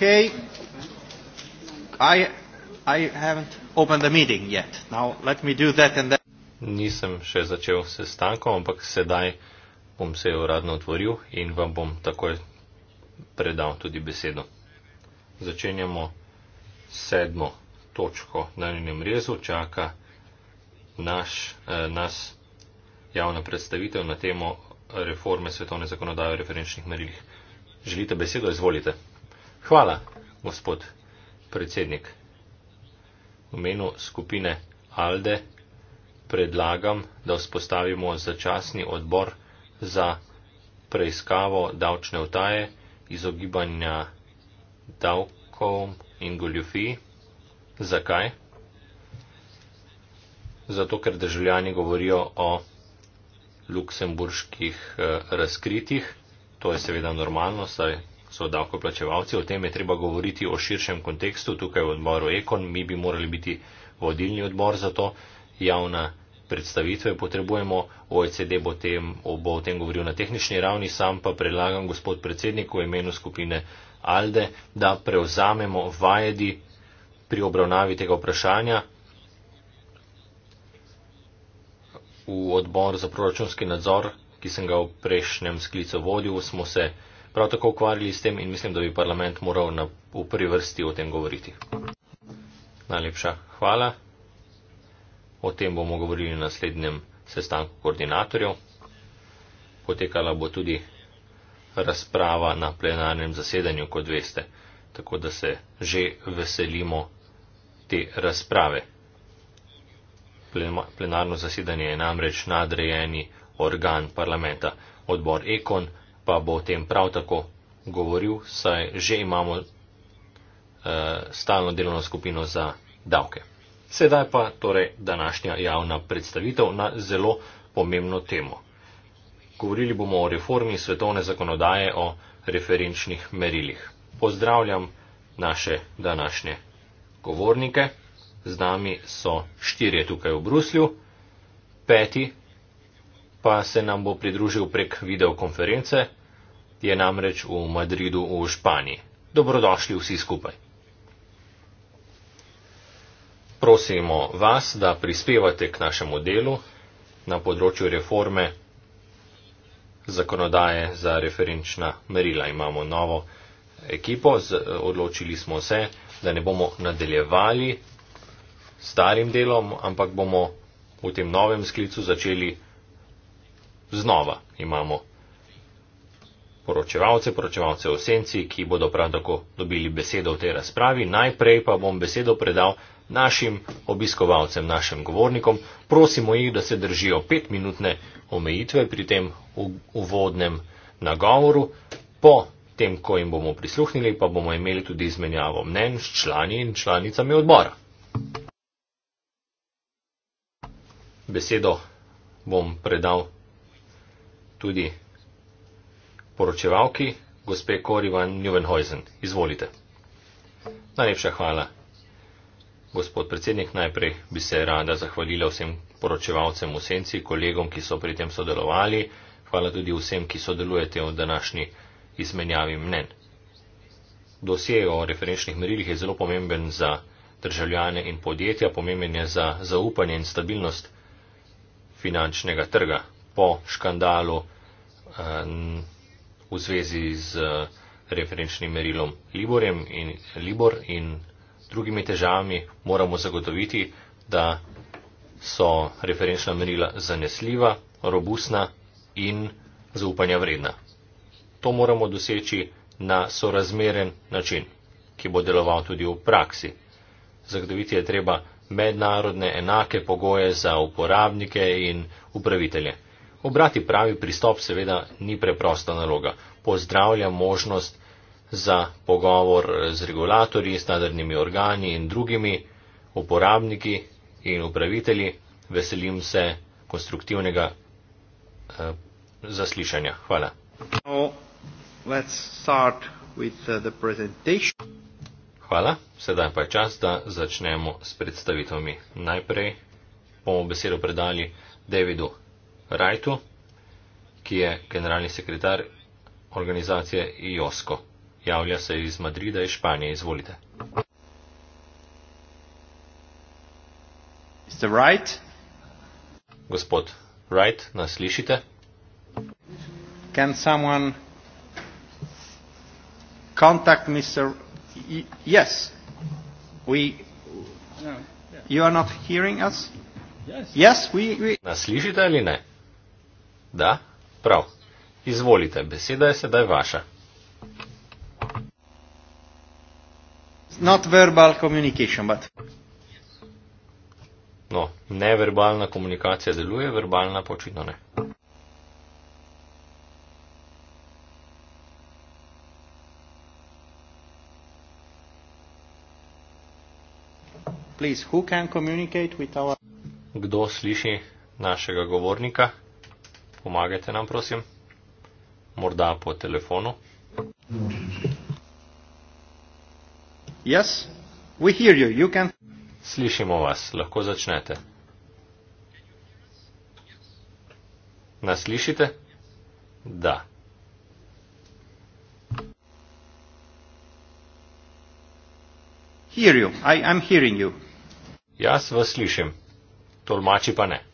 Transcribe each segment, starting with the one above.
Okay. I, I haven't opened the meeting yet. Now let me do that and then. Nisem še začel s sestankom, ampak sedaj bom se uradno otvoril in vam bom takoj predal tudi besedo. Začenjamo sedmo točko na njenem rezu. Čaka naš, eh, nas javna predstavitev na temo reforme svetovne zakonodaje o referenčnih merilih. Želite besedo? Izvolite. Hvala, gospod predsednik. V imenu skupine Alde predlagam, da vzpostavimo začasni odbor za preiskavo davčne vtaje, izogibanja davkov in goljufij. Zakaj? Zato, ker državljani govorijo o luksemburških eh, razkritjih. To je seveda normalno, saj so davkoplačevalci, o tem je treba govoriti o širšem kontekstu, tukaj v odboru Ekon, mi bi morali biti vodilni odbor za to, javna predstavitve potrebujemo, OECD bo, tem, bo o tem govoril na tehnični ravni, sam pa predlagam gospod predsedniku v imenu skupine Alde, da prevzamemo vajedi pri obravnavi tega vprašanja v odbor za proračunski nadzor, ki sem ga v prejšnjem sklicu vodil, smo se prav tako ukvarjali s tem in mislim, da bi parlament moral na, v prvi vrsti o tem govoriti. Najlepša hvala. O tem bomo govorili na naslednjem sestanku koordinatorjev. Potekala bo tudi razprava na plenarnem zasedanju, kot veste, tako da se že veselimo te razprave. Plenarno zasedanje je namreč nadrejeni organ parlamenta, odbor Ekon pa bo o tem prav tako govoril, saj že imamo eh, stalno delovno skupino za davke. Sedaj pa torej današnja javna predstavitev na zelo pomembno temo. Govorili bomo o reformi svetovne zakonodaje o referenčnih merilih. Pozdravljam naše današnje govornike. Z nami so štirje tukaj v Bruslju, peti pa se nam bo pridružil prek videokonference je namreč v Madridu v Španiji. Dobrodošli vsi skupaj. Prosimo vas, da prispevate k našemu delu na področju reforme zakonodaje za referenčna merila. Imamo novo ekipo, odločili smo se, da ne bomo nadaljevali starim delom, ampak bomo v tem novem sklicu začeli znova. Imamo poročevalce, poročevalce v senci, ki bodo prav tako dobili besedo v tej razpravi. Najprej pa bom besedo predal našim obiskovalcem, našim govornikom. Prosimo jih, da se držijo petminutne omejitve pri tem uvodnem nagovoru. Po tem, ko jim bomo prisluhnili, pa bomo imeli tudi izmenjavo mnen s člani in članicami odbora. Besedo bom predal tudi poročevalki, gospe Korivan Njuvenhojzen. Izvolite. Najlepša hvala. Gospod predsednik, najprej bi se rada zahvalila vsem poročevalcem v senci, kolegom, ki so pri tem sodelovali. Hvala tudi vsem, ki sodelujete v današnji izmenjavi mnen. Dosje o referenčnih merilih je zelo pomemben za državljane in podjetja, pomemben je za zaupanje in stabilnost finančnega trga po škandalu eh, v zvezi z eh, referenčnim merilom Liborjem in Libor in drugimi težavami moramo zagotoviti, da so referenčna merila zanesljiva, robustna in zaupanja vredna. To moramo doseči na sorazmeren način, ki bo deloval tudi v praksi. Zagotoviti je treba mednarodne enake pogoje za uporabnike in upravitelje. Obrati pravi pristop seveda ni preprosta naloga. Pozdravlja možnost za pogovor z regulatorji, standardnimi organi in drugimi uporabniki in upravitelji. Veselim se konstruktivnega eh, zaslišanja. Hvala. No, Hvala, sedaj pa je čas, da začnemo s predstavitvami. Najprej bomo besedo predali Davidu Rajtu, ki je generalni sekretar organizacije IOSCO. Javlja se iz Madrida iz Španije. Izvolite. Right? Gospod Rajt, nas slišite? Contact Mr. Y yes, we. No, yeah. You are not hearing us? Yes. Yes, we. we... Nas slišite ali ne? Da, prav. Izvolite, beseda je sedaj vaša. No, neverbalna komunikacija deluje, verbalna pa očitno ne. Please, our... Kdo sliši našega govornika? Pomagajte nam, prosim. Morda po telefonu. Yes, we hear you. You can... Slišimo vas. Lahko začnete. Nas slišite? Da. Hear you. I am hearing you. Jaz vas slišim. Tolmači pa ne.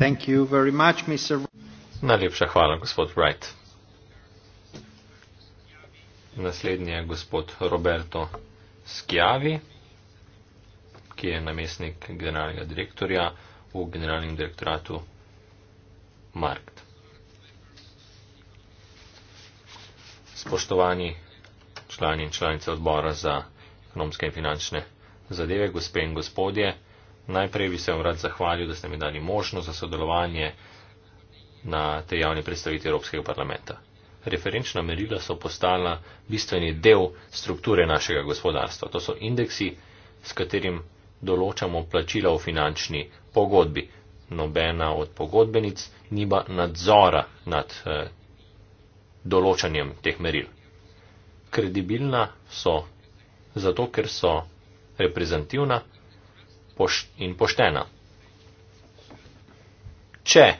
Thank you very much, Mr. Najlepša hvala, gospod Wright. Naslednji je gospod Roberto Schiavi, ki je namestnik generalnega direktorja v generalnem direktoratu Markt. Spoštovani člani in članice odbora za ekonomske in finančne zadeve, gospe in gospodje, Najprej bi se vam rad zahvalil, da ste mi dali možnost za sodelovanje na tej javni predstavitvi Evropskega parlamenta. Referenčna merila so postala bistveni del strukture našega gospodarstva. To so indeksi, s katerim določamo plačila v finančni pogodbi. Nobena od pogodbenic nima nadzora nad eh, določanjem teh meril. Kredibilna so zato, ker so reprezentativna, poš in poštena. Če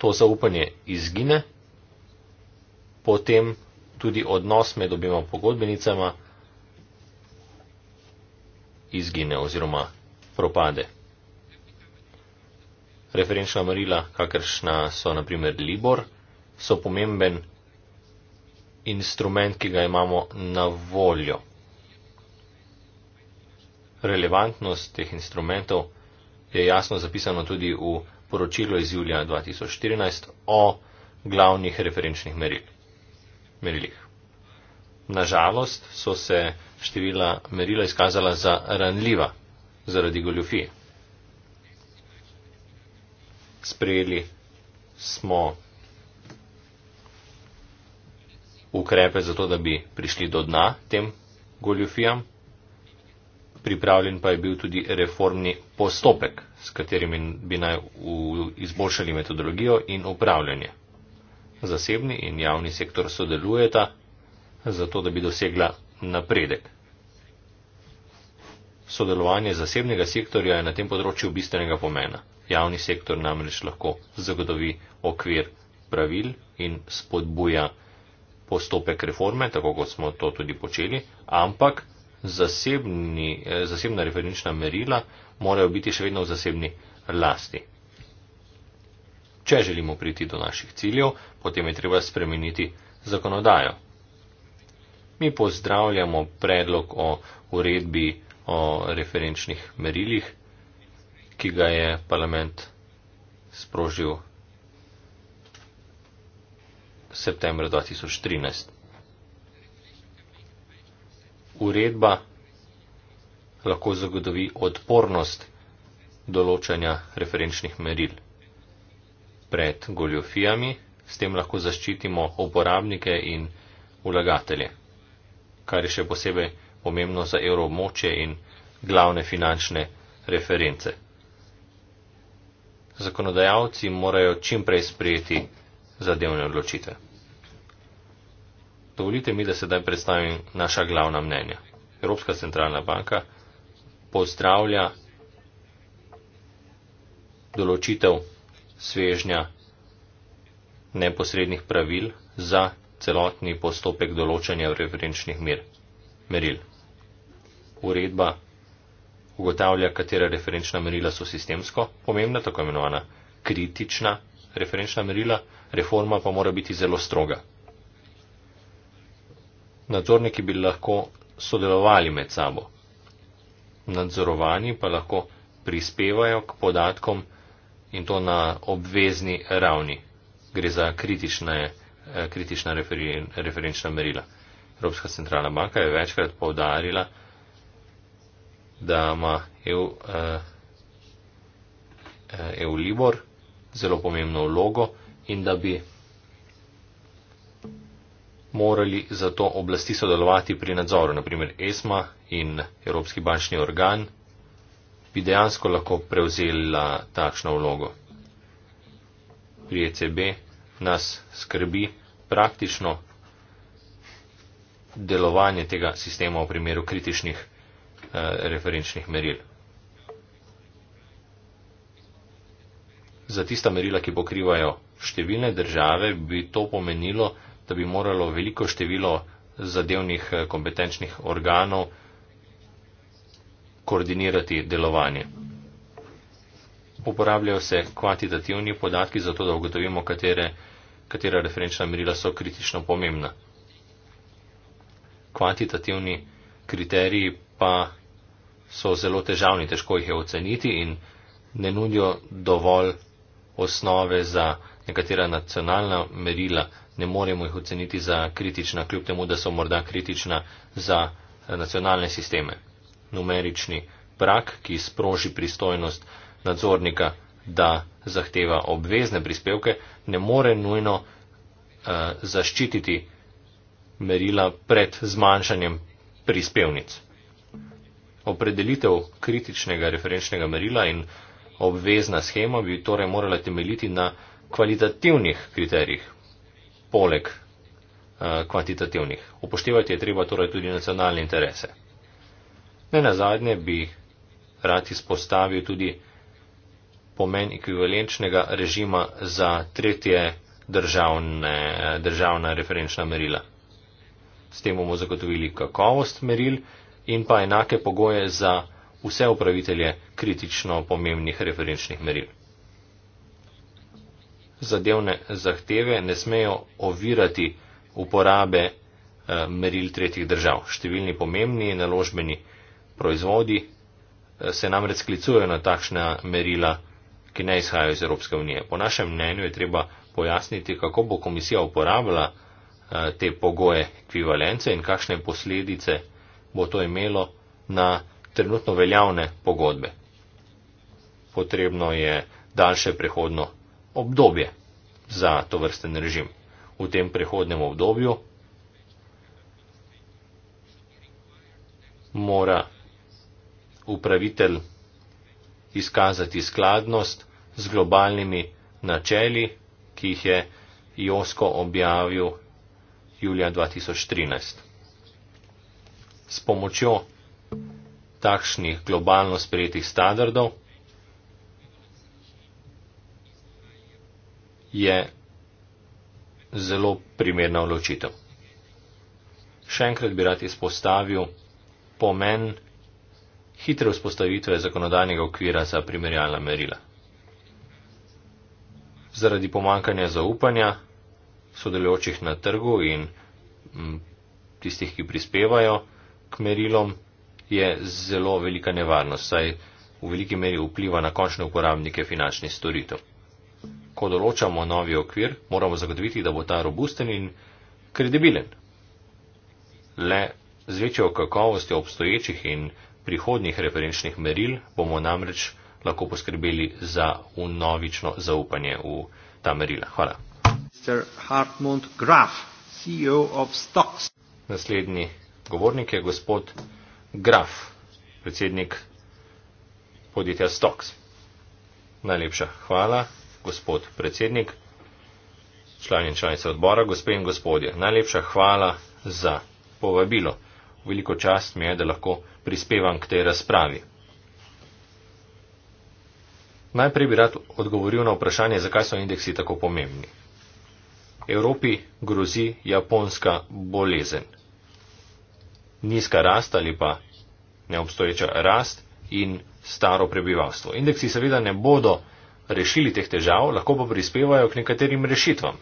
to zaupanje izgine, potem tudi odnos med obima pogodbenicama izgine oziroma propade. Referenčna merila, kakršna so naprimer Libor, so pomemben instrument, ki ga imamo na voljo relevantnost teh instrumentov je jasno zapisano tudi v poročilu iz julija 2014 o glavnih referenčnih meril, merilih. Nažalost so se števila merila izkazala za ranljiva zaradi goljofije. Sprejeli smo ukrepe za to, da bi prišli do dna tem goljofijam pripravljen pa je bil tudi reformni postopek, s katerimi bi naj izboljšali metodologijo in upravljanje. Zasebni in javni sektor sodelujeta, zato da bi dosegla napredek. Sodelovanje zasebnega sektorja je na tem področju bistvenega pomena. Javni sektor namreč lahko zagotovi okvir pravil in spodbuja postopek reforme, tako kot smo to tudi počeli, ampak zasebni, eh, zasebna referenčna merila morajo biti še vedno v zasebni lasti. Če želimo priti do naših ciljev, potem je treba spremeniti zakonodajo. Mi pozdravljamo predlog o uredbi o referenčnih merilih, ki ga je parlament sprožil septembra 2013 uredba lahko zagotovi odpornost določanja referenčnih meril pred goljofijami, s tem lahko zaščitimo uporabnike in vlagatelje, kar je še posebej pomembno za evroobmoče in glavne finančne reference. Zakonodajalci morajo čimprej sprejeti zadevne odločitve. Dovolite mi, da sedaj predstavim naša glavna mnenja. Evropska centralna banka pozdravlja določitev svežnja neposrednih pravil za celotni postopek določanja referenčnih mer, meril. Uredba ugotavlja, katera referenčna merila so sistemsko pomembna, tako imenovana kritična referenčna merila, reforma pa mora biti zelo stroga nadzorniki bi lahko sodelovali med sabo. Nadzorovani pa lahko prispevajo k podatkom in to na obvezni ravni. Gre za eh, kritična, kritična referenčna merila. Evropska centralna banka je večkrat povdarila, da ima EU, EU eh, eh, e Libor zelo pomembno vlogo in da bi morali zato oblasti sodelovati pri nadzoru, naprimer ESMA in Evropski bančni organ, bi dejansko lahko prevzela takšno vlogo. Pri ECB nas skrbi praktično delovanje tega sistema v primeru kritičnih eh, referenčnih meril. Za tista merila, ki pokrivajo številne države, bi to pomenilo, da bi moralo veliko število zadevnih eh, kompetenčnih organov koordinirati delovanje. Uporabljajo se kvantitativni podatki za to, da ugotovimo, katere, katera referenčna merila so kritično pomembna. Kvantitativni kriteriji pa so zelo težavni, težko jih je oceniti in ne nudijo dovolj osnove za nekatera nacionalna merila, ne moremo jih oceniti za kritična, kljub temu, da so morda kritična za eh, nacionalne sisteme. Numerični prak, ki sproži pristojnost nadzornika, da zahteva obvezne prispevke, ne more nujno uh, zaščititi merila pred zmanjšanjem prispevnic. Opredelitev kritičnega referenčnega merila in obvezna schema bi torej morala temeljiti na kvalitativnih kriterijih, poleg eh, kvantitativnih. Upoštevati je treba torej tudi nacionalne interese. Ne na zadnje bi rad izpostavil tudi pomen ekvivalenčnega režima za tretje državne, eh, državna referenčna merila. S tem bomo zagotovili kakovost meril in pa enake pogoje za vse upravitelje kritično pomembnih referenčnih meril zadevne zahteve ne smejo ovirati uporabe eh, meril tretjih držav. Številni pomembni naložbeni proizvodi eh, se namreč sklicujejo na takšna merila, ki ne izhajajo iz Evropske unije. Po našem mnenju je treba pojasniti, kako bo komisija uporabljala eh, te pogoje ekvivalence in kakšne posledice bo to imelo na trenutno veljavne pogodbe. Potrebno je daljše prehodno obdobje za to vrsten režim. V tem prehodnem obdobju mora upravitelj izkazati skladnost z globalnimi načeli, ki jih je Josko objavil julija 2013. S pomočjo takšnih globalno sprejetih standardov je zelo primerna odločitev. Še enkrat bi rad izpostavil pomen hitre vzpostavitve zakonodajnega okvira za primerjalna merila. Zaradi pomankanja zaupanja sodelujočih na trgu in tistih, ki prispevajo k merilom, je zelo velika nevarnost, saj v veliki meri vpliva na končne uporabnike finančnih storitev ko določamo novi okvir, moramo zagotoviti, da bo ta robusten in kredibilen. Le z večjo kakovostjo obstoječih in prihodnjih referenčnih meril bomo namreč lahko poskrbeli za unovično zaupanje v ta merila. Hvala. Graf, e Naslednji govornik je gospod Graf, predsednik podjetja Stoks. Najlepša hvala gospod predsednik, člani in članice odbora, gospe in gospodje. Najlepša hvala za povabilo. Veliko čast mi je, da lahko prispevam k tej razpravi. Najprej bi rad odgovoril na vprašanje, zakaj so indeksi tako pomembni. Evropi grozi japonska bolezen. Nizka rast ali pa neobstoječa rast in staro prebivalstvo. Indeksi seveda ne bodo rešili teh težav, lahko pa prispevajo k nekaterim rešitvam.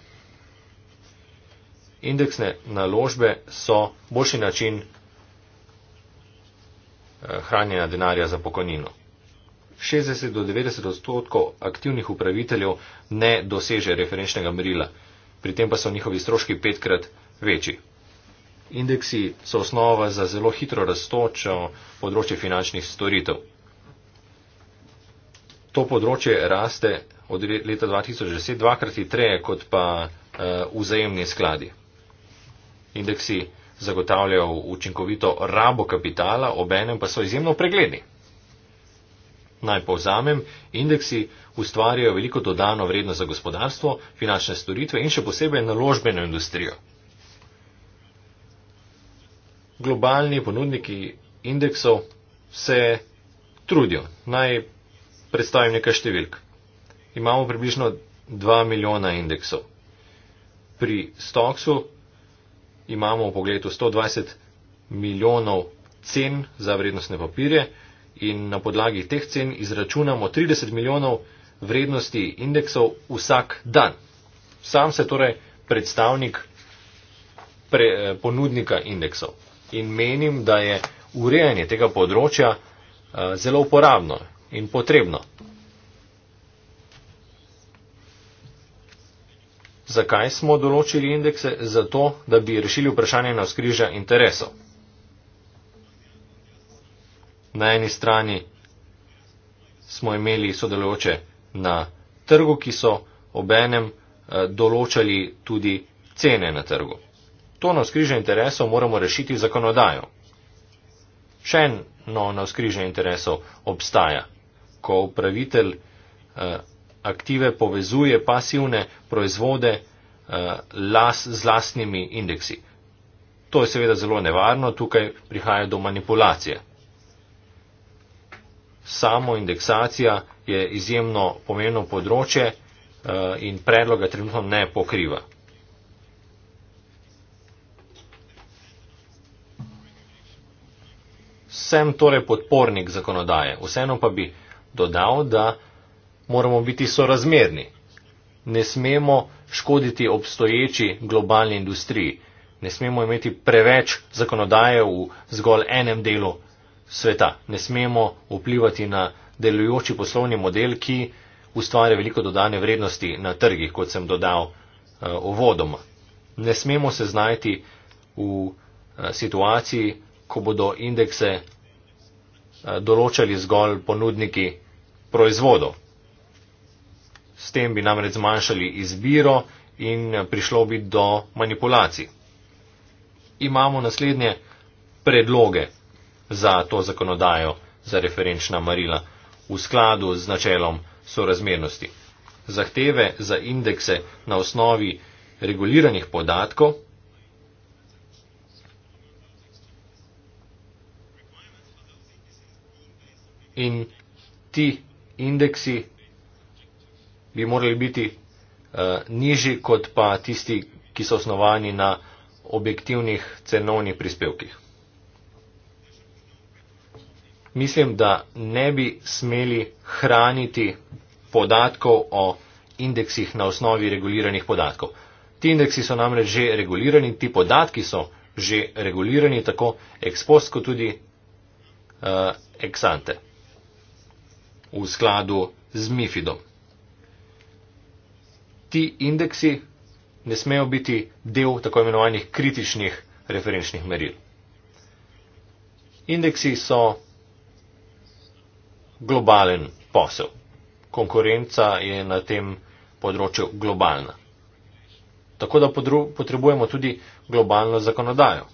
Indeksne naložbe so boljši način eh, hranjenja denarja za pokojnino. 60 do 90 odstotkov aktivnih upraviteljev ne doseže referenčnega merila, pri tem pa so njihovi stroški petkrat večji. Indeksi so osnova za zelo hitro raztočo področje finančnih storitev to področje raste od leta 2010 dvakrat hitreje kot pa eh, vzajemni skladi. Indeksi zagotavljajo učinkovito rabo kapitala, obenem pa so izjemno pregledni. Naj povzamem, indeksi ustvarjajo veliko dodano vrednost za gospodarstvo, finančne storitve in še posebej naložbeno industrijo. Globalni ponudniki indeksov se trudijo. Naj predstavim nekaj številk. Imamo približno 2 milijona indeksov. Pri Stoxu imamo v pogledu 120 milijonov cen za vrednostne papirje in na podlagi teh cen izračunamo 30 milijonov vrednosti indeksov vsak dan. Sam se torej predstavnik pre, eh, ponudnika indeksov in menim, da je urejanje tega področja eh, zelo uporabno in potrebno. Zakaj smo določili indekse? Zato, da bi rešili vprašanje na skrižja interesov. Na eni strani smo imeli sodelujoče na trgu, ki so obenem eh, določali tudi cene na trgu. To na skrižje interesov moramo rešiti zakonodajo. Še eno na skrižje interesov obstaja ko upravitelj eh, aktive povezuje pasivne proizvode eh, las z lastnimi indeksi. To je seveda zelo nevarno, tukaj prihaja do manipulacije. Samo indeksacija je izjemno pomembno področje eh, in predloga trenutno ne pokriva. Sem torej podpornik zakonodaje, vseeno pa bi dodal, da moramo biti sorazmerni. Ne smemo škoditi obstoječi globalni industriji, ne smemo imeti preveč zakonodaje v zgolj enem delu sveta, ne smemo vplivati na delujoči poslovni model, ki ustvarja veliko dodane vrednosti na trgih, kot sem dodal eh, uvodoma. Ne smemo se znajti v eh, situaciji, ko bodo indekse Eh, določali zgolj ponudniki proizvodov. S tem bi namreč zmanjšali izbiro in eh, prišlo bi do manipulacij. Imamo naslednje predloge za to zakonodajo za referenčna marila v skladu z načelom sorazmernosti. Zahteve za indekse na osnovi reguliranih podatkov in ti indeksi bi morali biti uh, nižji kot pa tisti, ki so osnovani na objektivnih cenovnih prispevkih. Mislim, da ne bi smeli hraniti podatkov o indeksih na osnovi reguliranih podatkov. Ti indeksi so namreč že regulirani, ti podatki so že regulirani tako ex post kot tudi uh, ex ante v skladu z MIFIDom. Ti indeksi ne smejo biti del tako imenovanih kritičnih referenčnih meril. Indeksi so globalen posel. Konkurenca je na tem področju globalna. Tako da potrebujemo tudi globalno zakonodajo.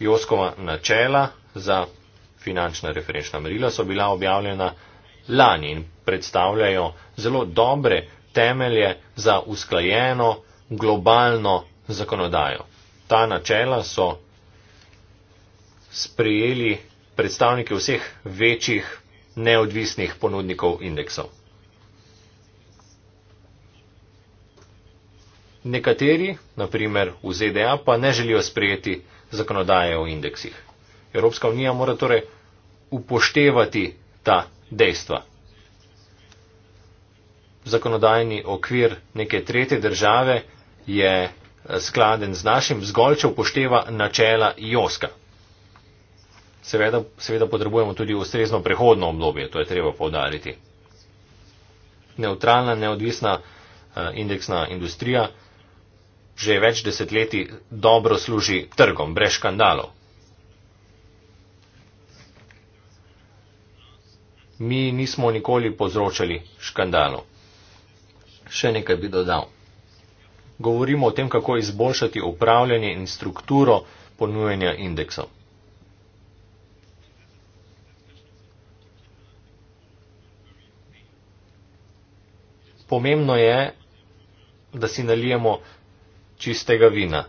Joskova načela za finančna referenčna merila so bila objavljena lani in predstavljajo zelo dobre temelje za usklajeno globalno zakonodajo. Ta načela so sprejeli predstavniki vseh večjih neodvisnih ponudnikov indeksov. Nekateri, naprimer v ZDA, pa ne želijo sprejeti zakonodaje o indeksih. Evropska unija mora torej upoštevati ta dejstva. Zakonodajni okvir neke tretje države je eh, skladen z našim zgolj, če upošteva načela Joska. Seveda, seveda potrebujemo tudi ustrezno prehodno obdobje, to je treba povdariti. Neutralna, neodvisna eh, indeksna industrija že več desetletij dobro služi trgom, brez škandalov. mi nismo nikoli povzročali škandalov. Še nekaj bi dodal. Govorimo o tem, kako izboljšati upravljanje in strukturo ponujanja indeksov. Pomembno je, da si nalijemo čistega vina.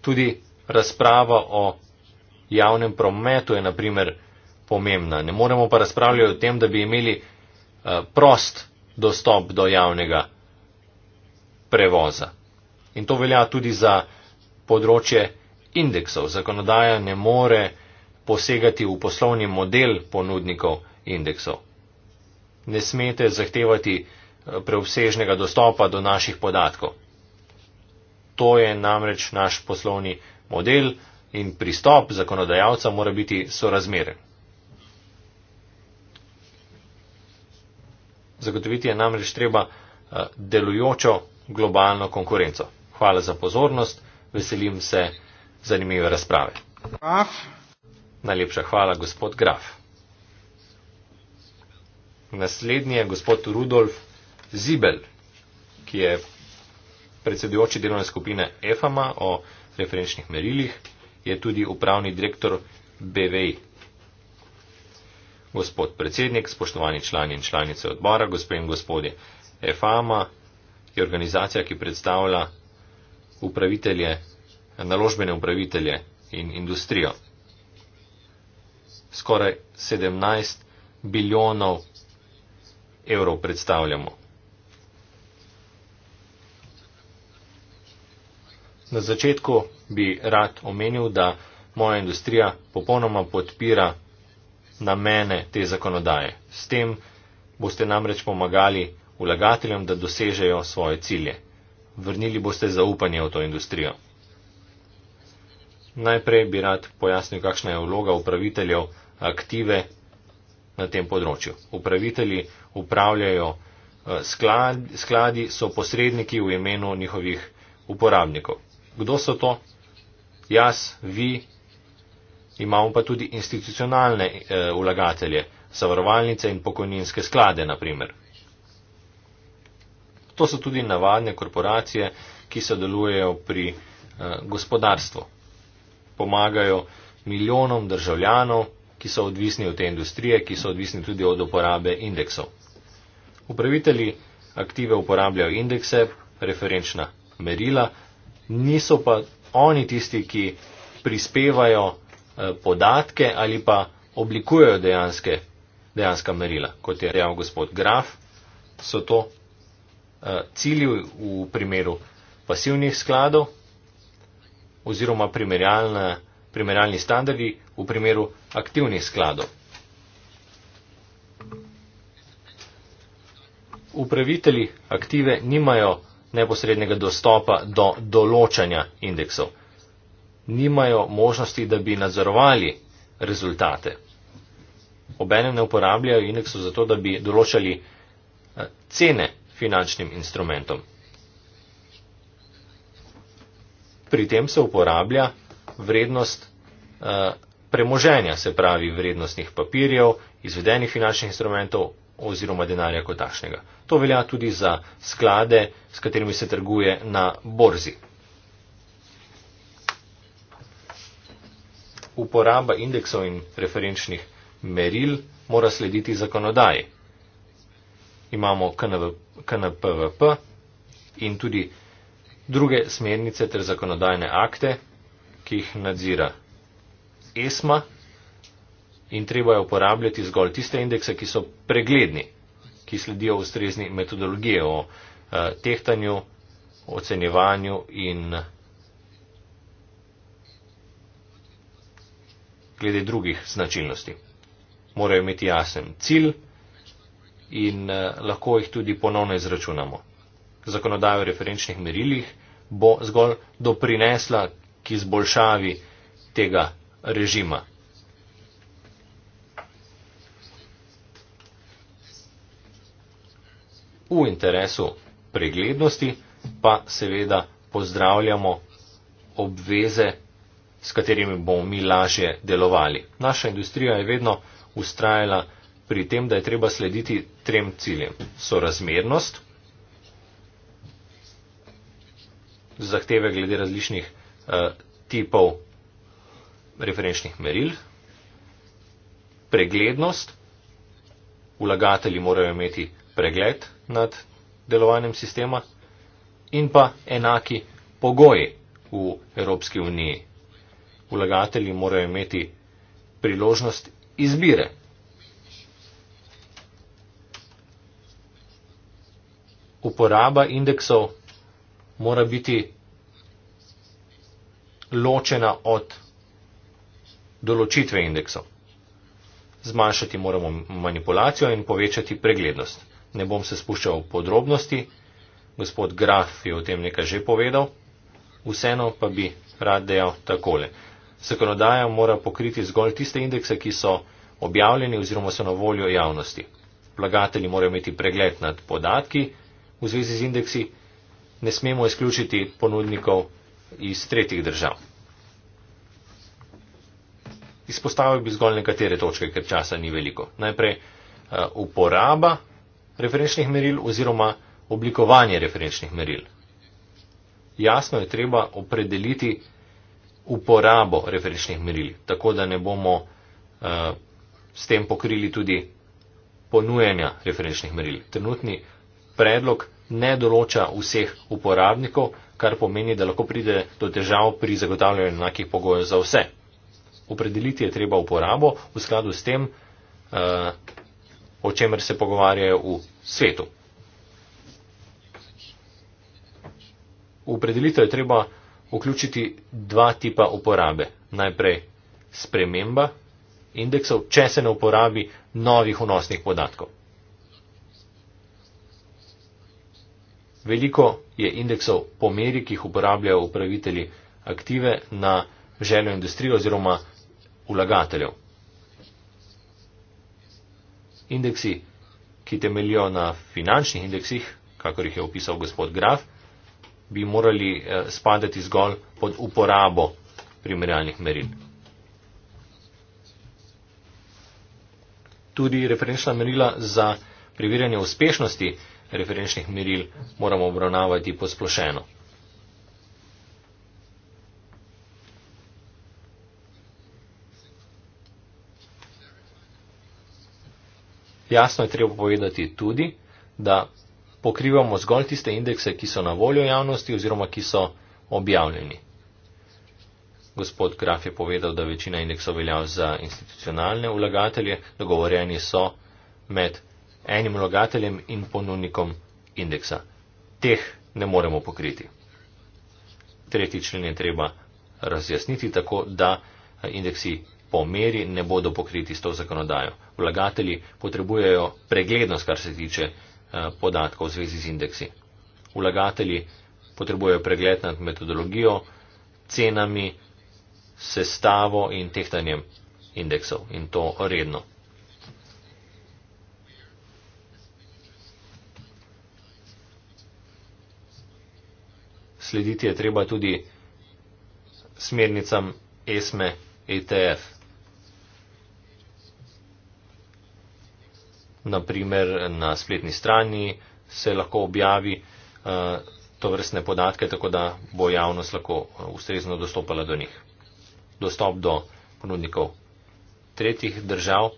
Tudi razprava o javnem prometu je naprimer pomembna. Ne moremo pa razpravljati o tem, da bi imeli eh, prost dostop do javnega prevoza. In to velja tudi za področje indeksov. Zakonodaja ne more posegati v poslovni model ponudnikov indeksov. Ne smete zahtevati eh, preobsežnega dostopa do naših podatkov. To je namreč naš poslovni model, in pristop zakonodajalca mora biti sorazmeren. Zagotoviti je namreč treba eh, delujočo globalno konkurenco. Hvala za pozornost, veselim se zanimive razprave. Graf. Najlepša hvala, gospod Graf. Naslednji je gospod Rudolf Zibel, ki je predsedujoči delovne skupine EFAMA o referenčnih merilih je tudi upravni direktor BVI. Gospod predsednik, spoštovani člani in članice odbora, gospe in gospodje, EFAMA je organizacija, ki predstavlja upravitelje, naložbene upravitelje in industrijo. Skoraj 17 biljonov evrov predstavljamo. Na začetku bi rad omenil, da moja industrija popolnoma podpira namene te zakonodaje. S tem boste namreč pomagali vlagateljem, da dosežejo svoje cilje. Vrnili boste zaupanje v to industrijo. Najprej bi rad pojasnil, kakšna je vloga upraviteljev aktive na tem področju. Upravitelji upravljajo eh, skladi, skladi so posredniki v imenu njihovih uporabnikov. Kdo so to? jaz, vi, imamo pa tudi institucionalne eh, ulagatelje, zavarovalnice in pokojninske sklade, na primer. To so tudi navadne korporacije, ki sodelujejo pri eh, gospodarstvu. Pomagajo milijonom državljanov, ki so odvisni od te industrije, ki so odvisni tudi od uporabe indeksov. Upravitelji aktive uporabljajo indekse, referenčna merila, niso pa oni tisti, ki prispevajo eh, podatke ali pa oblikujejo dejanske, dejanska merila, kot je dejal gospod Graf, so to eh, cilji v primeru pasivnih skladov oziroma primerjalni standardi v primeru aktivnih skladov. Upravitelji aktive nimajo neposrednega dostopa do določanja indeksov. Nimajo možnosti, da bi nadzorovali rezultate. Obenem ne uporabljajo indeksov zato, da bi določali eh, cene finančnim instrumentom. Pri tem se uporablja vrednost eh, premoženja, se pravi vrednostnih papirjev, izvedenih finančnih instrumentov, oziroma denarja kot takšnega. To velja tudi za sklade, s katerimi se trguje na borzi. Uporaba indeksov in referenčnih meril mora slediti zakonodaji. Imamo KNPVP in tudi druge smernice ter zakonodajne akte, ki jih nadzira ESMA, in treba je uporabljati zgolj tiste indekse, ki so pregledni, ki sledijo ustrezni metodologije o eh, tehtanju, ocenjevanju in glede drugih značilnosti. Morajo imeti jasen cilj in eh, lahko jih tudi ponovno izračunamo. Zakonodaja o referenčnih merilih bo zgolj doprinesla k izboljšavi tega režima. v interesu preglednosti pa seveda pozdravljamo obveze, s katerimi bomo mi lažje delovali. Naša industrija je vedno ustrajala pri tem, da je treba slediti trem ciljem. Sorazmernost, zahteve glede različnih uh, tipov referenčnih meril, preglednost, vlagateli morajo imeti pregled nad delovanjem sistema in pa enaki pogoji v Evropski uniji. Vlagatelji morajo imeti priložnost izbire. Uporaba indeksov mora biti ločena od določitve indeksov. Zmanjšati moramo manipulacijo in povečati preglednost ne bom se spuščal v podrobnosti, gospod Graf je o tem nekaj že povedal, vseeno pa bi rad dejal takole. Zakonodaja mora pokriti zgolj tiste indekse, ki so objavljeni oziroma so na voljo javnosti. Plagatelji morajo imeti pregled nad podatki v zvezi z indeksi, ne smemo izključiti ponudnikov iz tretjih držav. Izpostavil bi zgolj nekatere točke, ker časa ni veliko. Najprej eh, uporaba referenčnih meril oziroma oblikovanje referenčnih meril. Jasno je treba opredeliti uporabo referenčnih meril, tako da ne bomo uh, s tem pokrili tudi ponujanja referenčnih meril. Trenutni predlog ne določa vseh uporabnikov, kar pomeni, da lahko pride do težav pri zagotavljanju enakih pogojev za vse. Opredeliti je treba uporabo v skladu s tem, uh, o čemer se pogovarjajo v svetu. V predelitev je treba vključiti dva tipa uporabe. Najprej sprememba indeksov, če se ne uporabi novih vnosnih podatkov. Veliko je indeksov po meri, ki jih uporabljajo upravitelji aktive na željo industrije oziroma vlagateljev indeksi, ki temeljijo na finančnih indeksih, kakor jih je opisal gospod Graf, bi morali eh, spadati zgolj pod uporabo primerjalnih meril. Tudi referenčna merila za preverjanje uspešnosti referenčnih meril moramo obravnavati posplošeno. Jasno je treba povedati tudi, da pokrivamo zgolj tiste indekse, ki so na voljo javnosti oziroma ki so objavljeni. Gospod Graf je povedal, da večina indeksov velja za institucionalne vlagatelje, dogovorjeni so med enim vlagateljem in ponudnikom indeksa. Teh ne moremo pokriti. Tretji člen je treba razjasniti tako, da indeksi po meri ne bodo pokriti s to zakonodajo. Vlagatelji potrebujejo preglednost, kar se tiče eh, podatkov v zvezi z indeksi. Vlagatelji potrebujejo pregled nad metodologijo, cenami, sestavo in tehtanjem indeksov in to redno. Slediti je treba tudi smernicam ESME ETF. naprimer na spletni strani se lahko objavi eh, to vrstne podatke, tako da bo javnost lahko eh, ustrezno dostopala do njih. Dostop do ponudnikov tretjih držav,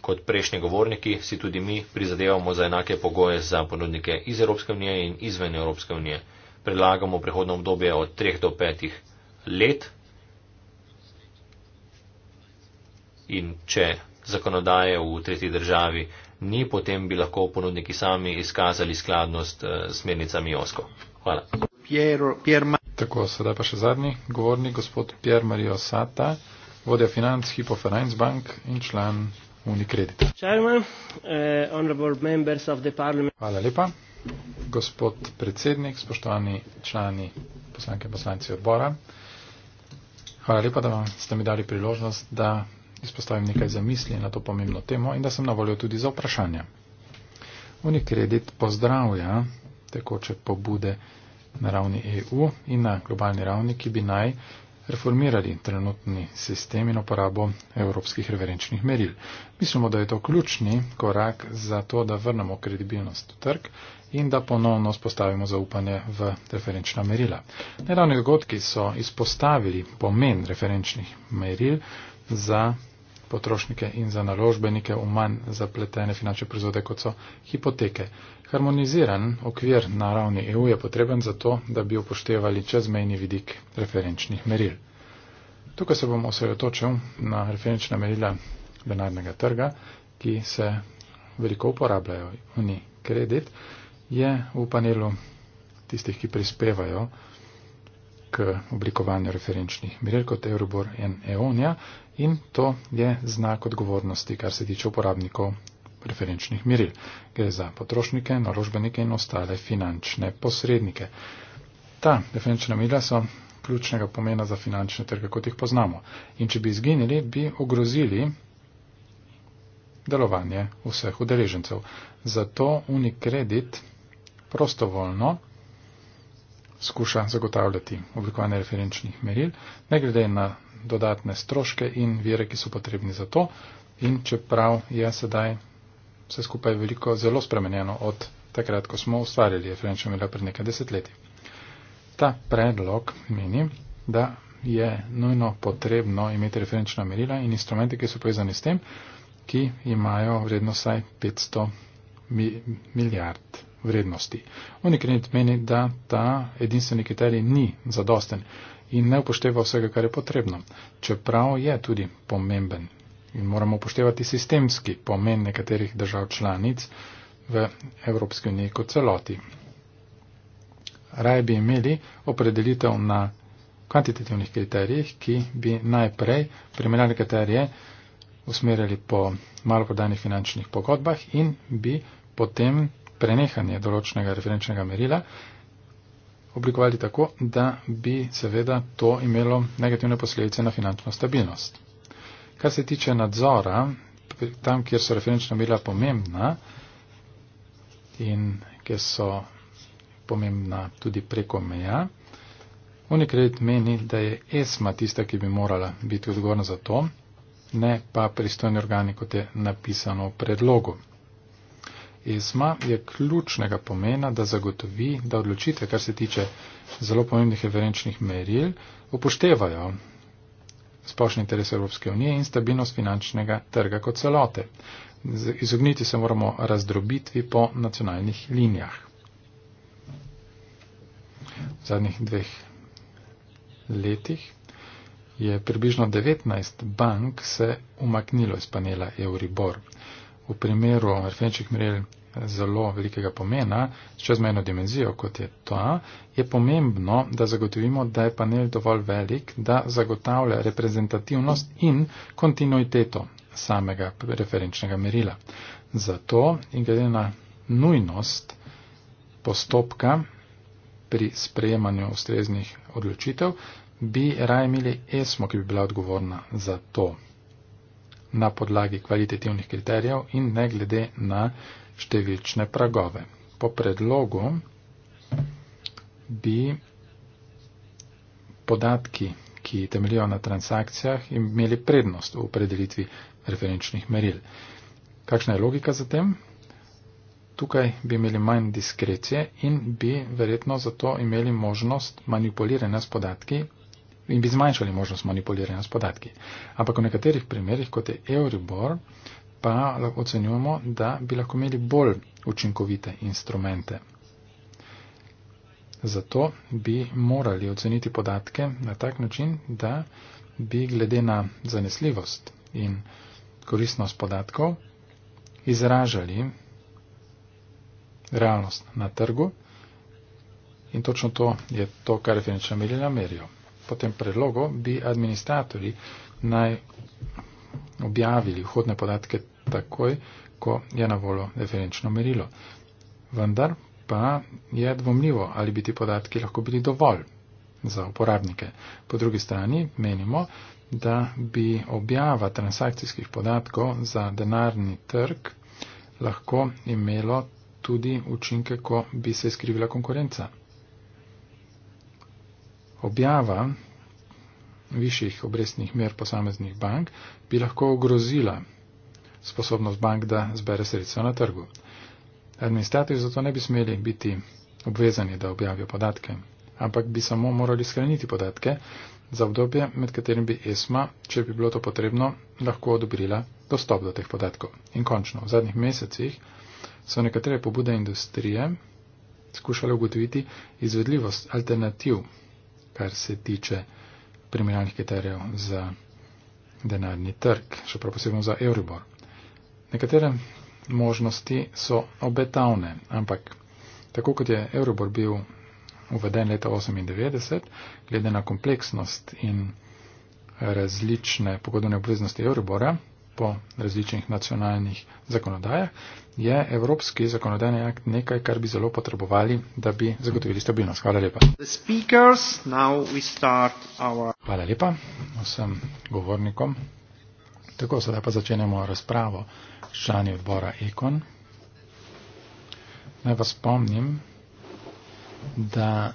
kot prejšnji govorniki, si tudi mi prizadevamo za enake pogoje za ponudnike iz Evropske unije in izven Evropske unije. Predlagamo prehodno obdobje od 3 do 5 let in če zakonodaje v tretji državi ni, potem bi lahko ponudniki sami izkazali skladnost eh, s smernicami OSKO. Hvala. Piero, Pier Tako, sedaj pa še zadnji govornik, gospod Pier Mario Sata, vodja financ Hypo Finance Bank in član Unicredit. Eh, hvala lepa. Gospod predsednik, spoštovani člani poslanke poslanci odbora, hvala lepa, da vam ste mi dali priložnost, da izpostavim nekaj zamisli na to pomembno temo in da sem na voljo tudi za vprašanja. Unikredit pozdravlja tekoče pobude na ravni EU in na globalni ravni, ki bi naj reformirali trenutni sistem in uporabo evropskih referenčnih meril. Mislimo, da je to ključni korak za to, da vrnemo kredibilnost v trg in da ponovno spostavimo zaupanje v referenčna merila. Nedavni dogodki so izpostavili pomen referenčnih meril za potrošnike in za naložbenike v manj zapletene finančne proizvode, kot so hipoteke. Harmoniziran okvir na ravni EU je potreben zato, da bi upoštevali čezmejni vidik referenčnih meril. Tukaj se bom osredotočil na referenčna merila denarnega trga, ki se veliko uporabljajo. Unikredit je v panelu tistih, ki prispevajo k oblikovanju referenčnih meril kot Eurobor in EONIA in to je znak odgovornosti, kar se tiče uporabnikov referenčnih meril. Gre za potrošnike, naložbenike in ostale finančne posrednike. Ta referenčna merila so ključnega pomena za finančne trge, kot jih poznamo. In če bi izginili, bi ogrozili delovanje vseh udeležencev. Zato Unicredit prostovoljno skuša zagotavljati oblikovanje referenčnih meril, ne glede na dodatne stroške in vire, ki so potrebni za to. In čeprav je sedaj vse skupaj veliko zelo spremenjeno od takrat, ko smo ustvarjali referenčne merila pred nekaj desetletji. Ta predlog meni, da je nujno potrebno imeti referenčna merila in instrumente, ki so povezani s tem, ki imajo vrednost saj 500 mi, milijard vrednosti. Oni kredit meni, da ta edinstveni kriterij ni zadosten in ne upošteva vsega, kar je potrebno. Čeprav je tudi pomemben in moramo upoštevati sistemski pomen nekaterih držav članic v Evropski uniji kot celoti. Raje bi imeli opredelitev na kvantitativnih kriterijih, ki bi najprej primerjali kriterije usmerjali po maloprodajnih finančnih pogodbah in bi potem prenehanje določnega referenčnega merila oblikovali tako, da bi seveda to imelo negativne posledice na finančno stabilnost. Kar se tiče nadzora, tam, kjer so referenčna merila pomembna in kjer so pomembna tudi preko meja, Unikredit meni, da je ESMA tista, ki bi morala biti odgovorna za to, ne pa pristojni organi, kot je napisano v predlogu. ESMA je ključnega pomena, da zagotovi, da odločitve, kar se tiče zelo pomembnih referenčnih meril, upoštevajo splošni interes Evropske unije in stabilnost finančnega trga kot celote. Izogniti se moramo razdrobitvi po nacionalnih linijah. V zadnjih dveh letih je približno 19 bank se umaknilo iz panela Euribor v primeru referenčnih mrelj zelo velikega pomena, s čezmejno dimenzijo, kot je ta, je pomembno, da zagotovimo, da je panel dovolj velik, da zagotavlja reprezentativnost in kontinuiteto samega referenčnega merila. Zato in glede na nujnost postopka pri sprejemanju ustreznih odločitev, bi raje imeli ESMO, ki bi bila odgovorna za to na podlagi kvalitativnih kriterijev in ne glede na številčne pragove. Po predlogu bi podatki, ki temeljijo na transakcijah, imeli prednost v predelitvi referenčnih meril. Kakšna je logika za tem? Tukaj bi imeli manj diskrecije in bi verjetno zato imeli možnost manipuliranja s podatki in bi zmanjšali možnost manipuliranja s podatki. Ampak v nekaterih primerjih, kot je Euribor, pa ocenjujemo, da bi lahko imeli bolj učinkovite instrumente. Zato bi morali oceniti podatke na tak način, da bi glede na zanesljivost in koristnost podatkov izražali realnost na trgu in točno to je to, kar je finančna merila merijo po tem predlogu bi administratori naj objavili vhodne podatke takoj, ko je na voljo referenčno merilo. Vendar pa je dvomljivo, ali bi ti podatki lahko bili dovolj za uporabnike. Po drugi strani menimo, da bi objava transakcijskih podatkov za denarni trg lahko imelo tudi učinke, ko bi se skrivila konkurenca objava višjih obrestnih mer posameznih bank bi lahko ogrozila sposobnost bank, da zbere sredstva na trgu. Administratorji zato ne bi smeli biti obvezani, da objavijo podatke, ampak bi samo morali skraniti podatke za obdobje, med katerim bi ESMA, če bi bilo to potrebno, lahko odobrila dostop do teh podatkov. In končno, v zadnjih mesecih so nekatere pobude industrije skušali ugotoviti izvedljivost alternativ kar se tiče primerjalnih kriterijev za denarni trg, še prav posebno za Euribor. Nekatere možnosti so obetavne, ampak tako kot je Euribor bil uveden leta 1998, glede na kompleksnost in različne pogodovne obveznosti Euribora, po različnih nacionalnih zakonodajah, je evropski zakonodajni akt nekaj, kar bi zelo potrebovali, da bi zagotovili stabilnost. Hvala lepa. Speakers, our... Hvala lepa vsem govornikom. Tako, sedaj pa začenjamo razpravo člani odbora Ekon. Naj vas spomnim, da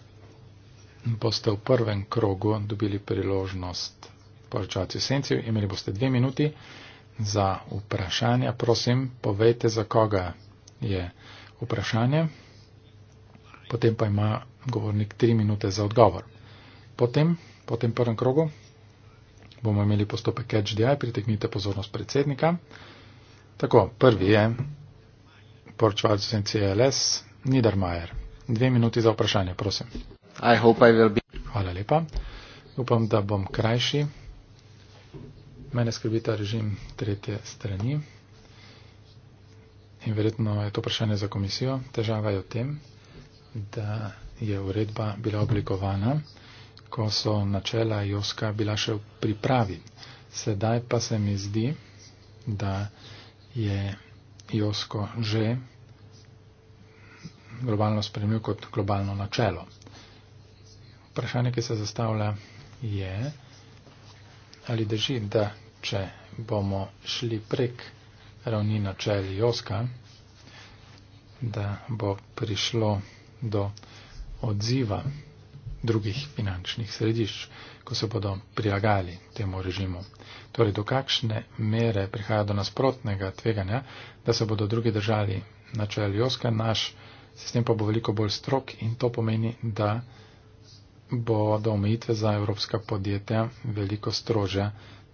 boste v prvem krogu dobili priložnost poročati v senci, imeli boste dve minuti za vprašanja. Prosim, povejte, za koga je vprašanje. Potem pa ima govornik tri minute za odgovor. Potem, po tem prvem krogu, bomo imeli postopek HDI, pritegnite pozornost predsednika. Tako, prvi je porčvalc NCLS e Niedermayer. Dve minuti za vprašanje, prosim. Hvala lepa. Upam, da bom krajši mene skrbi ta režim tretje strani in verjetno je to vprašanje za komisijo. Težava je v tem, da je uredba bila oblikovana, ko so načela Joska bila še v pripravi. Sedaj pa se mi zdi, da je Josko že globalno spremljal kot globalno načelo. Vprašanje, ki se zastavlja, je, ali drži, da če bomo šli prek ravnina Čeljoska, da bo prišlo do odziva drugih finančnih središč, ko se bodo prilagali temu režimu. Torej, do kakšne mere prihaja do nasprotnega tveganja, da se bodo drugi držali načel Joska, naš sistem pa bo veliko bolj strok in to pomeni, da bodo omejitve za evropska podjetja veliko strožja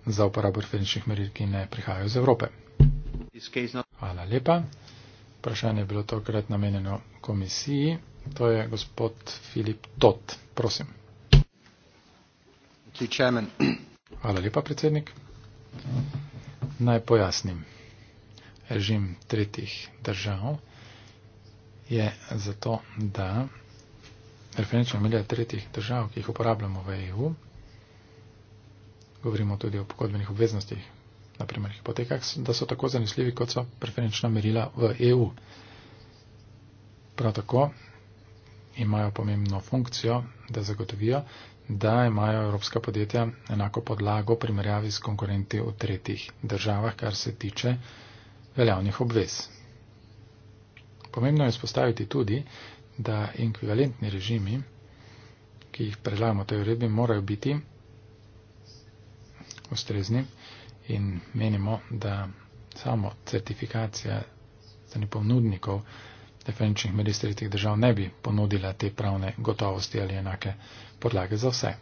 za uporabo referenčnih meril, ki ne prihajajo iz Evrope. Hvala lepa. Vprašanje je bilo tokrat namenjeno komisiji. To je gospod Filip Tot. Prosim. Hvala lepa, predsednik. Naj pojasnim. Režim tretjih držav je zato, da referenčna milija tretjih držav, ki jih uporabljamo v EU, govorimo tudi o pogodbenih obveznostih, naprimer hipotekah, da so tako zanesljivi, kot so preferenčna merila v EU. Prav tako imajo pomembno funkcijo, da zagotovijo, da imajo evropska podjetja enako podlago primerjavi s konkurenti v tretjih državah, kar se tiče veljavnih obvez. Pomembno je spostaviti tudi, da inkvivalentni režimi, ki jih predlagamo v tej uredbi, morajo biti ustrezni in menimo, da samo certifikacija za neponudnikov referenčnih medijskih držav ne bi ponudila te pravne gotovosti ali enake podlage za vse.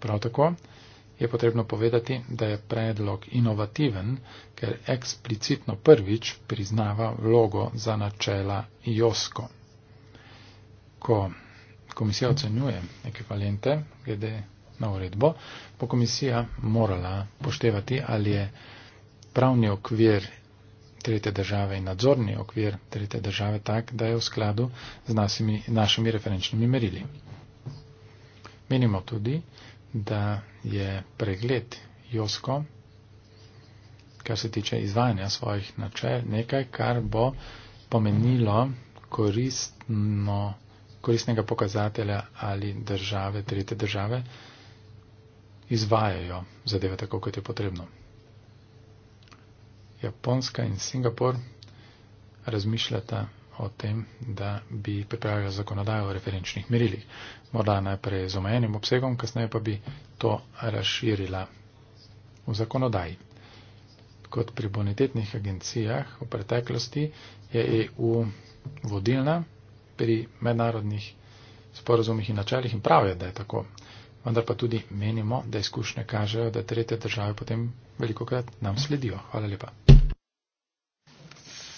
Prav tako je potrebno povedati, da je predlog inovativen, ker eksplicitno prvič priznava vlogo za načela JOSKO. Ko komisija ocenjuje ekvivalente glede na uredbo, bo komisija morala poštevati, ali je pravni okvir tretje države in nadzorni okvir tretje države tak, da je v skladu z nasimi, našimi referenčnimi merili. Menimo tudi, da je pregled JOSKO, kar se tiče izvajanja svojih načel, nekaj, kar bo pomenilo koristno, koristnega pokazatelja ali države, tretje države, izvajajo zadeve tako, kot je potrebno. Japonska in Singapur razmišljata o tem, da bi pripravila zakonodajo o referenčnih merilih. Morda najprej z omejenim obsegom, kasneje pa bi to razširila v zakonodaji. Kot pri bonitetnih agencijah v preteklosti je EU vodilna pri mednarodnih sporazumih in načeljih in prav je, da je tako vendar pa tudi menimo, da izkušnje kažejo, da tretje države potem veliko krat nam sledijo. Hvala lepa.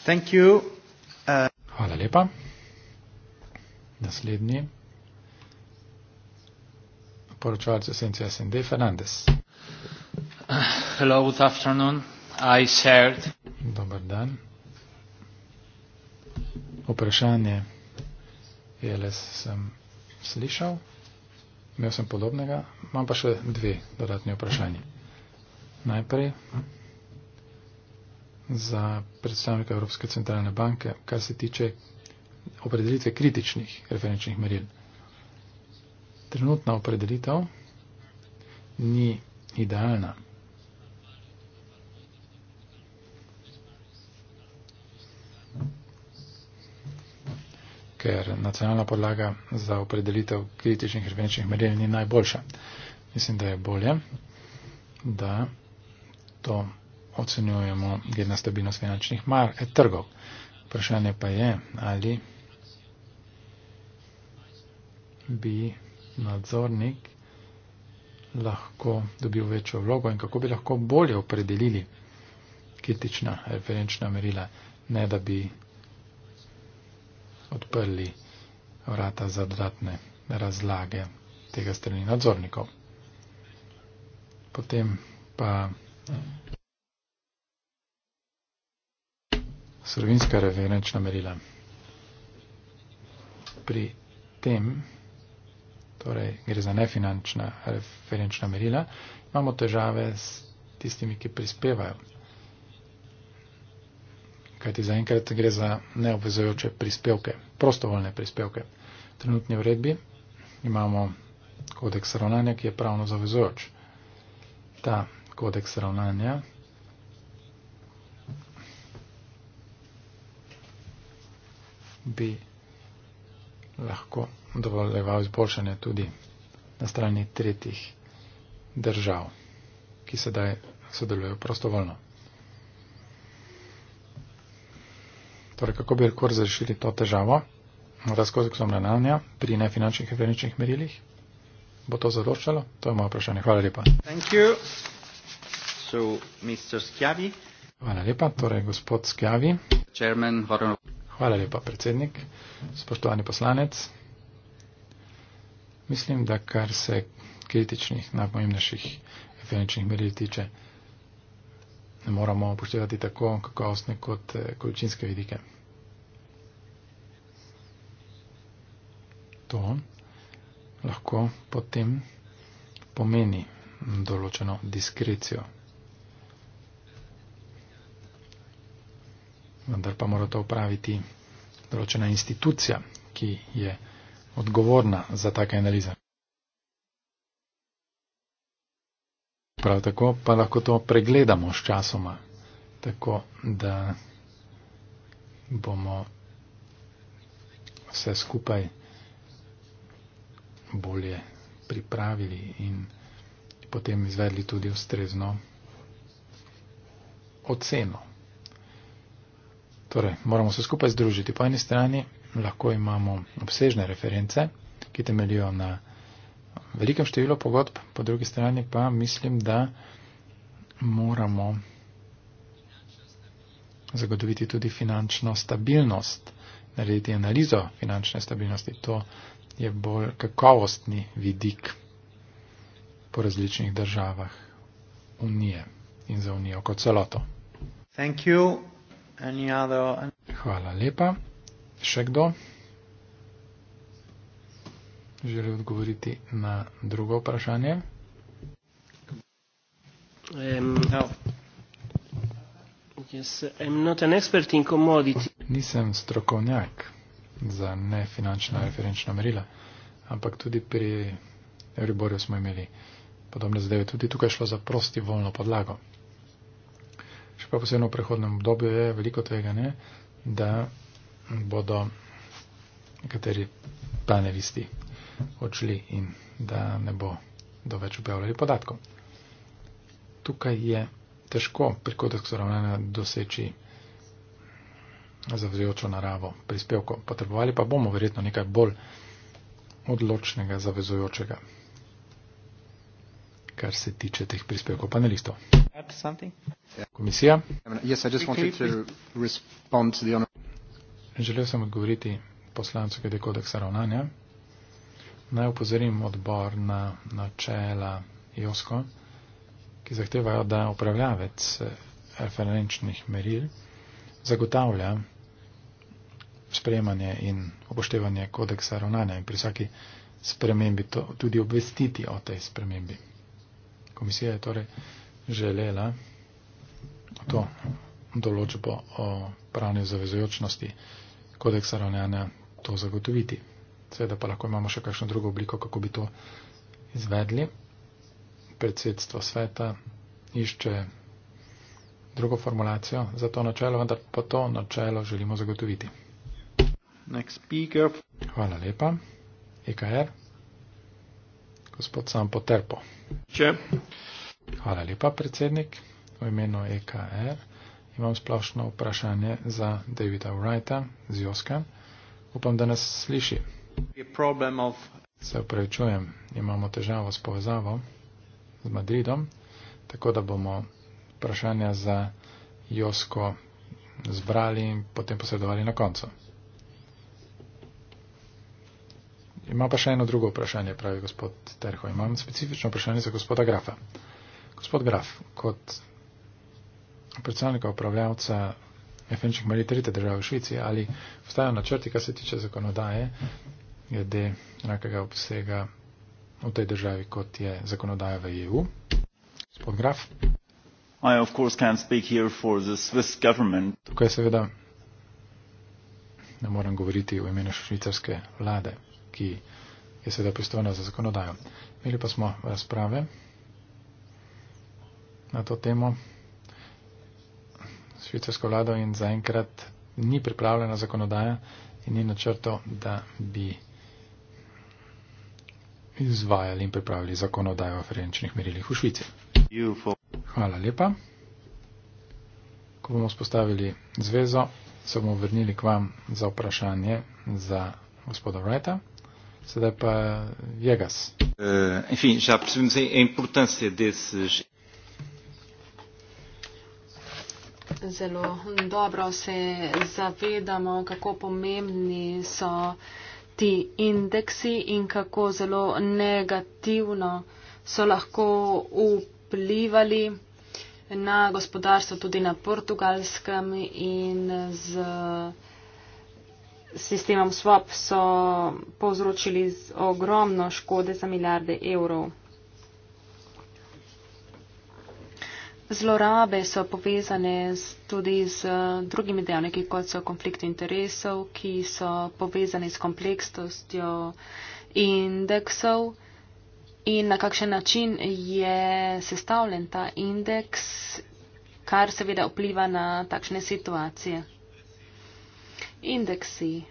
Thank you. Uh... Hvala lepa. Naslednji. Poročevalce Sence SND Fernandez. Uh, hello, good afternoon. I shared. Dobar dan. Vprašanje ELS sem slišal imel sem podobnega, imam pa še dve dodatne vprašanje. Najprej za predstavnika Evropske centralne banke, kar se tiče opredelitve kritičnih referenčnih meril. Trenutna opredelitev ni idealna, ker nacionalna podlaga za opredelitev kritičnih referenčnih meril ni najboljša. Mislim, da je bolje, da to ocenjujemo glede na stabilnost finančnih mar, e, trgov. Vprašanje pa je, ali bi nadzornik lahko dobil večjo vlogo in kako bi lahko bolje opredelili kritična referenčna merila, ne da bi odprli vrata za dodatne razlage tega strani nadzornikov. Potem pa eh, srvinska referenčna merila. Pri tem, torej gre za nefinančna referenčna merila, imamo težave s tistimi, ki prispevajo kajti zaenkrat gre za neobvezojoče prispevke, prostovoljne prispevke. V trenutni uredbi imamo kodeks ravnanja, ki je pravno zavezojoč. Ta kodeks ravnanja bi lahko dovoljeval izboljšanje tudi na strani tretjih držav, ki sedaj sodelujejo prostovoljno. Torej, kako bi lahko razrešili to težavo, razkozik somljanja pri nefinančnih in finančnih merilih? Bo to zadoščalo? To je moje vprašanje. Hvala lepa. So, Hvala lepa, torej gospod Skjavi. Chairman, Hvala lepa, predsednik, spoštovani poslanec. Mislim, da kar se kritičnih, najpomembnejših finančnih meril tiče, ne moramo upoštevati tako kakovostne kot eh, količinske vidike. To lahko potem pomeni določeno diskrecijo. Vendar pa mora to upraviti določena institucija, ki je odgovorna za take analize. Prav tako pa lahko to pregledamo s časoma, tako da bomo vse skupaj bolje pripravili in potem izvedli tudi ustrezno oceno. Torej, moramo se skupaj združiti. Po eni strani lahko imamo obsežne reference, ki temeljijo na velikem številu pogodb, po drugi strani pa mislim, da moramo zagotoviti tudi finančno stabilnost, narediti analizo finančne stabilnosti. To je bolj kakovostni vidik po različnih državah Unije in za Unijo kot celoto. Hvala lepa. Še kdo? želi odgovoriti na drugo vprašanje. Um, oh. yes, I'm not an in Nisem strokovnjak za nefinančna referenčna merila, ampak tudi pri Euriborju smo imeli podobne zadeve. Tudi tukaj šlo za prosti volno podlago. Še pa posebno v prehodnem obdobju je veliko tega, ne, da bodo nekateri panelisti odšli in da ne bo do več objavljali podatkov. Tukaj je težko prihodek soravnanja doseči zavezujočo naravo prispevkov. Potrebovali pa bomo verjetno nekaj bolj odločnega, zavezujočega, kar se tiče teh prispevkov panelistov. Komisija. Želel sem odgovoriti poslancu glede kodeksa ravnanja. Naj upozorim odbor na načela IOSCO, ki zahtevajo, da upravljavec eh, referenčnih meril zagotavlja sprejemanje in upoštevanje kodeksa ravnanja in pri vsaki spremembi to tudi obvestiti o tej spremembi. Komisija je torej želela to določbo o pravni zavezojočnosti kodeksa ravnanja to zagotoviti seveda pa lahko imamo še kakšno drugo obliko, kako bi to izvedli. Predsedstvo sveta išče drugo formulacijo za to načelo, vendar pa to načelo želimo zagotoviti. Hvala lepa. EKR. Er. Gospod Sam Poterpo. Če. Hvala lepa, predsednik. V imenu EKR er imam splošno vprašanje za Davida Wrighta z Joska. Upam, da nas sliši. Se upravičujem, imamo težavo s povezavo z Madridom, tako da bomo vprašanja za Josko zbrali in potem posredovali na koncu. Ima pa še eno drugo vprašanje, pravi gospod Terho. Imam specifično vprašanje za gospoda Grafa. Gospod Graf, kot predstavnika upravljavca FNČ-ih Marije Trite države v Švici, ali vstajajo načrti, kar se tiče zakonodaje, glede enakega obsega v tej državi, kot je zakonodaja v EU. Gospod Graf. I of course can't speak here for the Swiss government. Tukaj seveda ne morem govoriti v imenu švicarske vlade, ki je seveda pristojna za zakonodajo. Imeli pa smo razprave na to temo švicarsko vlado in zaenkrat ni pripravljena zakonodaja in ni načrto, da bi izvajali in pripravili zakonodajo o referenčnih merilih v Švici. Hvala lepa. Ko bomo spostavili zvezo, se bomo vrnili k vam za vprašanje za gospoda Wrighta. Sedaj pa Jegas. Eh, Zelo dobro se zavedamo, kako pomembni so ti indeksi in kako zelo negativno so lahko vplivali na gospodarstvo tudi na portugalskem in z sistemom SWAP so povzročili ogromno škode za milijarde evrov. Zlorabe so povezane z, tudi z drugimi dejavniki, kot so konflikti interesov, ki so povezani s kompleksnostjo indeksov in na kakšen način je sestavljen ta indeks, kar seveda vpliva na takšne situacije. Indeksi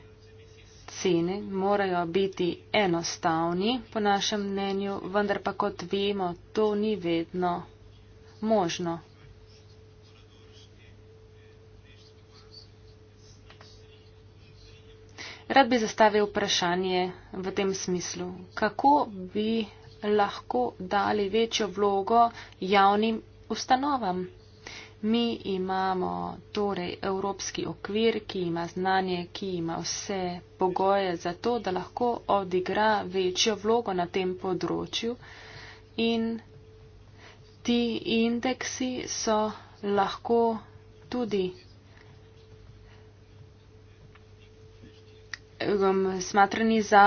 cene morajo biti enostavni, po našem mnenju, vendar pa kot vemo, to ni vedno možno. Rad bi zastavil vprašanje v tem smislu, kako bi lahko dali večjo vlogo javnim ustanovam. Mi imamo torej evropski okvir, ki ima znanje, ki ima vse pogoje za to, da lahko odigra večjo vlogo na tem področju in ti indeksi so lahko tudi um, smatrani za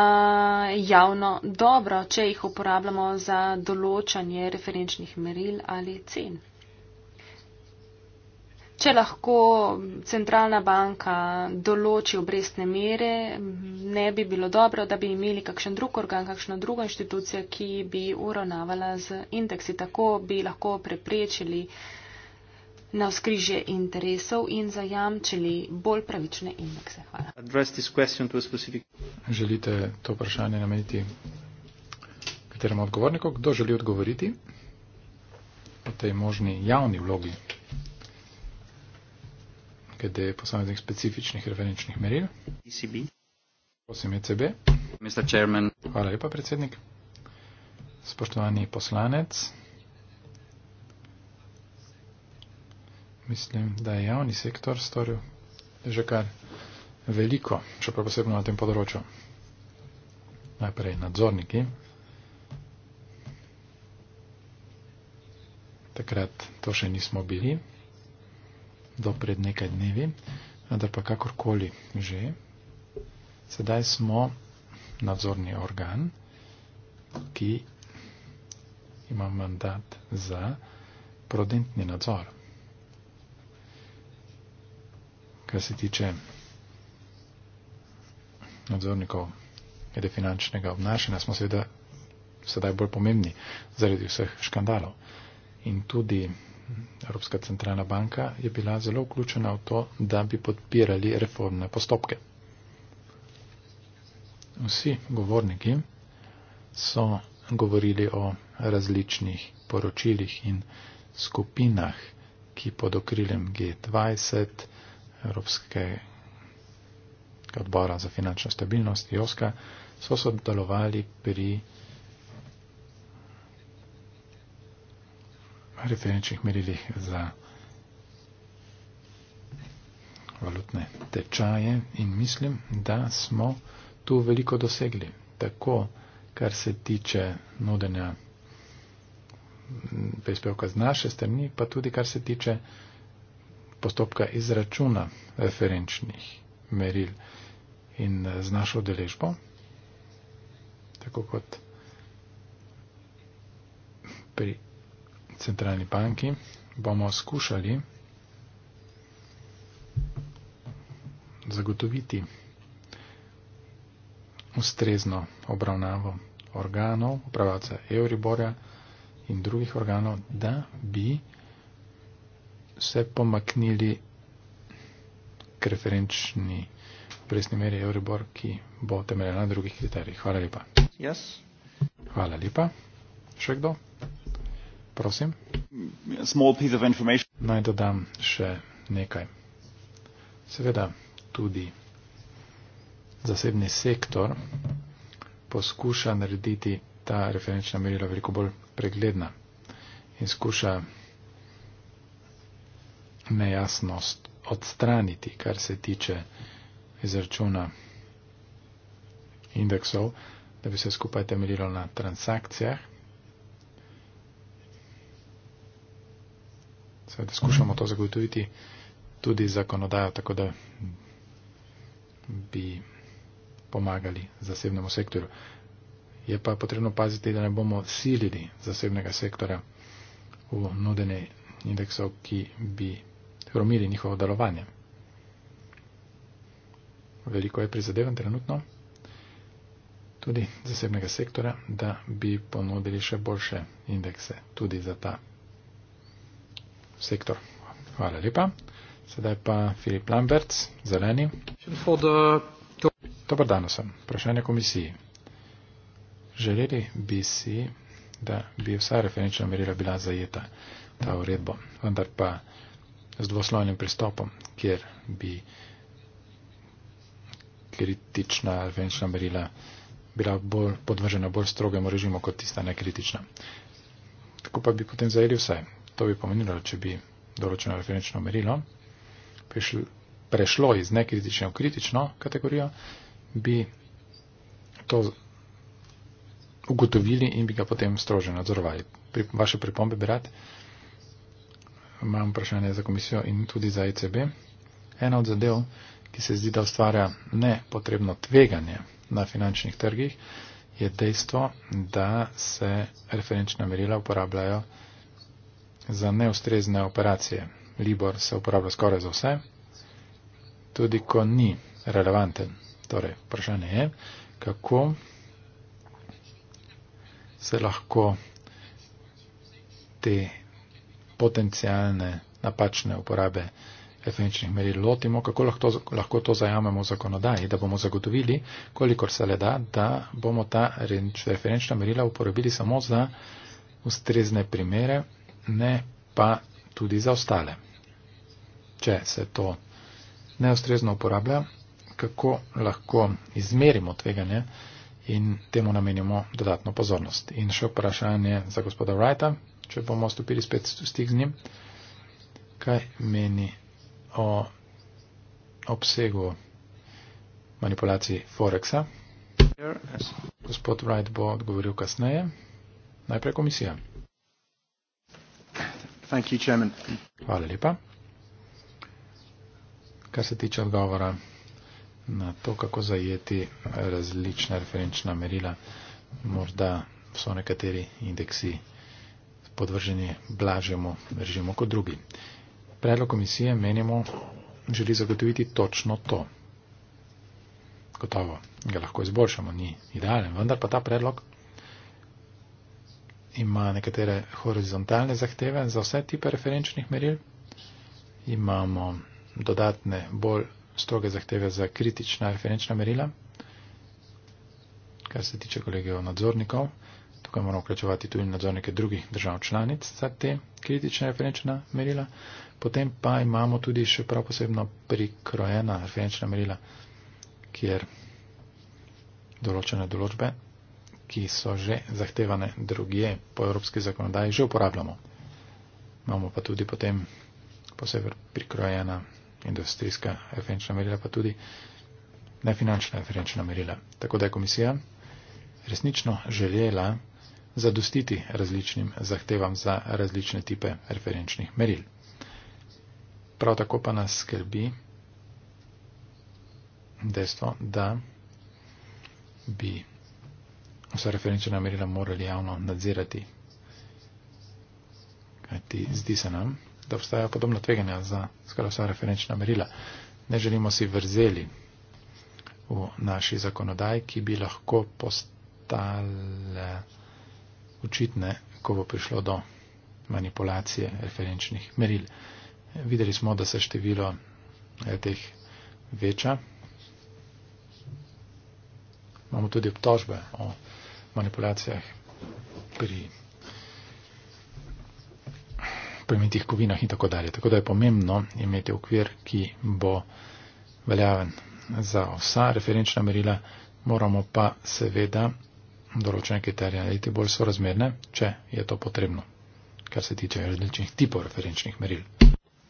javno dobro, če jih uporabljamo za določanje referenčnih meril ali cen. Če lahko centralna banka določi obrestne mere, ne bi bilo dobro, da bi imeli kakšen drug organ, kakšno drugo inštitucijo, ki bi uravnavala z indeksi. Tako bi lahko preprečili na skrižje interesov in zajamčili bolj pravične indekse. Hvala. Želite to vprašanje nameniti kateremu odgovorniku? Kdo želi odgovoriti o tej možni javni vlogi? glede posameznih specifičnih referenčnih meril. ECB. Prosim, ECB. Mr. Chairman. Hvala lepa, predsednik. Spoštovani poslanec, mislim, da je javni sektor storil že kar veliko, še pa posebno na tem področju. Najprej nadzorniki, takrat to še nismo bili do pred nekaj dnevi, da pa kakorkoli že, sedaj smo nadzorni organ, ki ima mandat za prudentni nadzor. Kar se tiče nadzornikov glede finančnega obnašanja, smo seveda sedaj bolj pomembni zaradi vseh škandalov. In tudi Evropska centralna banka je bila zelo vključena v to, da bi podpirali reformne postopke. Vsi govorniki so govorili o različnih poročilih in skupinah, ki pod okriljem G20 Evropske odbora za finančno stabilnost Joska so sodelovali pri referenčnih merilih za valutne tečaje in mislim, da smo tu veliko dosegli. Tako, kar se tiče nudenja prispevka z naše strani, pa tudi kar se tiče postopka izračuna referenčnih meril in eh, z našo deležbo, tako kot pri centralni banki, bomo skušali zagotoviti ustrezno obravnavo organov, upravljavca Euriborja in drugih organov, da bi se pomaknili k referenčni presni meri Euribor, ki bo temeljena na drugih kriterijih. Hvala lepa. Yes. Hvala lepa. Še kdo? Prosim. Small piece of information. Naj dodam še nekaj. Seveda tudi zasebni sektor poskuša narediti ta referenčna merila veliko bolj pregledna in skuša nejasnost odstraniti, kar se tiče izračuna indeksov, da bi se skupaj temeljilo na transakcijah. Sveda skušamo to zagotoviti tudi zakonodajo, tako da bi pomagali zasebnemu sektorju. Je pa potrebno paziti, da ne bomo silili zasebnega sektora v nudene indeksov, ki bi romili njihovo delovanje. Veliko je prizadevan trenutno tudi zasebnega sektora, da bi ponudili še boljše indekse tudi za ta sektor. Hvala lepa. Sedaj pa Filip Lambert, zeleni. Dobro dan vsem. Vprašanje komisiji. Želeli bi si, da bi vsa referenčna merila bila zajeta ta uredbo, vendar pa z dvoslovnim pristopom, kjer bi kritična referenčna merila bila bolj podvržena bolj strogemu režimu kot tista nekritična. Tako pa bi potem zajeli vse to bi pomenilo, če bi določeno referenčno merilo prešlo iz nekritične v kritično kategorijo, bi to ugotovili in bi ga potem strože nadzorovali. Pri, vaše pripombe bi rad. Imam vprašanje za komisijo in tudi za ECB. Ena od zadev, ki se zdi, da ustvarja nepotrebno tveganje na finančnih trgih, je dejstvo, da se referenčna merila uporabljajo za neustrezne operacije. Libor se uporablja skoraj za vse, tudi ko ni relevanten. Torej, vprašanje je, kako se lahko te potencijalne napačne uporabe referenčnih meril lotimo, kako lahko to, lahko to zajamemo v zakonodaji, da bomo zagotovili, kolikor se le da, da bomo ta referenčna merila uporabili samo za ustrezne primere ne pa tudi za ostale. Če se to neustrezno uporablja, kako lahko izmerimo tveganje in temu namenimo dodatno pozornost. In še vprašanje za gospoda Wrighta, če bomo stopili spet v stik z njim, kaj meni o obsegu manipulacij Forexa. Gospod Wright bo odgovoril kasneje. Najprej komisija. Hvala lepa. Kar se tiče odgovora na to, kako zajeti različna referenčna merila, morda so nekateri indeksi podvrženi blažjemu režimu kot drugi. Predlog komisije menimo želi zagotoviti točno to. Gotovo ga lahko izboljšamo, ni idealen, vendar pa ta predlog ima nekatere horizontalne zahteve za vse tipe referenčnih meril, imamo dodatne, bolj stroge zahteve za kritična referenčna merila, kar se tiče kolegijo nadzornikov. Tukaj moramo vključevati tudi nadzornike drugih držav članic za te kritične referenčna merila. Potem pa imamo tudi še prav posebno prikrojena referenčna merila, kjer določene določbe ki so že zahtevane druge po evropski zakonodaji, že uporabljamo. Imamo pa tudi potem posebej prikrojena industrijska referenčna merila, pa tudi nefinančna referenčna merila. Tako da je komisija resnično želela zadostiti različnim zahtevam za različne type referenčnih meril. Prav tako pa nas skrbi dejstvo, da bi vsa referenčna merila morali javno nadzirati. Kajti zdi se nam, da obstajajo podobna tveganja za skoraj vsa referenčna merila. Ne želimo si vrzeli v naši zakonodaj, ki bi lahko postale očitne, ko bo prišlo do manipulacije referenčnih meril. Videli smo, da se število teh veča imamo tudi obtožbe o manipulacijah pri premitih kovinah in tako dalje. Tako da je pomembno imeti okvir, ki bo veljaven za vsa referenčna merila, moramo pa seveda določene kriterije narediti bolj sorazmerne, če je to potrebno, kar se tiče različnih tipov referenčnih meril.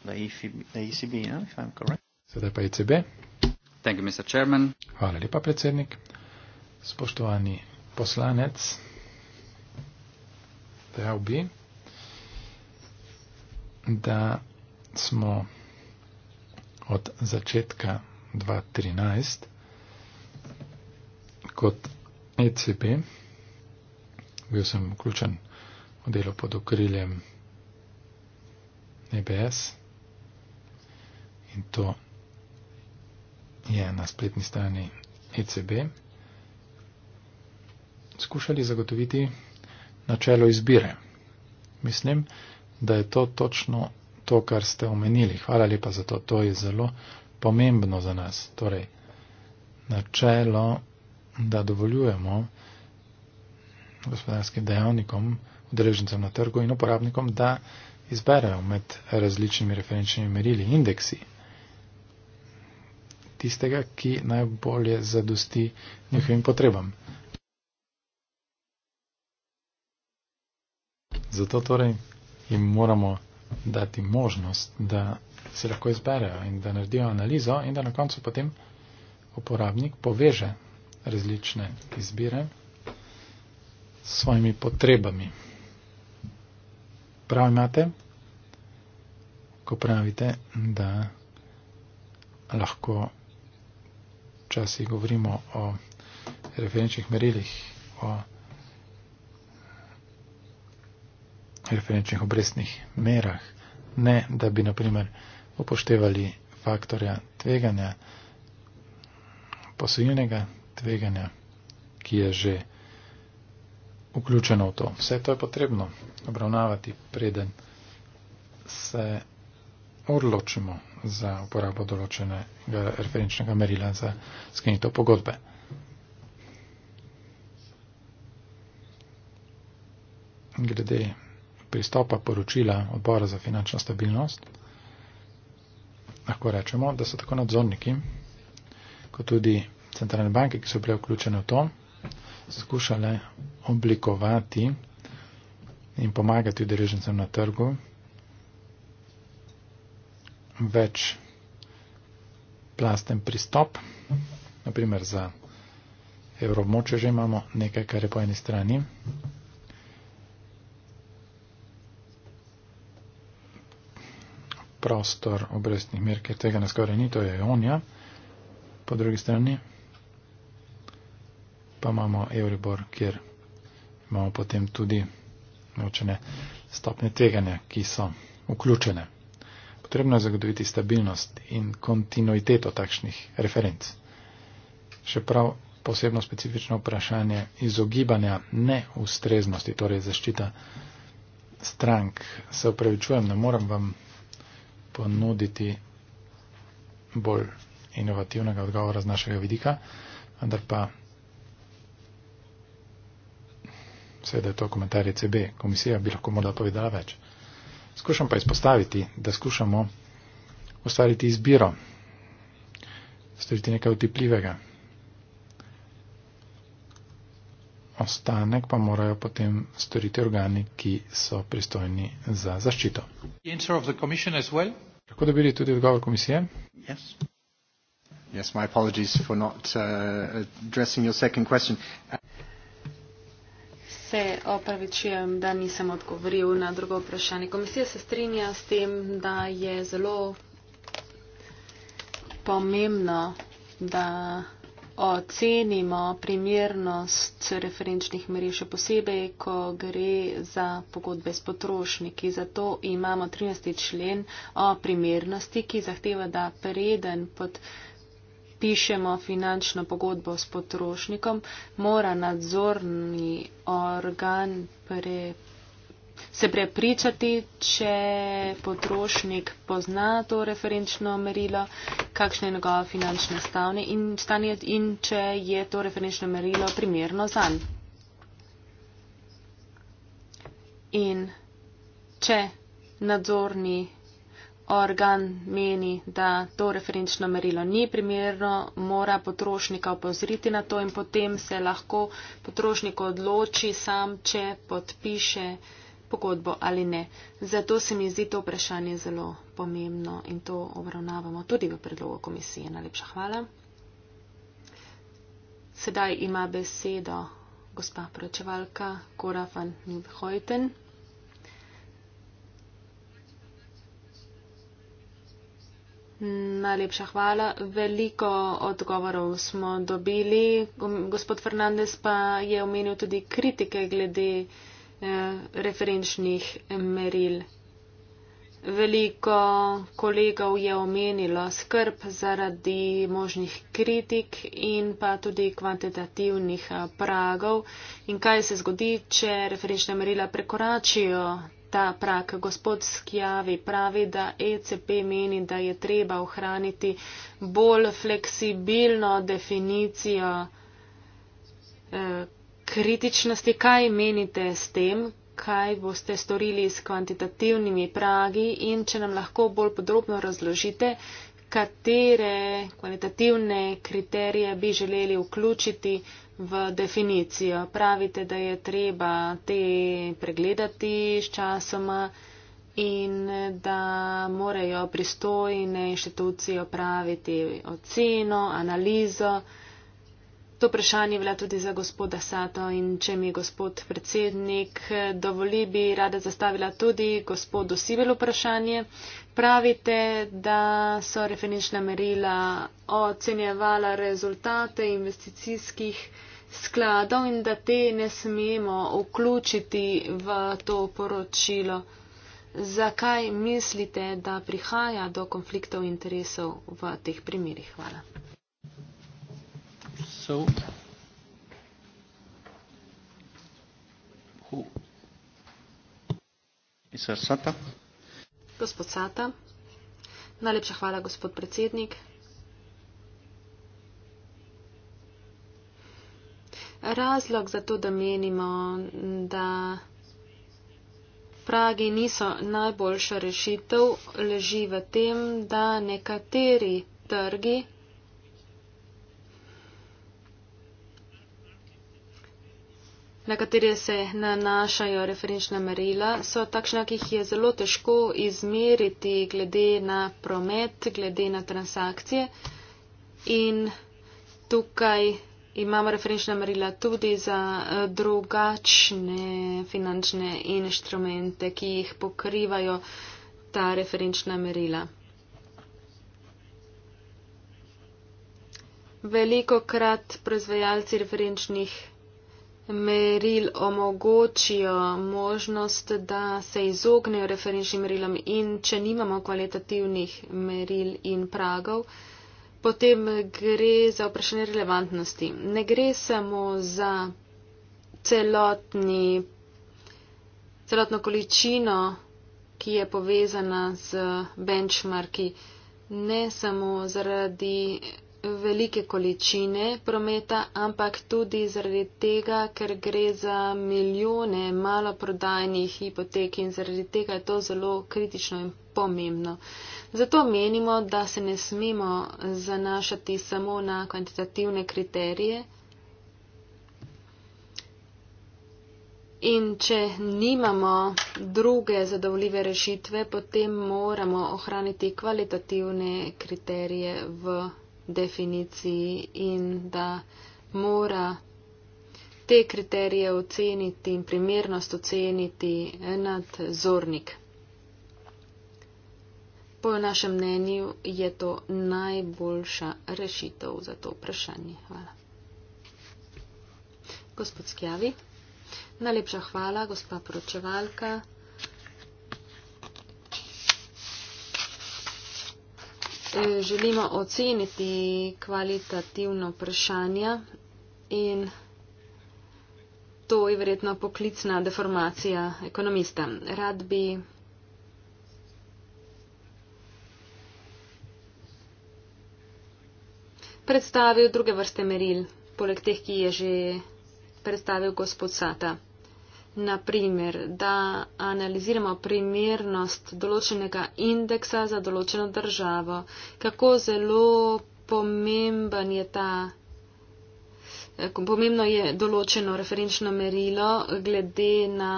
Ja, Sedaj pa ECB. Hvala lepa, predsednik spoštovani poslanec, dejal bi, da smo od začetka 2013 kot ECB, bil sem vključen v delo pod okriljem EBS in to je na spletni strani ECB skušali zagotoviti načelo izbire. Mislim, da je to točno to, kar ste omenili. Hvala lepa za to. To je zelo pomembno za nas. Torej, načelo, da dovoljujemo gospodarskim dejavnikom, udeležencem na trgu in uporabnikom, da izberejo med različnimi referenčnimi merili indeksi tistega, ki najbolje zadosti njihovim potrebam. Zato torej jim moramo dati možnost, da se lahko izberejo in da naredijo analizo in da na koncu potem uporabnik poveže različne izbire s svojimi potrebami. Prav imate, ko pravite, da lahko včasih govorimo o referenčnih merilih, o referenčnih obrestnih merah, ne da bi naprimer upoštevali faktorja tveganja, posojilnega tveganja, ki je že vključeno v to. Vse to je potrebno obravnavati, preden se odločimo za uporabo določenega referenčnega merila za sklenitev pogodbe. Glede pristopa poročila odbora za finančno stabilnost, lahko rečemo, da so tako nadzorniki, kot tudi centralne banke, ki so bile vključene v to, skušale oblikovati in pomagati udeležencem na trgu več plasten pristop, naprimer za evroobmočje že imamo nekaj, kar je po eni strani. prostor obrestnih mer, ker tega ne skoraj ni, to je Ionija. Po drugi strani pa imamo Euribor, kjer imamo potem tudi močene stopne tveganja, ki so vključene. Potrebno je zagotoviti stabilnost in kontinuiteto takšnih referenc. Še prav posebno specifično vprašanje izogibanja neustreznosti, torej zaščita strank, se upravičujem, ne morem vam ponuditi bolj inovativnega odgovora z našega vidika, vendar pa seveda je to komentarje CB, komisija bi lahko morda povedala več. Skušam pa izpostaviti, da skušamo ustvariti izbiro, storiti nekaj utipljivega, ostanek pa morajo potem storiti organi, ki so pristojni za zaščito. Well? Lahko dobili tudi odgovor komisije? Yes. Yes, not, uh, uh, se opravičujem, da nisem odgovoril na drugo vprašanje. Komisija se strinja s tem, da je zelo pomembno, da ocenimo primernost referenčnih meril, še posebej, ko gre za pogodbe s potrošniki. Zato imamo 13. člen o primernosti, ki zahteva, da preden pišemo finančno pogodbo s potrošnikom, mora nadzorni organ prepričati se prepričati, če potrošnik pozna to referenčno merilo, kakšne je njegova finančna stavne in stanje in če je to referenčno merilo primerno zanj. In če nadzorni organ meni, da to referenčno merilo ni primerno, mora potrošnika opozoriti na to in potem se lahko potrošnik odloči sam, če podpiše pogodbo ali ne. Zato se mi zdi to vprašanje zelo pomembno in to obravnavamo tudi v predlogu komisije. Najlepša hvala. Sedaj ima besedo gospa pročevalka Kora van Nibhojten. Najlepša hvala. Veliko odgovorov smo dobili. Gospod Fernandez pa je omenil tudi kritike glede. Eh, referenčnih meril. Veliko kolegov je omenilo skrb zaradi možnih kritik in pa tudi kvantitativnih eh, pragov in kaj se zgodi, če referenčna merila prekoračijo ta prak. Gospod Skjavi pravi, da ECP meni, da je treba ohraniti bolj fleksibilno definicijo eh, kritičnosti, kaj menite s tem, kaj boste storili s kvantitativnimi pragi in če nam lahko bolj podrobno razložite, katere kvalitativne kriterije bi želeli vključiti v definicijo. Pravite, da je treba te pregledati s časoma in da morajo pristojne inštitucije opraviti oceno, analizo. To vprašanje je bila tudi za gospoda Sato in če mi gospod predsednik eh, dovoli, bi rada zastavila tudi gospodu Sibelu vprašanje. Pravite, da so referenčna merila ocenjevala rezultate investicijskih skladov in da te ne smemo vključiti v to poročilo. Zakaj mislite, da prihaja do konfliktov interesov v teh primerih? Hvala glasov. Misar Sata. Gospod Sata, najlepša hvala, gospod predsednik. Razlog za to, da menimo, da pragi niso najboljša rešitev, leži v tem, da nekateri trgi na katere se nanašajo referenčna merila, so takšna, ki jih je zelo težko izmeriti glede na promet, glede na transakcije. In tukaj imamo referenčna merila tudi za eh, drugačne finančne inštrumente, ki jih pokrivajo ta referenčna merila. Veliko krat proizvajalci referenčnih meril omogočijo možnost, da se izognejo referenčnim merilom in če nimamo kvalitativnih meril in pragov, potem gre za vprašanje relevantnosti. Ne gre samo za celotni, celotno količino, ki je povezana z benchmarki, ne samo zaradi velike količine prometa, ampak tudi zaradi tega, ker gre za milijone maloprodajnih hipotek in zaradi tega je to zelo kritično in pomembno. Zato menimo, da se ne smemo zanašati samo na kvantitativne kriterije. In če nimamo druge zadovoljive rešitve, potem moramo ohraniti kvalitativne kriterije v definiciji in da mora te kriterije oceniti in primernost oceniti nadzornik. Po našem mnenju je to najboljša rešitev za to vprašanje. Hvala. Gospod Skjavi, najlepša hvala, gospa poročevalka. želimo oceniti kvalitativno vprašanje in to je verjetno poklicna deformacija ekonomista. Rad bi predstavil druge vrste meril, poleg teh, ki je že predstavil gospod Sata. Naprimer, da analiziramo primernost določenega indeksa za določeno državo, kako zelo pomemben je ta, eh, pomembno je določeno referenčno merilo glede na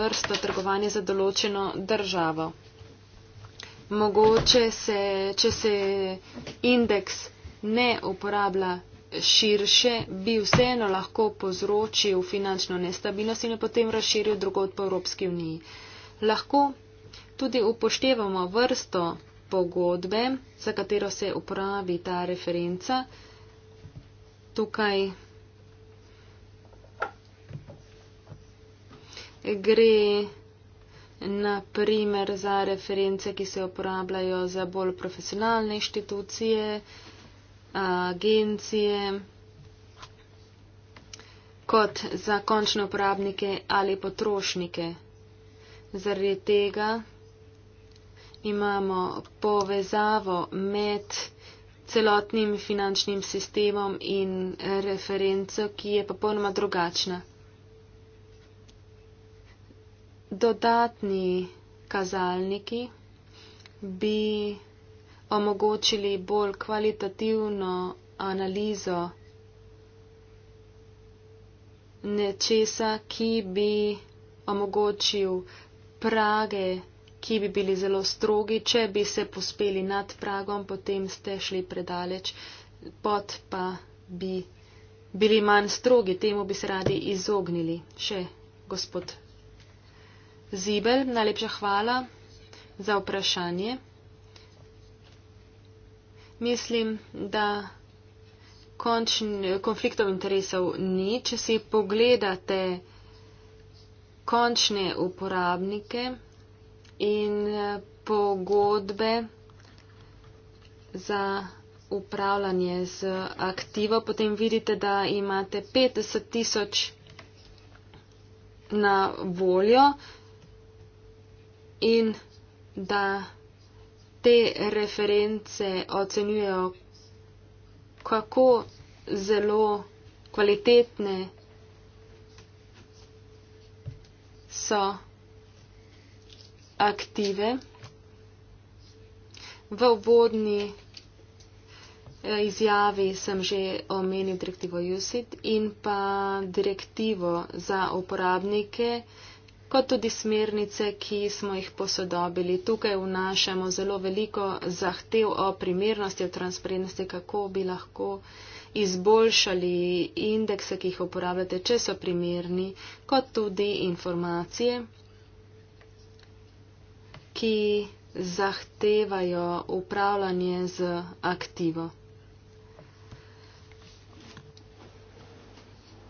vrsto trgovanja za določeno državo. Mogoče se, če se indeks ne uporablja širše, bi vseeno lahko povzročil finančno nestabilnost in jo potem razširil drugod po Evropski uniji. Lahko tudi upoštevamo vrsto pogodbe, za katero se upravi ta referenca. Tukaj gre naprimer za reference, ki se uporabljajo za bolj profesionalne inštitucije, agencije kot za končne uporabnike ali potrošnike. Zaradi tega imamo povezavo med celotnim finančnim sistemom in referenco, ki je popolnoma drugačna. Dodatni kazalniki bi omogočili bolj kvalitativno analizo nečesa, ki bi omogočil prage, ki bi bili zelo strogi, če bi se pospeli nad pragom, potem ste šli predaleč, pot pa bi bili manj strogi, temu bi se radi izognili. Še gospod Zibel, najlepša hvala za vprašanje mislim, da končn, konfliktov interesov ni, če si pogledate končne uporabnike in pogodbe za upravljanje z aktivo, potem vidite, da imate 50 tisoč na voljo in da te reference ocenjujejo kako zelo kvalitetne so aktive. V uvodni eh, izjavi sem že omenil direktivo USID in pa direktivo za uporabnike, kot tudi smernice, ki smo jih posodobili. Tukaj vnašamo zelo veliko zahtev o primernosti, o transparentnosti, kako bi lahko izboljšali indekse, ki jih uporabljate, če so primerni, kot tudi informacije, ki zahtevajo upravljanje z aktivo,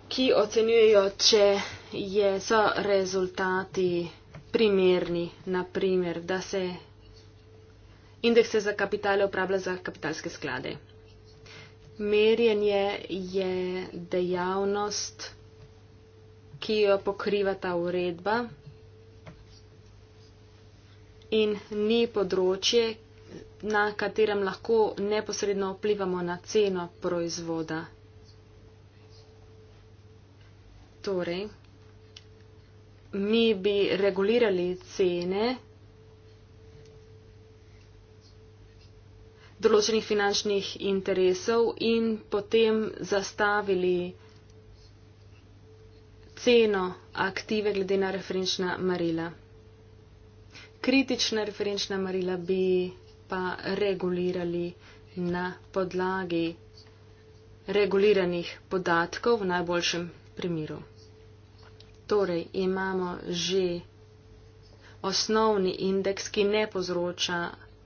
ki ocenjujejo, če je, so rezultati primerni, naprimer, da se indekse za kapitale upravlja za kapitalske sklade. Merjenje je dejavnost, ki jo pokriva ta uredba in ni področje, na katerem lahko neposredno vplivamo na ceno proizvoda. Torej, mi bi regulirali cene določenih finančnih interesov in potem zastavili ceno aktive glede na referenčna marila. Kritična referenčna marila bi pa regulirali na podlagi reguliranih podatkov v najboljšem primeru. Torej imamo že osnovni indeks, ki ne povzroča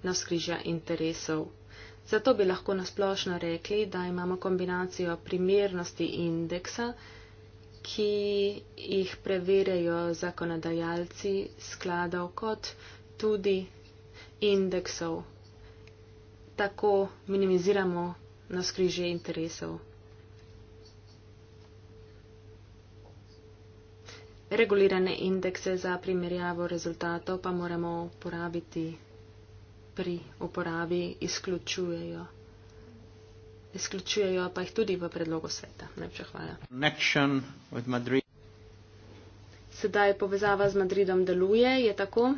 navskrižja interesov. Zato bi lahko nasplošno rekli, da imamo kombinacijo primernosti indeksa, ki jih preverjajo zakonodajalci skladov kot tudi indeksov. Tako minimiziramo navskrižje interesov. regulirane indekse za primerjavo rezultatov pa moramo uporabiti pri uporabi izključujejo. Izključujejo pa jih tudi v predlogu sveta. Najlepša hvala. Sedaj povezava z Madridom deluje, je tako?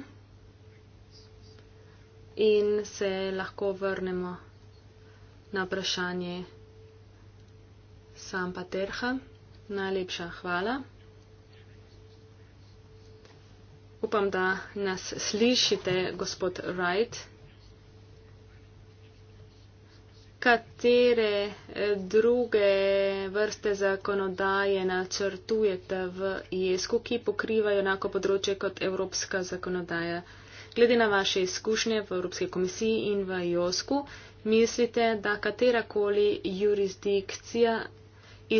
In se lahko vrnemo na vprašanje Sampa Terha. Najlepša hvala. Upam, da nas slišite, gospod Wright. Katere eh, druge vrste zakonodaje načrtujete v IESK-u, ki pokrivajo enako področje kot evropska zakonodaja? Glede na vaše izkušnje v Evropski komisiji in v IOSK-u, mislite, da katerakoli jurisdikcija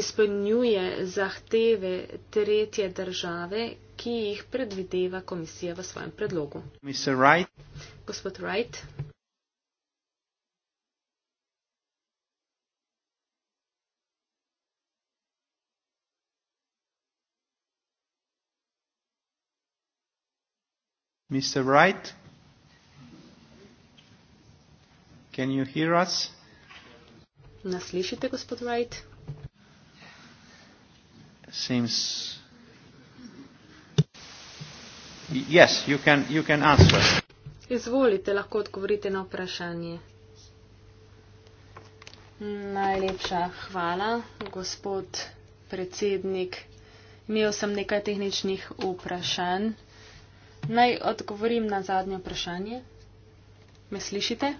izpolnjuje zahteve tretje države, ki jih predvideva komisija v svojem predlogu. Wright. Gospod Wright. Mr. Wright, can you hear us? Naslišite, gospod Wright? Seems Yes, you can, you can answer. Izvolite, lahko odgovorite na vprašanje. Najlepša hvala, gospod predsednik. Imel sem nekaj tehničnih vprašanj. Naj odgovorim na zadnje vprašanje. Me slišite?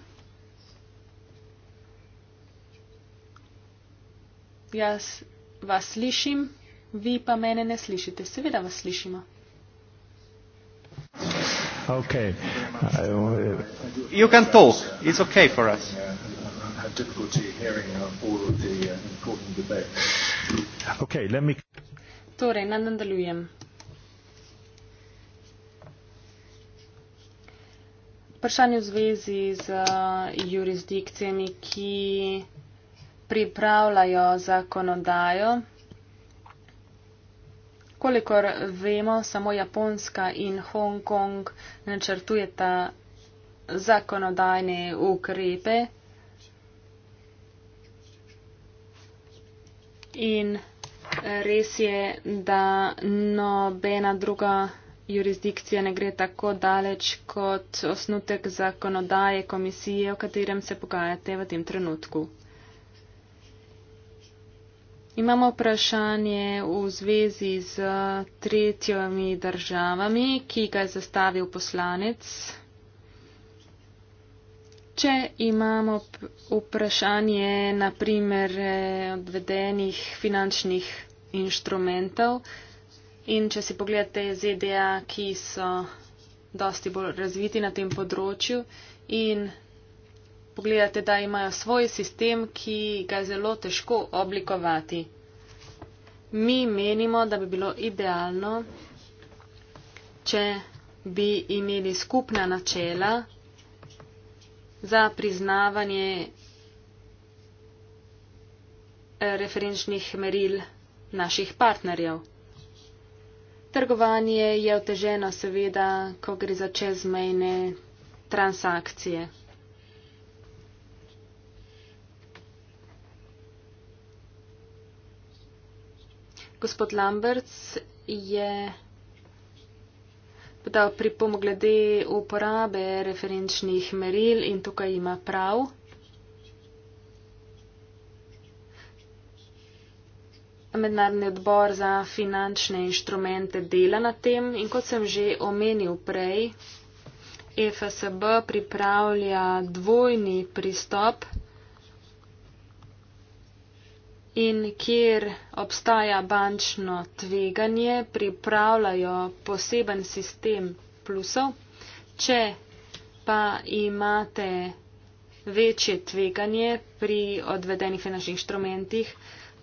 Jaz vas slišim, vi pa mene ne slišite. Seveda vas slišimo. Okay. Uh, you can talk. It's okay for us. Had difficulty hearing uh, all of the uh, important debate. Okay, let me. Torej, naj nadaljujem. Vprašanje v zvezi z uh, jurisdikcijami, ki pripravljajo zakonodajo. Kolikor vemo, samo Japonska in Hong Kong načrtujeta zakonodajne ukrepe in res je, da nobena druga jurisdikcija ne gre tako daleč kot osnutek zakonodaje komisije, o katerem se pogajate v tem trenutku. Imamo vprašanje v zvezi z tretjimi državami, ki ga je zastavil poslanec. Če imamo vprašanje naprimer eh, odvedenih finančnih inštrumentov in če si pogledate ZDA, ki so dosti bolj razviti na tem področju in pogledate, da imajo svoj sistem, ki ga je zelo težko oblikovati. Mi menimo, da bi bilo idealno, če bi imeli skupna načela za priznavanje eh, referenčnih meril naših partnerjev. Trgovanje je oteženo seveda, ko gre za čezmejne transakcije. Gospod Lamberts je dal pripom glede uporabe referenčnih meril in tukaj ima prav. Mednarodni odbor za finančne inštrumente dela na tem in kot sem že omenil prej, e FSB pripravlja dvojni pristop in kjer obstaja bančno tveganje, pripravljajo poseben sistem plusov. Če pa imate večje tveganje pri odvedenih finančnih inštrumentih,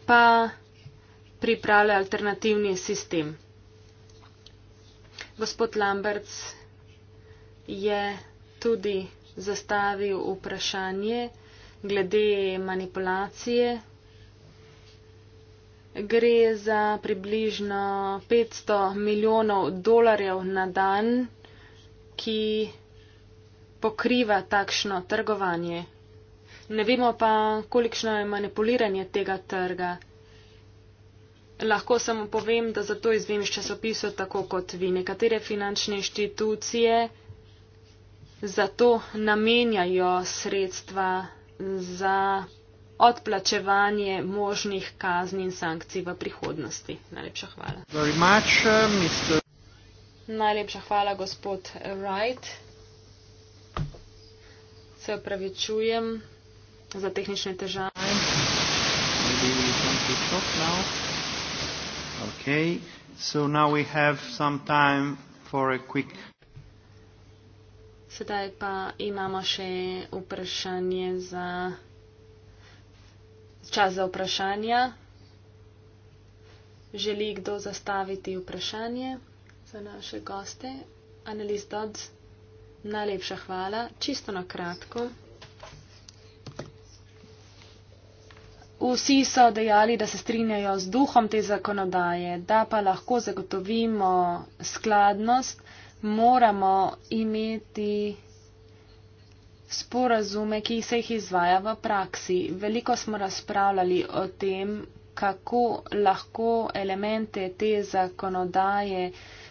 pa pripravljajo alternativni sistem. Gospod Lamberts je tudi zastavil vprašanje glede manipulacije gre za približno 500 milijonov dolarjev na dan, ki pokriva takšno trgovanje. Ne vemo pa, kolikšno je manipuliranje tega trga. Lahko samo povem, da zato izvem iz časopisov tako kot vi. Nekatere finančne inštitucije zato namenjajo sredstva za odplačevanje možnih kazni in sankcij v prihodnosti. Najlepša hvala. Much, uh, Mr... Najlepša hvala, gospod Wright. Se upravičujem za tehnične težave. Okay. So quick... Sedaj pa imamo še vprašanje za čas za vprašanja. Želi kdo zastaviti vprašanje za naše goste? Analiz Dodds, najlepša hvala. Čisto na kratko. Vsi so dejali, da se strinjajo z duhom te zakonodaje, da pa lahko zagotovimo skladnost, moramo imeti sporazume, ki se jih izvaja v praksi. Veliko smo razpravljali o tem, kako lahko elemente te zakonodaje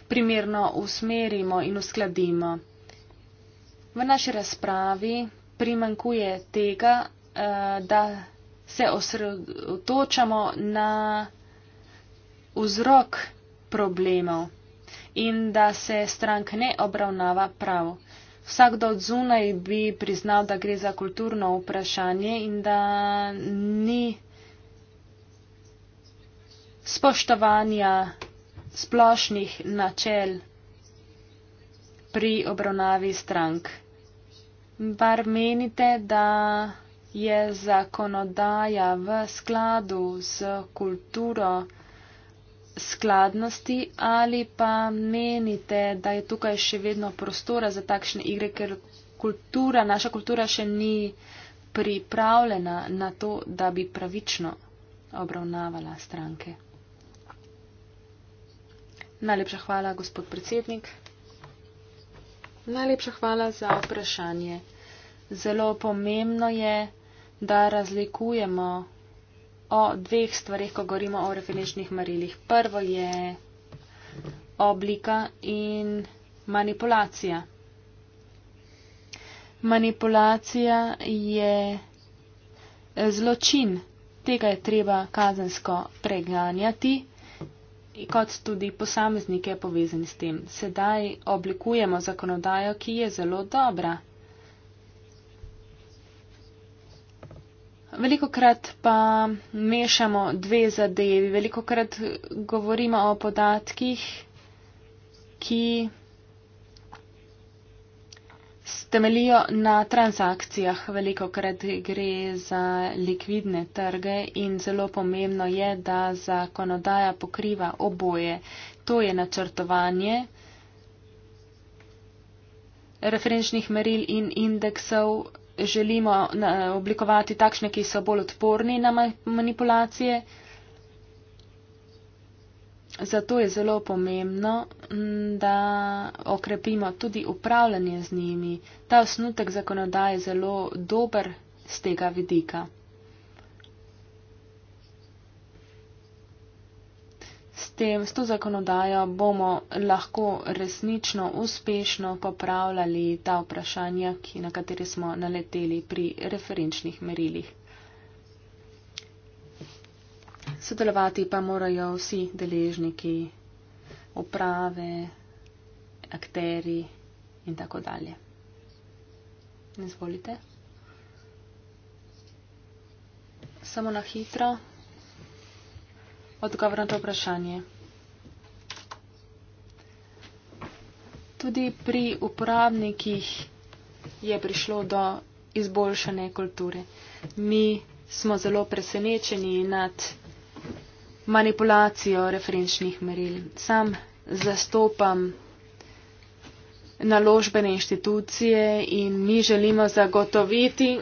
primerno usmerimo in uskladimo. V naši razpravi primankuje tega, eh, da se osredotočamo na vzrok problemov in da se strank ne obravnava prav vsakdo od zunaj bi priznal, da gre za kulturno vprašanje in da ni spoštovanja splošnih načel pri obravnavi strank. Bar menite, da je zakonodaja v skladu z kulturo skladnosti ali pa menite, da je tukaj še vedno prostora za takšne igre, ker kultura, naša kultura še ni pripravljena na to, da bi pravično obravnavala stranke. Najlepša hvala, gospod predsednik. Najlepša hvala za vprašanje. Zelo pomembno je, da razlikujemo o dveh stvarih, ko govorimo o referenčnih merilih. Prvo je oblika in manipulacija. Manipulacija je zločin, tega je treba kazensko preganjati, kot tudi posameznike povezani s tem. Sedaj oblikujemo zakonodajo, ki je zelo dobra. Veliko krat pa mešamo dve zadevi. Veliko krat govorimo o podatkih, ki temelijo na transakcijah. Veliko krat gre za likvidne trge in zelo pomembno je, da zakonodaja pokriva oboje. To je načrtovanje referenčnih meril in indeksov želimo oblikovati takšne, ki so bolj odporni na manipulacije. Zato je zelo pomembno, da okrepimo tudi upravljanje z njimi. Ta osnutek zakonodaje je zelo dober z tega vidika. s tem, s to zakonodajo bomo lahko resnično uspešno popravljali ta vprašanja, ki, na kateri smo naleteli pri referenčnih merilih. Sodelovati pa morajo vsi deležniki, uprave, akteri in tako dalje. Ne zvolite. Samo na hitro odgovor na to vprašanje. Tudi pri uporabnikih je prišlo do izboljšane kulture. Mi smo zelo presenečeni nad manipulacijo referenčnih meril. Sam zastopam naložbene inštitucije in mi želimo zagotoviti.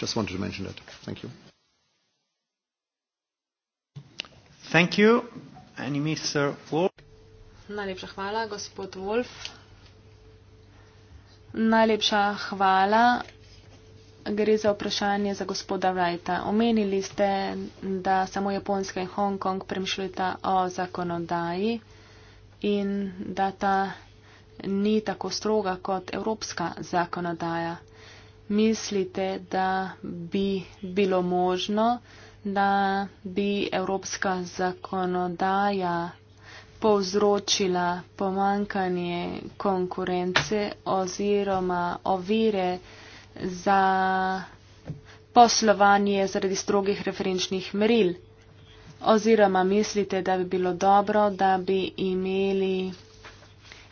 Uh, Thank you. Any Mr. Wolf? Najlepša hvala, gospod Wolf. Najlepša hvala. Gre za vprašanje za gospoda Wrighta. Omenili ste, da samo Japonska in Hongkong premišljata o zakonodaji in da ta ni tako stroga kot evropska zakonodaja. Mislite, da bi bilo možno, da bi evropska zakonodaja povzročila pomankanje konkurence oziroma ovire za poslovanje zaradi strogih referenčnih meril. Oziroma mislite, da bi bilo dobro, da bi imeli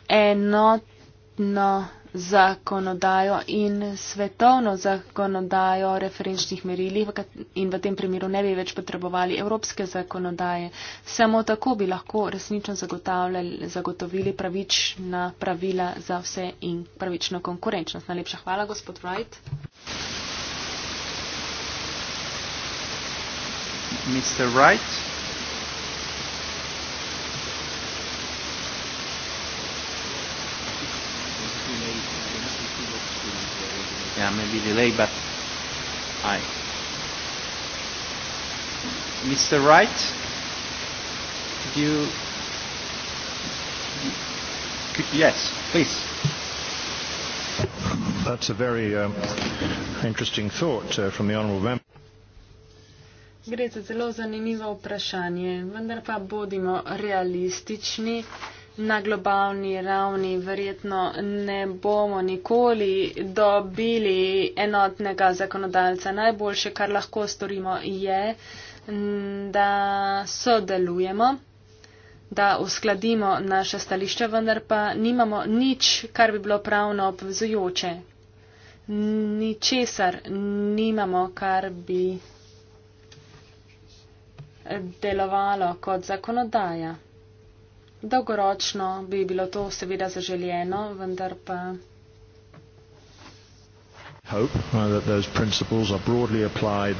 enotno zakonodajo in svetovno zakonodajo o referenčnih merilih in v tem primeru ne bi več potrebovali evropske zakonodaje. Samo tako bi lahko resnično zagotovili pravična pravila za vse in pravično konkurenčnost. Najlepša hvala, gospod Wright. Mr. Wright. yeah, maybe delay, but I. Mr. Wright, could you? Could, yes, please. That's a very um, interesting thought uh, from the Honourable Member. Gre za zelo zanimivo vprašanje, vendar pa bodimo realistični na globalni ravni verjetno ne bomo nikoli dobili enotnega zakonodajca. Najboljše, kar lahko storimo, je, da sodelujemo, da uskladimo naše stališče, vendar pa nimamo nič, kar bi bilo pravno obvezujoče. Ničesar nimamo, kar bi delovalo kot zakonodaja. Dolgoročno bi bilo to seveda zaželjeno, vendar pa. Hope uh, that those principles are broadly applied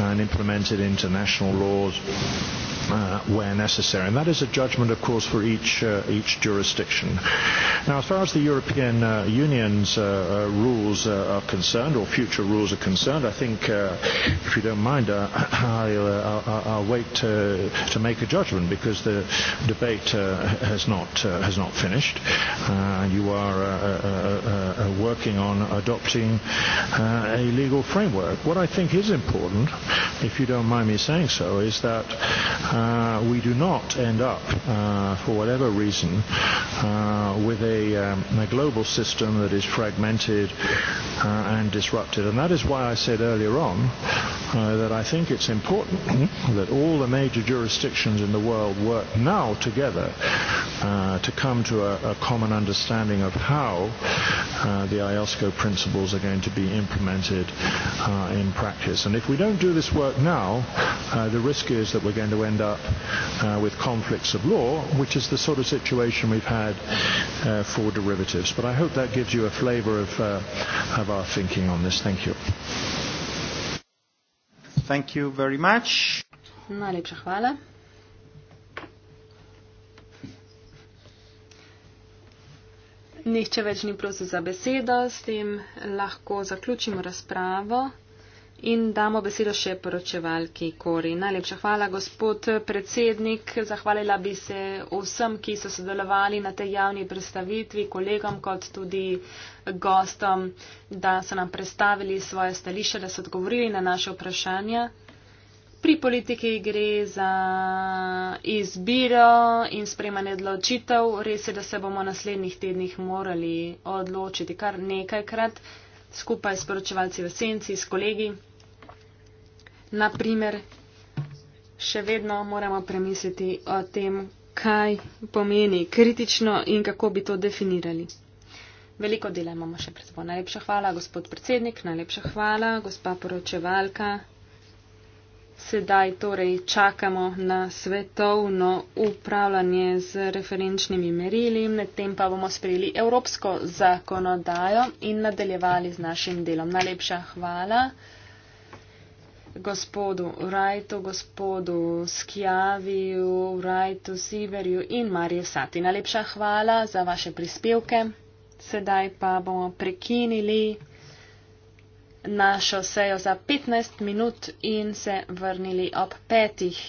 and implemented international laws uh, where necessary. And that is a judgment, of course, for each, uh, each jurisdiction. Now, as far as the European uh, Union's uh, uh, rules uh, are concerned, or future rules are concerned, I think, uh, if you don't mind, uh, I'll, uh, I'll wait to, to make a judgment because the debate uh, has, not, uh, has not finished. Uh, you are uh uh, uh, uh, uh, working on adopting uh, a legal framework. What I think is important, if you don't mind me saying so, is that uh, uh, we do not end up, uh, for whatever reason, uh, with a, um, a global system that is fragmented uh, and disrupted. And that is why I said earlier on uh, that I think it's important that all the major jurisdictions in the world work now together uh, to come to a, a common understanding of how uh, the IELSCO principles are going to be implemented uh, in practice. And if we don't do this work now, uh, the risk is that we're going to end up up uh, with conflicts of law, which is the sort of situation we've had uh, for derivatives. But I hope that gives you a flavor of, uh, of our thinking on this. Thank you. Thank you very much. Najlepša hvala. Nihče več ni prosil za besedo, s tem lahko zaključimo razpravo in damo besedo še poročevalki Kori. Najlepša hvala, gospod predsednik. Zahvalila bi se vsem, ki so sodelovali na tej javni predstavitvi, kolegom kot tudi gostom, da so nam predstavili svoje stališče, da so odgovorili na naše vprašanja. Pri politiki gre za izbiro in spremanje odločitev. Res je, da se bomo naslednjih tednih morali odločiti kar nekajkrat skupaj s poročevalci v senci, s kolegi naprimer, še vedno moramo premisliti o tem, kaj pomeni kritično in kako bi to definirali. Veliko dela imamo še pred seboj. Najlepša hvala, gospod predsednik, najlepša hvala, gospa poročevalka. Sedaj torej čakamo na svetovno upravljanje z referenčnimi merili, medtem pa bomo sprejeli evropsko zakonodajo in nadaljevali z našim delom. Najlepša hvala gospodu Rajtu, gospodu Skjaviju, Rajtu Siverju in Marije Sati. Najlepša hvala za vaše prispevke. Sedaj pa bomo prekinili našo sejo za 15 minut in se vrnili ob petih,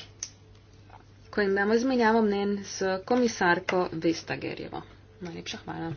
ko imamo izmenjavo mnen s komisarko Vestagerjevo. Najlepša hvala.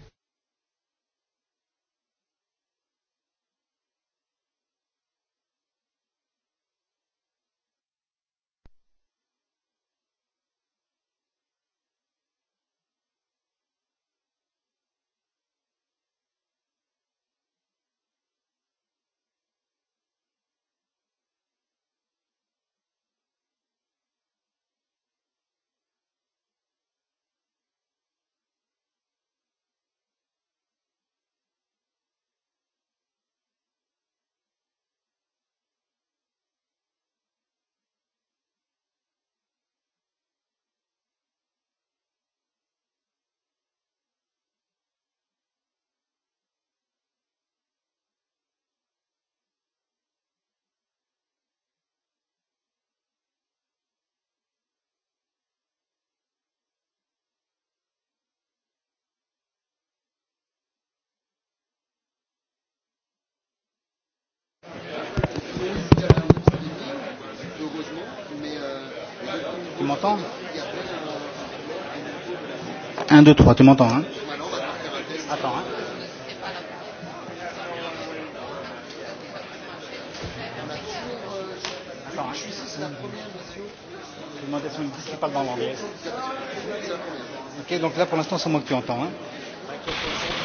Tu m'entends 1, 2, 3, tu m'entends hein Attends. Hein Je suis ici, c'est la première, monsieur. Je vais demander à ce qu'il parle dans l'anglais. Ok, donc là pour l'instant, c'est moi qui entends. Hein.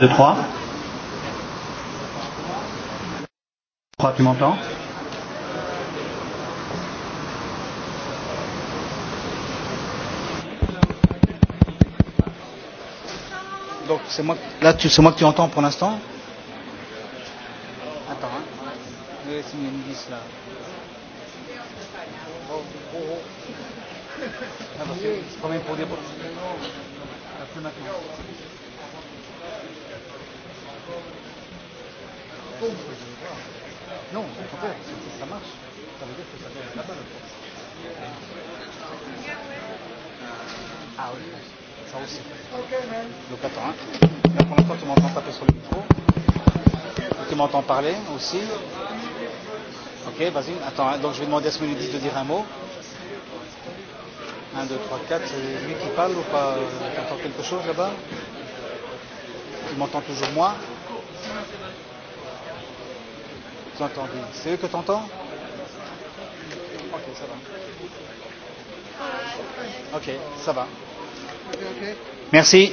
deux, trois. Trois, tu m'entends Donc, c'est moi, là, tu, c'est moi que tu entends pour l'instant Attends, hein. Je vais Oh, oh, oh. Ah, parce que c'est quand même pour des bonnes. Après maintenant. Non, au contraire, ça marche. Ça veut dire que ça doit être là-bas, le fond. Ah oui, ça aussi. Donc attends, hein. la première fois, tu m'entends taper sur le micro. Et tu m'entends parler aussi. Ok, vas-y, attends, hein. donc je vais demander à ce menu de dire un mot. 1, 2, 3, 4, c'est lui qui parle ou pas euh, Tu entends quelque chose là-bas Tu m'entends toujours moi entendu. C'est eux que tu entends Ok, ça va. Ok, ça va. Merci.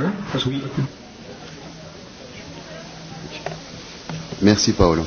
Oui. Merci, Paolo.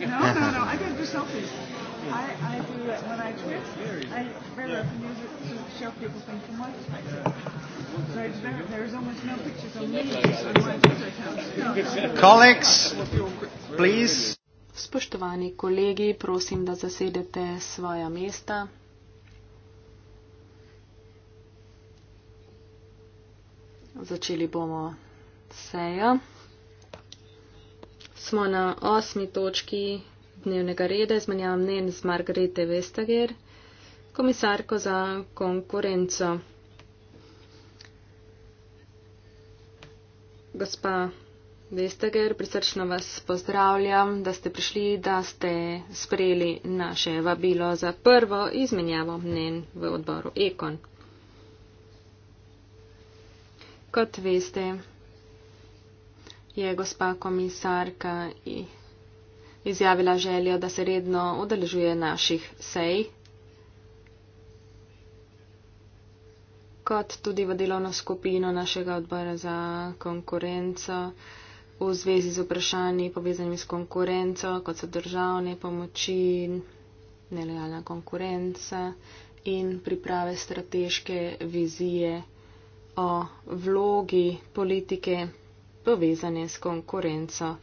No, no, no. I don't do selfies. I, I do it when I trip. I very often use it to show people things from my perspective. So there, there's almost no pictures of me. No, no, no. Colleagues, please. Spoštovani kolegi, prosim, da zasedete svoja mesta. Začeli bomo sejo smo na osmi točki dnevnega reda izmenjava mnen z Margrete Vestager, komisarko za konkurenco. Gospa Vestager, prisrčno vas pozdravljam, da ste prišli, da ste sprejeli naše vabilo za prvo izmenjavo mnen v odboru Ekon. Kot veste, je gospa komisarka izjavila željo, da se redno udeležuje naših sej, kot tudi v delovno skupino našega odbora za konkurenco v zvezi z vprašanji povezanimi s konkurenco, kot so državne pomoči, nelegalna konkurenca in priprave strateške vizije o vlogi politike povezane s konkurenco.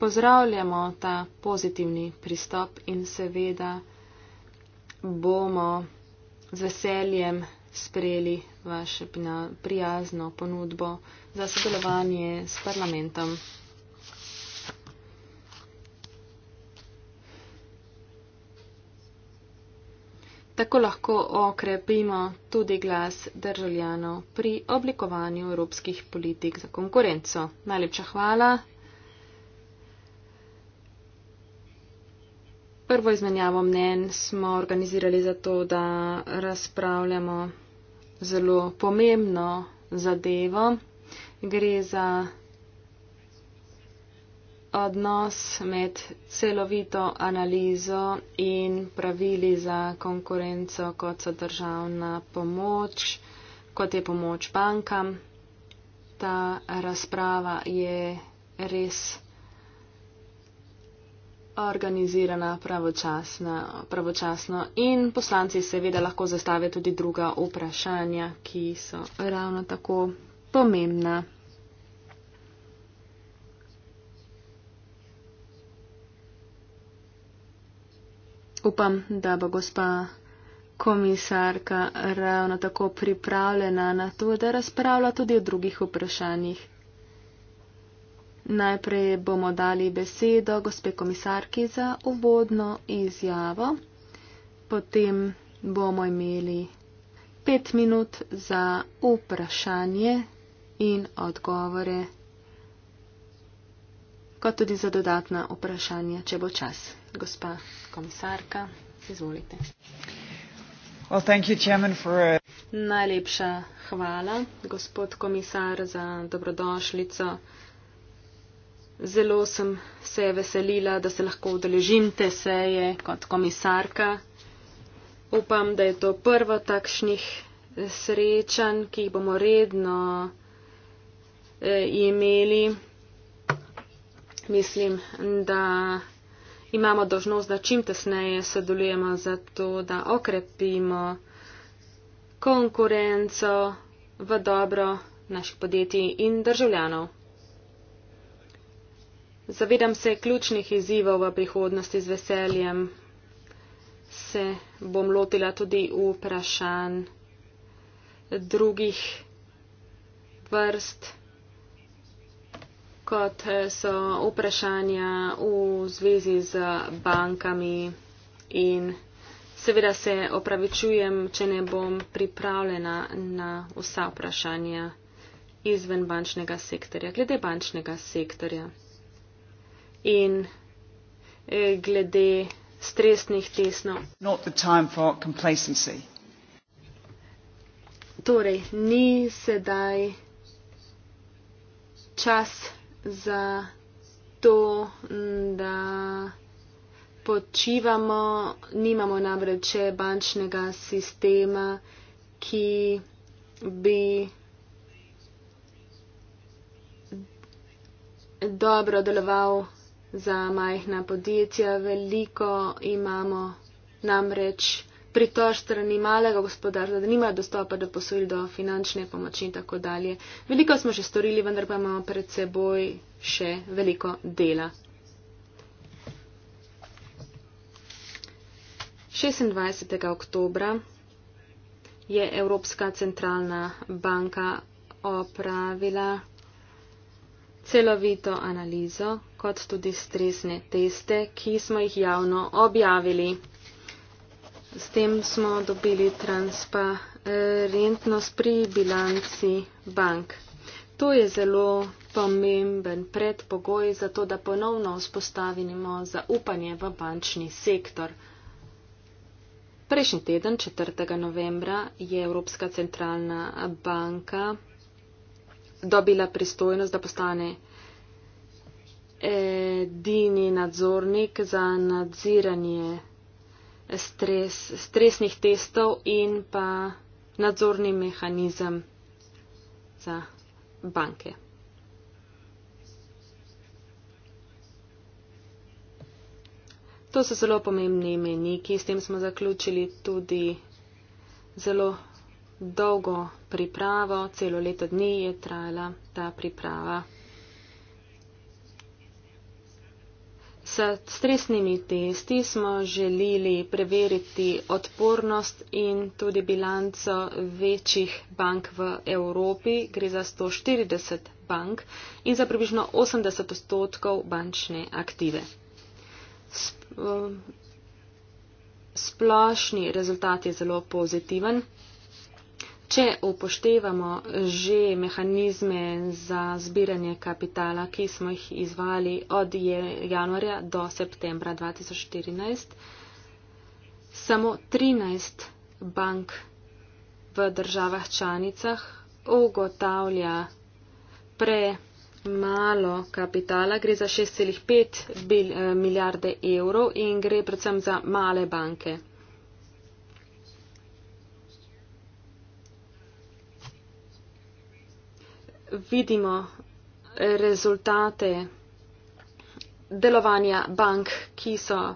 Pozdravljamo ta pozitivni pristop in seveda bomo z veseljem sprejeli vaše prijazno ponudbo za sodelovanje s parlamentom. Tako lahko okrepimo tudi glas državljanov pri oblikovanju evropskih politik za konkurenco. Najlepša hvala. Prvo izmenjavo mnen smo organizirali zato, da razpravljamo zelo pomembno zadevo. Gre za odnos med celovito analizo in pravili za konkurenco, kot so državna pomoč, kot je pomoč bankam. Ta razprava je res organizirana pravočasno, pravočasno in poslanci seveda lahko zastavijo tudi druga vprašanja, ki so ravno tako pomembna. upam, da bo gospa komisarka ravno tako pripravljena na to, da razpravlja tudi o drugih vprašanjih. Najprej bomo dali besedo gospe komisarki za uvodno izjavo, potem bomo imeli pet minut za vprašanje in odgovore, kot tudi za dodatna vprašanja, če bo čas. Gospa komisarka, izvolite. Well, for, uh... Najlepša hvala, gospod komisar, za dobrodošlico. Zelo sem se veselila, da se lahko udeležim te seje kot komisarka. Upam, da je to prvo takšnih eh, srečan, ki jih bomo redno eh, imeli. Mislim, da imamo dožnost, da čim tesneje sodelujemo za to, da okrepimo konkurenco v dobro naših podjetij in državljanov. Zavedam se ključnih izzivov v prihodnosti z veseljem. Se bom lotila tudi vprašanj drugih vrst kot eh, so vprašanja v zvezi z bankami in seveda se opravičujem, če ne bom pripravljena na vsa vprašanja izven bančnega sektorja, glede bančnega sektorja in eh, glede stresnih tesnov. Torej, ni sedaj čas za to, da počivamo, nimamo namreč bančnega sistema, ki bi dobro deloval za majhna podjetja. Veliko imamo namreč pritožb strani malega gospodarstva, da nimajo dostopa do posojil, do finančne pomoči in tako dalje. Veliko smo že storili, vendar pa imamo pred seboj še veliko dela. 26. oktobra je Evropska centralna banka opravila celovito analizo kot tudi stresne teste, ki smo jih javno objavili. S tem smo dobili transparentnost pri bilanci bank. To je zelo pomemben predpogoj za to, da ponovno vzpostavimo zaupanje v bančni sektor. Prejšnji teden, 4. novembra, je Evropska centralna banka dobila pristojnost, da postane edini nadzornik za nadziranje stres, stresnih testov in pa nadzorni mehanizem za banke. To so zelo pomembni imeniki, s tem smo zaključili tudi zelo dolgo pripravo, celo leto dni je trajala ta priprava. S stresnimi testi smo želeli preveriti odpornost in tudi bilanco večjih bank v Evropi. Gre za 140 bank in za približno 80 odstotkov bančne aktive. Eh, splošni rezultat je zelo pozitiven če upoštevamo že mehanizme za zbiranje kapitala, ki smo jih izvali od januarja do septembra 2014, samo 13 bank v državah članicah ugotavlja pre malo kapitala, gre za 6,5 milijarde evrov in gre predvsem za male banke. vidimo rezultate delovanja bank, ki so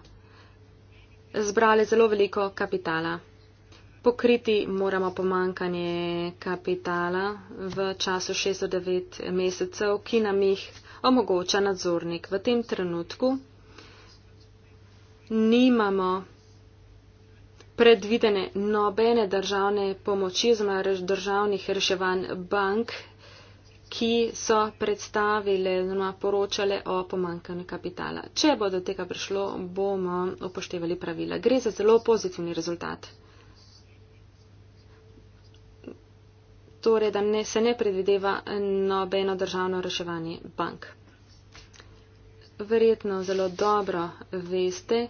zbrali zelo veliko kapitala. Pokriti moramo pomankanje kapitala v času 69 mesecev, ki nam jih omogoča nadzornik. V tem trenutku nimamo predvidene nobene državne pomoči, oziroma državnih reševanj bank, ki so predstavile oziroma poročale o pomankanju kapitala. Če bo do tega prišlo, bomo upoštevali pravila. Gre za zelo pozitivni rezultat. Torej, da ne, se ne predvideva nobeno državno reševanje bank. Verjetno zelo dobro veste,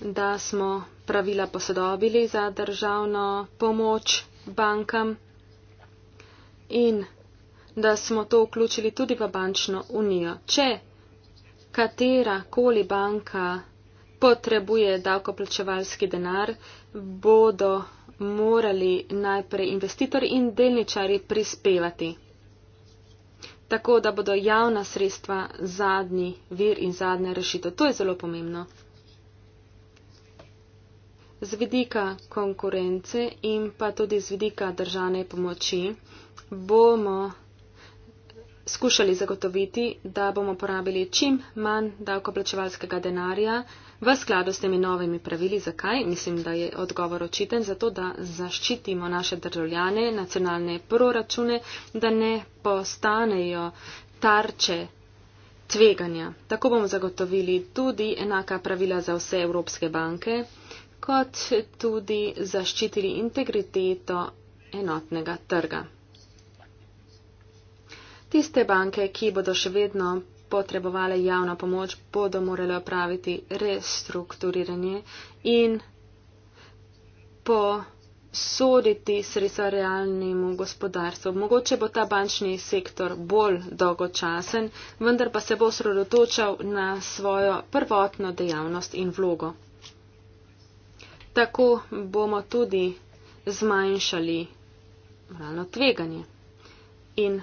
da smo pravila posodobili za državno pomoč bankam in da smo to vključili tudi v bančno unijo. Če katera koli banka potrebuje davkoplačevalski denar, bodo morali najprej investitorji in delničari prispevati. Tako, da bodo javna sredstva zadnji vir in zadnja rešitev. To je zelo pomembno. Z vidika konkurence in pa tudi z vidika državne pomoči bomo skušali zagotoviti, da bomo porabili čim manj davkoplačevalskega denarja v skladu s temi novimi pravili. Zakaj? Mislim, da je odgovor očiten, zato da zaščitimo naše državljane, nacionalne proračune, da ne postanejo tarče tveganja. Tako bomo zagotovili tudi enaka pravila za vse evropske banke, kot tudi zaščitili integriteto enotnega trga. Tiste banke, ki bodo še vedno potrebovale javno pomoč, bodo morale opraviti restrukturiranje in posoditi sredstva realnemu gospodarstvu. Mogoče bo ta bančni sektor bolj dolgočasen, vendar pa se bo sredotočal na svojo prvotno dejavnost in vlogo. Tako bomo tudi zmanjšali moralno tveganje in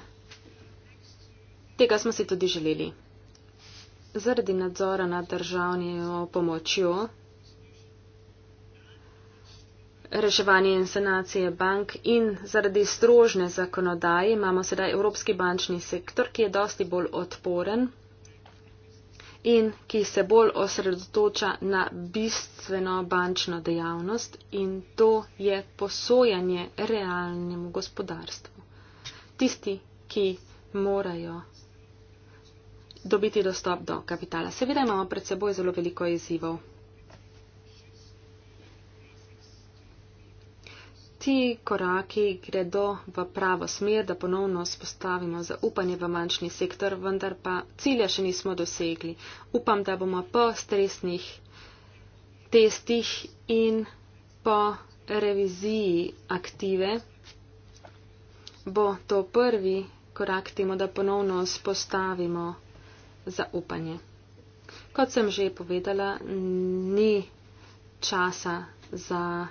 Tega smo si tudi želeli. Zaradi nadzora nad državnjo pomočjo, reševanje in sanacije bank in zaradi strožne zakonodaje imamo sedaj Evropski bančni sektor, ki je dosti bolj odporen in ki se bolj osredotoča na bistveno bančno dejavnost in to je posojanje realnemu gospodarstvu. Tisti, ki morajo dobiti dostop do kapitala. Seveda imamo pred seboj zelo veliko izzivov. Ti koraki gredo v pravo smer, da ponovno spostavimo zaupanje v manjšni sektor, vendar pa cilja še nismo dosegli. Upam, da bomo po stresnih testih in po reviziji aktive, bo to prvi korak temu, da ponovno spostavimo zaupanje. Kot sem že povedala, ni časa za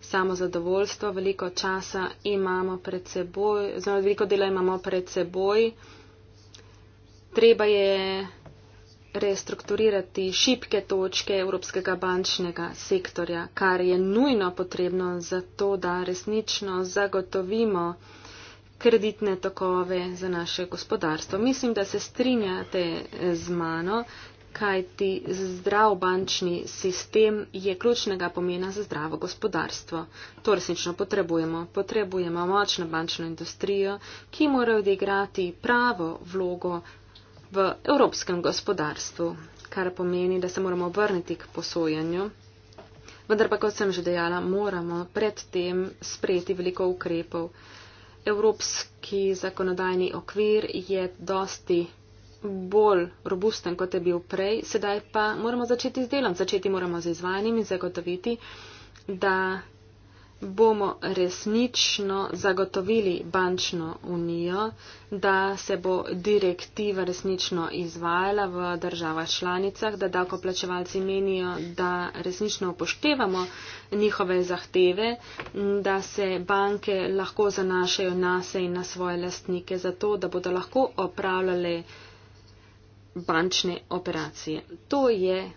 samo zadovoljstvo, veliko časa imamo pred seboj, zelo veliko dela imamo pred seboj. Treba je restrukturirati šipke točke Evropskega bančnega sektorja, kar je nujno potrebno za to, da resnično zagotovimo, kreditne tokove za naše gospodarstvo. Mislim, da se strinjate z mano, kajti zdrav bančni sistem je ključnega pomena za zdravo gospodarstvo. To resnično potrebujemo. Potrebujemo močno bančno industrijo, ki mora odigrati pravo vlogo v evropskem gospodarstvu, kar pomeni, da se moramo vrniti k posojanju. Vendar pa, kot sem že dejala, moramo predtem sprejeti veliko ukrepov evropski zakonodajni okvir je dosti bolj robusten, kot je bil prej, sedaj pa moramo začeti z delom. Začeti moramo z izvanjem in zagotoviti, da bomo resnično zagotovili bančno unijo, da se bo direktiva resnično izvajala v državah članicah, da davkoplačevalci menijo, da resnično upoštevamo njihove zahteve, da se banke lahko zanašajo nase in na svoje lastnike, zato da bodo lahko opravljale bančne operacije. To je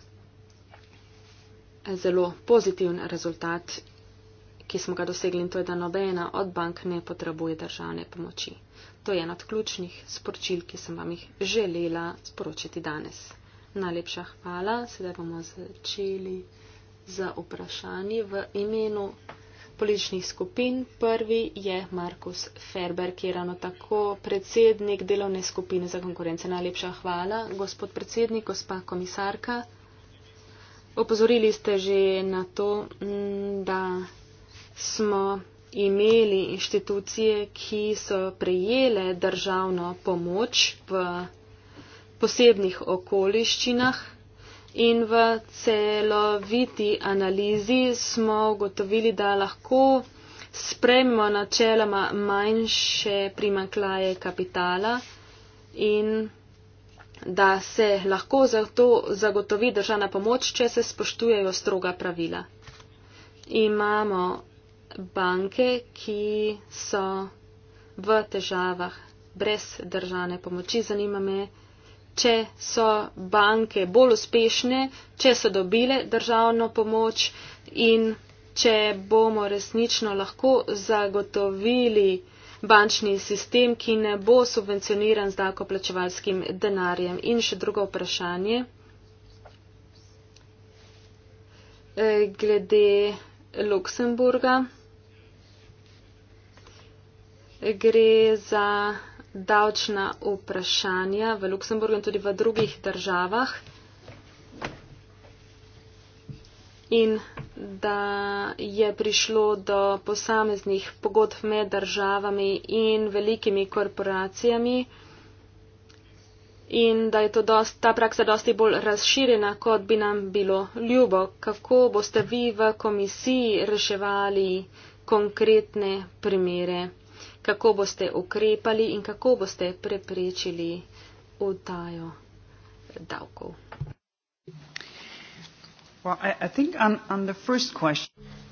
zelo pozitiven rezultat ki smo ga dosegli, in to je, da nobena od bank ne potrebuje državne pomoči. To je en od ključnih sporočil, ki sem vam jih želela sporočiti danes. Najlepša hvala. Sedaj bomo začeli z vprašanji v imenu političnih skupin. Prvi je Markus Ferber, ki je ravno tako predsednik delovne skupine za konkurence. Najlepša hvala, gospod predsednik, gospa komisarka. Opozorili ste že na to, da smo imeli inštitucije, ki so prejele državno pomoč v posebnih okoliščinah in v celoviti analizi smo ugotovili, da lahko spremimo načeloma manjše primanklaje kapitala in da se lahko zato zagotovi državna pomoč, če se spoštujejo stroga pravila. Imamo banke, ki so v težavah brez državne pomoči. Zanima me, če so banke bolj uspešne, če so dobile državno pomoč in če bomo resnično lahko zagotovili bančni sistem, ki ne bo subvencioniran z dakoplačevalskim denarjem. In še drugo vprašanje. Eh, glede Luksemburga gre za davčna vprašanja v Luksemburgu in tudi v drugih državah. In da je prišlo do posameznih pogodb med državami in velikimi korporacijami. In da je dost, ta praksa dosti bolj razširjena, kot bi nam bilo ljubo. Kako boste vi v komisiji reševali konkretne primere? kako boste ukrepali in kako boste preprečili utajo davkov.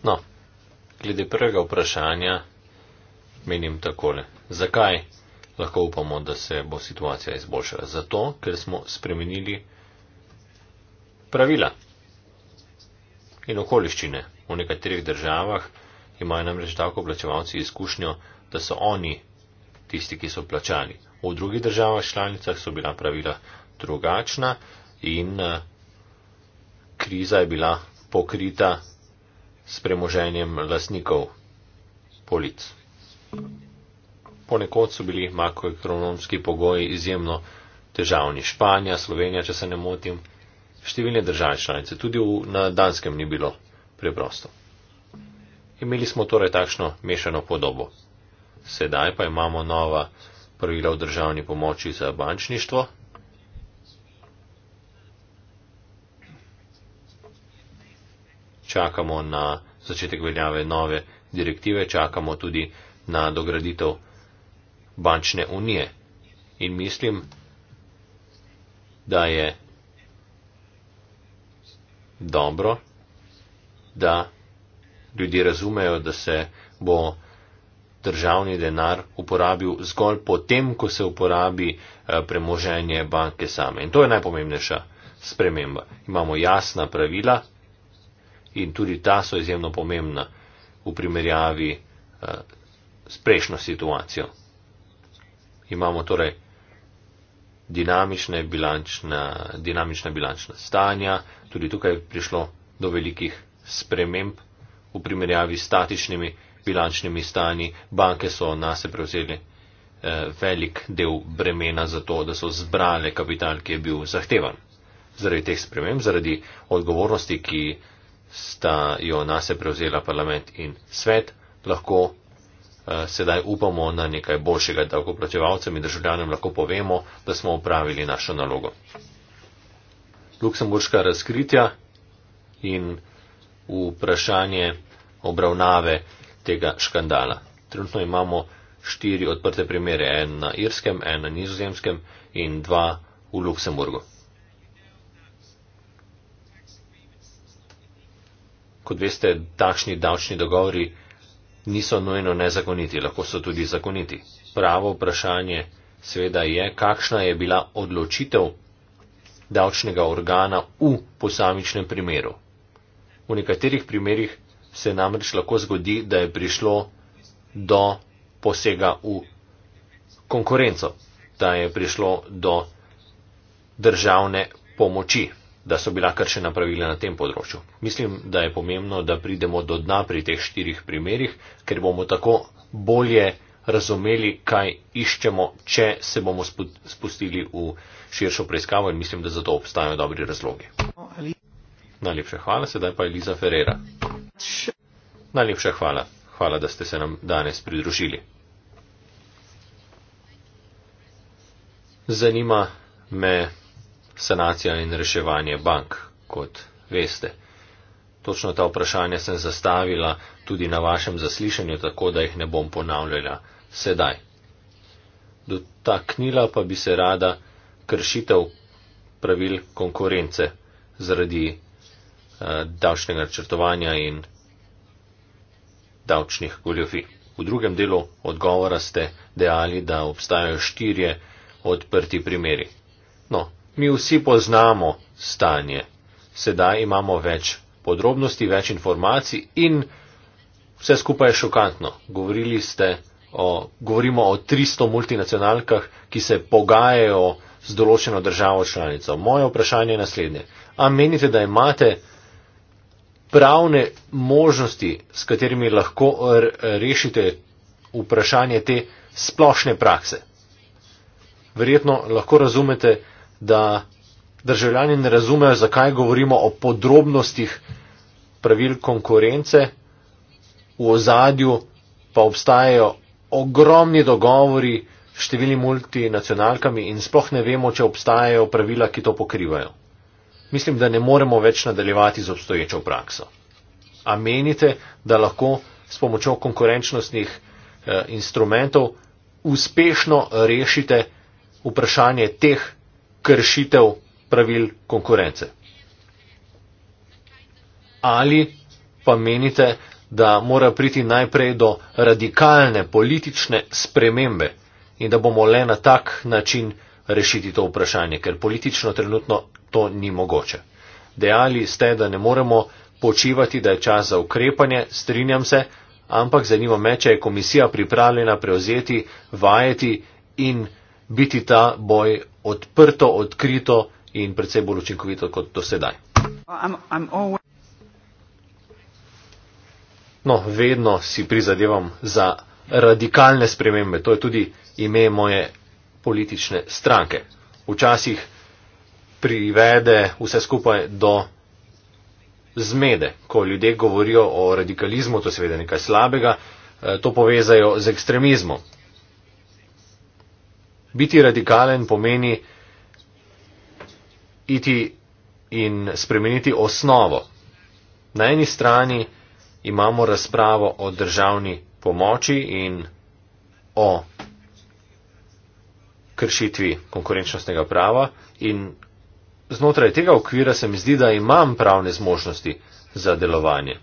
No, glede prvega vprašanja menim takole. Zakaj lahko upamo, da se bo situacija izboljšala? Zato, ker smo spremenili pravila in okoliščine. V nekaterih državah imajo namreč davkoplačevalci izkušnjo, da so oni tisti, ki so plačani. V drugih državah članicah so bila pravila drugačna in eh, kriza je bila pokrita s premoženjem lasnikov polic. Ponekod so bili makroekonomski pogoji izjemno težavni. Španija, Slovenija, če se ne motim, številne države članice, tudi v, na Danskem ni bilo preprosto. Imeli smo torej takšno mešano podobo. Sedaj pa imamo nova pravila o državni pomoči za bančništvo. Čakamo na začetek veljave nove direktive, čakamo tudi na dograditev bančne unije. In mislim, da je dobro, da ljudje razumejo, da se bo državni denar uporabil zgolj potem, ko se uporabi eh, premoženje banke same. In to je najpomembnejša sprememba. Imamo jasna pravila in tudi ta so izjemno pomembna v primerjavi eh, s prejšnjo situacijo. Imamo torej dinamične bilančna, dinamična bilančna stanja, tudi tukaj je prišlo do velikih sprememb v primerjavi s statičnimi bilančnimi stani, banke so na se prevzeli eh, velik del bremena za to, da so zbrale kapital, ki je bil zahtevan. Zaradi teh sprememb, zaradi odgovornosti, ki sta jo na se prevzela parlament in svet, lahko eh, sedaj upamo na nekaj boljšega, da lahko plačevalcem in državljanem lahko povemo, da smo upravili našo nalogo. Luksemburška razkritja in vprašanje obravnave tega škandala. Trenutno imamo štiri odprte primere, en na Irskem, en na Nizozemskem in dva v Luksemburgu. Kot veste, takšni davčni dogovori niso nujno nezakoniti, lahko so tudi zakoniti. Pravo vprašanje sveda je, kakšna je bila odločitev davčnega organa v posamičnem primeru. V nekaterih primerjih se namreč lahko zgodi, da je prišlo do posega v konkurenco, da je prišlo do državne pomoči, da so bila kršena pravila na tem področju. Mislim, da je pomembno, da pridemo do dna pri teh štirih primerjih, ker bomo tako bolje razumeli, kaj iščemo, če se bomo spustili v širšo preiskavo in mislim, da za to obstajajo dobri razlogi. No, Najlepše hvala, sedaj pa Eliza Ferreira. Najlepša hvala. Hvala, da ste se nam danes pridružili. Zanima me sanacija in reševanje bank, kot veste. Točno ta vprašanja sem zastavila tudi na vašem zaslišanju, tako da jih ne bom ponavljala sedaj. Dotaknila pa bi se rada kršitev pravil konkurence zaradi Eh, davčnega načrtovanja in davčnih goljofij. V drugem delu odgovora ste dejali, da obstajajo štirje odprti primeri. No, mi vsi poznamo stanje. Sedaj imamo več podrobnosti, več informacij in vse skupaj je šokantno. Govorili ste o, govorimo o 300 multinacionalkah, ki se pogajajo z določeno državo članico. Moje vprašanje je naslednje. A menite, da imate pravne možnosti, s katerimi lahko rešite vprašanje te splošne prakse. Verjetno lahko razumete, da državljani ne razumejo, zakaj govorimo o podrobnostih pravil konkurence, v ozadju pa obstajajo ogromni dogovori s številnimi multinacionalkami in sploh ne vemo, če obstajajo pravila, ki to pokrivajo mislim, da ne moremo več nadaljevati z obstoječo prakso. A menite, da lahko s pomočjo konkurenčnostnih eh, instrumentov uspešno rešite vprašanje teh kršitev pravil konkurence? Ali pa menite, da mora priti najprej do radikalne politične spremembe in da bomo le na tak način rešiti to vprašanje, ker politično trenutno to ni mogoče. Dejali ste, da ne moremo počivati, da je čas za ukrepanje, strinjam se, ampak zanima me, če je komisija pripravljena prevzeti, vajeti in biti ta boj odprto, odkrito in predvsej bolj učinkovito kot do sedaj. No, vedno si prizadevam za radikalne spremembe, to je tudi ime moje politične stranke. Včasih privede vse skupaj do zmede. Ko ljudje govorijo o radikalizmu, to je seveda nekaj slabega, eh, to povezajo z ekstremizmom. Biti radikalen pomeni iti in spremeniti osnovo. Na eni strani imamo razpravo o državni pomoči in o kršitvi konkurenčnostnega prava in znotraj tega okvira se mi zdi, da imam pravne zmožnosti za delovanje.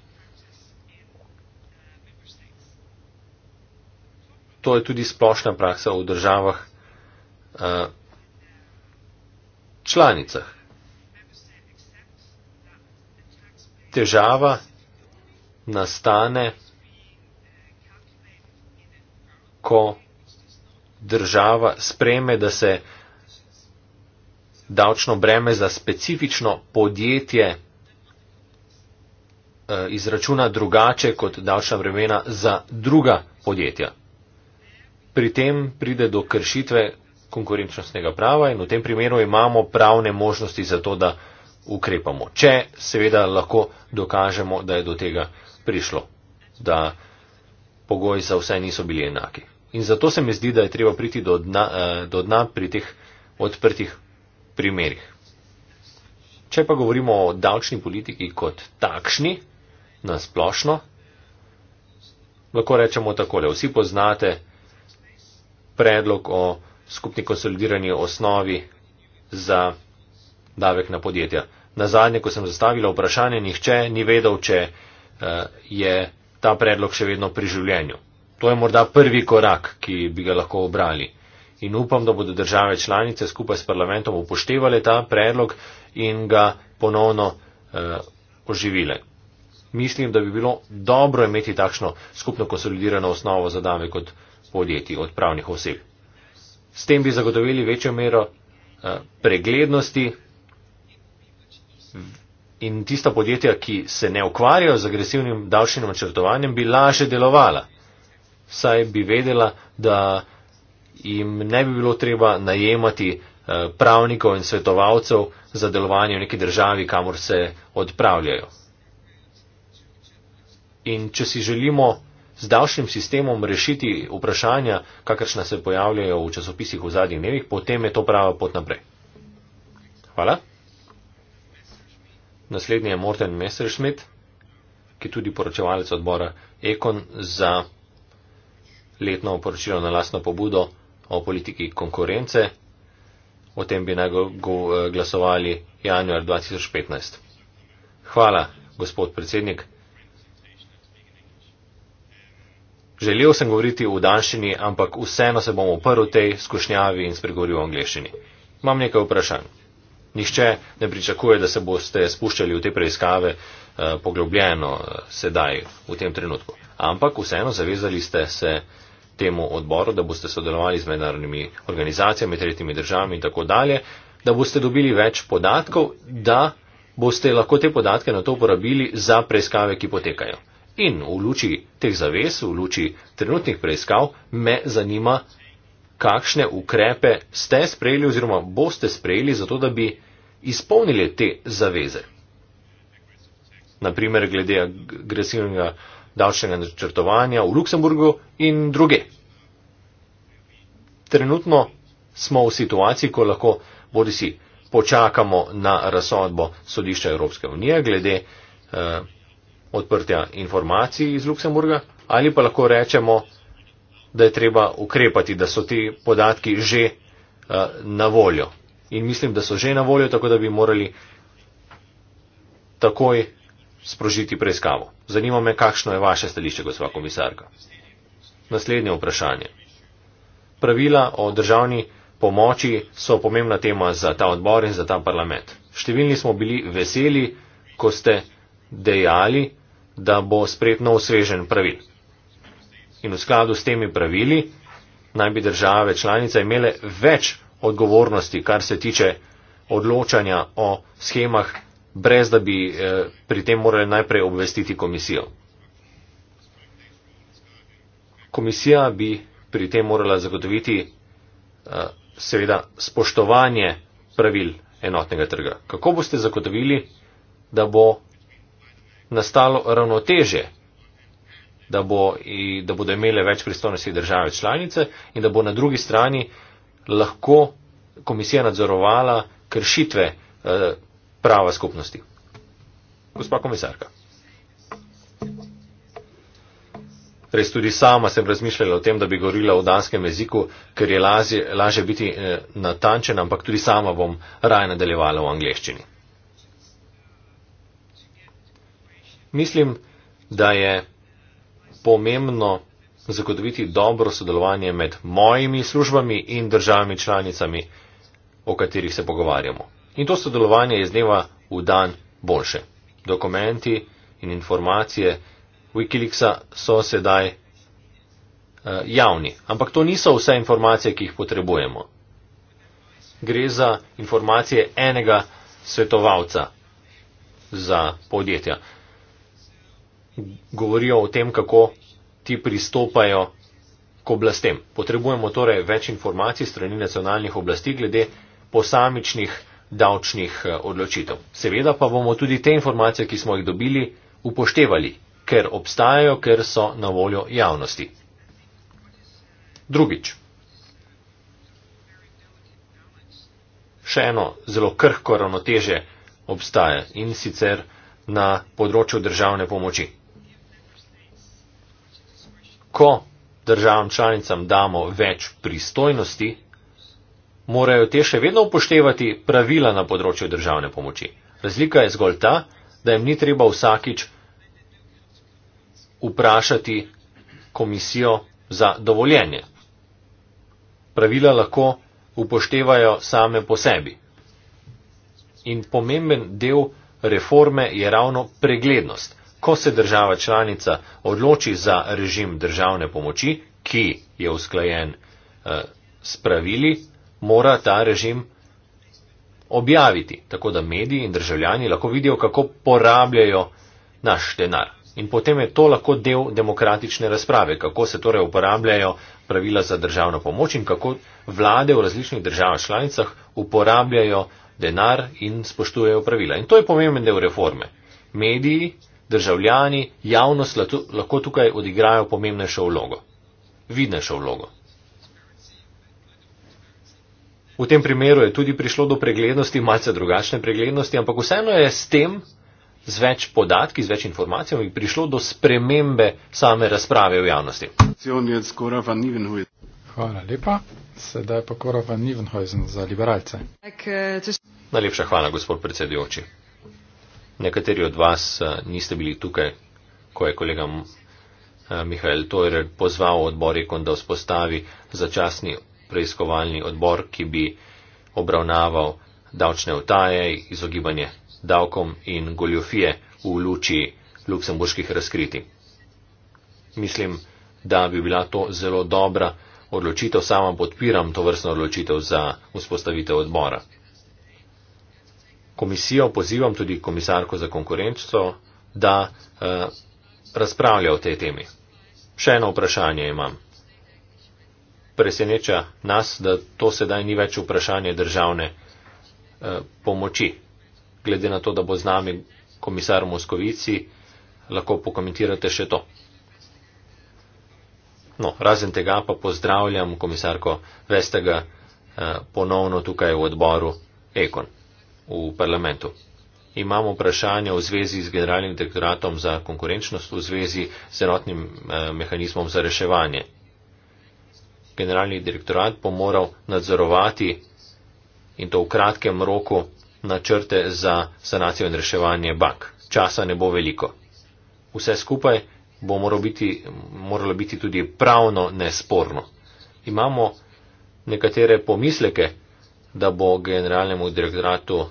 To je tudi splošna praksa v državah eh, članicah. Težava nastane, ko država spreme, da se davčno breme za specifično podjetje e, izračuna drugače kot davčna bremena za druga podjetja. Pri tem pride do kršitve konkurenčnostnega prava in v tem primeru imamo pravne možnosti za to, da ukrepamo, če seveda lahko dokažemo, da je do tega prišlo, da pogoji za vse niso bili enaki. In zato se mi zdi, da je treba priti do dna, e, do dna pri teh odprtih primerih. Če pa govorimo o davčni politiki kot takšni, na splošno, lahko rečemo takole. Vsi poznate predlog o skupni konsolidirani osnovi za davek na podjetja. Na zadnje, ko sem zastavila vprašanje, nihče ni vedel, če eh, je ta predlog še vedno pri življenju. To je morda prvi korak, ki bi ga lahko obrali in upam, da bodo države članice skupaj s parlamentom upoštevali ta predlog in ga ponovno eh, oživile. Mislim, da bi bilo dobro imeti takšno skupno konsolidirano osnovo za dame kot podjetij od pravnih oseb. S tem bi zagotovili večjo mero eh, preglednosti in tista podjetja, ki se ne ukvarjajo z agresivnim davčnim načrtovanjem, bi laže delovala. Saj bi vedela, da jim ne bi bilo treba najemati eh, pravnikov in svetovalcev za delovanje v neki državi, kamor se odpravljajo. In če si želimo z davšnjim sistemom rešiti vprašanja, kakršna se pojavljajo v časopisih v zadnjih dnevih, potem je to prava pot naprej. Hvala. Naslednji je Morten Messerschmidt, ki je tudi poročevalec odbora Ekon za letno poročilo na lastno pobudo o politiki konkurence. O tem bi naj eh, glasovali januar 2015. Hvala, gospod predsednik. Želel sem govoriti v danščini, ampak vseeno se bom oprl tej skušnjavi in spregovoril v angleščini. Imam nekaj vprašanj. Nihče ne pričakuje, da se boste spuščali v te preiskave eh, poglobljeno eh, sedaj, v tem trenutku. Ampak vseeno zavezali ste se temu odboru, da boste sodelovali z mednarodnimi organizacijami, tretjimi državami in tako dalje, da boste dobili več podatkov, da boste lahko te podatke na to uporabili za preiskave, ki potekajo. In v luči teh zaves, v luči trenutnih preiskav, me zanima, kakšne ukrepe ste sprejeli oziroma boste sprejeli za to, da bi izpolnili te zaveze. Naprimer, glede agresivnega davčnega načrtovanja v Luksemburgu in druge. Trenutno smo v situaciji, ko lahko bodi si počakamo na razsodbo sodišča Evropske unije glede eh, odprtja informacij iz Luksemburga ali pa lahko rečemo, da je treba ukrepati, da so ti podatki že eh, na voljo. In mislim, da so že na voljo, tako da bi morali takoj sprožiti preiskavo. Zanima me, kakšno je vaše stališče, gospa komisarka. Naslednje vprašanje. Pravila o državni pomoči so pomembna tema za ta odbor in za ta parlament. Številni smo bili veseli, ko ste dejali, da bo spretno osvežen pravil. In v skladu s temi pravili naj bi države članice imele več odgovornosti, kar se tiče odločanja o schemah brez da bi eh, pri tem morali najprej obvestiti komisijo. Komisija bi pri tem morala zagotoviti eh, seveda spoštovanje pravil enotnega trga. Kako boste zagotovili, da bo nastalo ravnoteže, da, bo, da bodo imele več pristojnosti države članice in da bo na drugi strani lahko komisija nadzorovala kršitve eh, prava skupnosti. Gospa komisarka. Res tudi sama sem razmišljala o tem, da bi govorila v danskem jeziku, ker je lažje biti eh, natančen, ampak tudi sama bom raje nadaljevala v angleščini. Mislim, da je pomembno zagotoviti dobro sodelovanje med mojimi službami in državami članicami, o katerih se pogovarjamo. In to sodelovanje je z dneva v dan boljše. Dokumenti in informacije Wikileaksa so sedaj uh, javni, ampak to niso vse informacije, ki jih potrebujemo. Gre za informacije enega svetovalca za podjetja. Govorijo o tem, kako ti pristopajo k oblastem. Potrebujemo torej več informacij strani nacionalnih oblasti glede posamičnih informacij davčnih eh, odločitev. Seveda pa bomo tudi te informacije, ki smo jih dobili, upoštevali, ker obstajajo, ker so na voljo javnosti. Drugič. Še eno zelo krhko ravnoteže obstaja in sicer na področju državne pomoči. Ko državam članicam damo več pristojnosti, morajo te še vedno upoštevati pravila na področju državne pomoči. Razlika je zgolj ta, da jim ni treba vsakič vprašati komisijo za dovoljenje. Pravila lahko upoštevajo same po sebi. In pomemben del reforme je ravno preglednost. Ko se država članica odloči za režim državne pomoči, ki je usklajen eh, s pravili, mora ta režim objaviti, tako da mediji in državljani lahko vidijo, kako porabljajo naš denar. In potem je to lahko del demokratične razprave, kako se torej uporabljajo pravila za državno pomoč in kako vlade v različnih državah članicah uporabljajo denar in spoštujejo pravila. In to je pomemben del reforme. Mediji, državljani, javnost lahko tukaj odigrajo pomembnejšo vlogo, vidnejšo vlogo. V tem primeru je tudi prišlo do preglednosti, malce drugačne preglednosti, ampak vseeno je s tem, z več podatki, z več informacijami, prišlo do spremembe same razprave v javnosti. Hvala lepa. Sedaj pa Kora van Nivenhuizen za liberalce. Eh, Najlepša hvala, gospod predsedujoči. Nekateri od vas eh, niste bili tukaj, ko je kolega eh, Mihajl Tojer pozval odbor Ekon, da vzpostavi začasni preiskovalni odbor, ki bi obravnaval davčne utaje, izogibanje davkom in goljofije v luči luksemburških razkriti. Mislim, da bi bila to zelo dobra odločitev, sama podpiram to vrstno odločitev za vzpostavitev odbora. Komisijo pozivam tudi komisarko za konkurenčstvo, da eh, razpravlja o tej temi. Še eno vprašanje imam preseneča nas, da to sedaj ni več vprašanje državne eh, pomoči. Glede na to, da bo z nami komisar Moskovici, lahko pokomentirate še to. No, razen tega pa pozdravljam komisarko Vestega eh, ponovno tukaj v odboru Ekon v parlamentu. Imamo vprašanje v zvezi z generalnim direktoratom za konkurenčnost, v zvezi z enotnim eh, mehanizmom za reševanje generalni direktorat bo moral nadzorovati in to v kratkem roku načrte za sanacijo in reševanje bank. Časa ne bo veliko. Vse skupaj bo moralo biti, moralo biti tudi pravno nesporno. Imamo nekatere pomisleke, da bo generalnemu direktoratu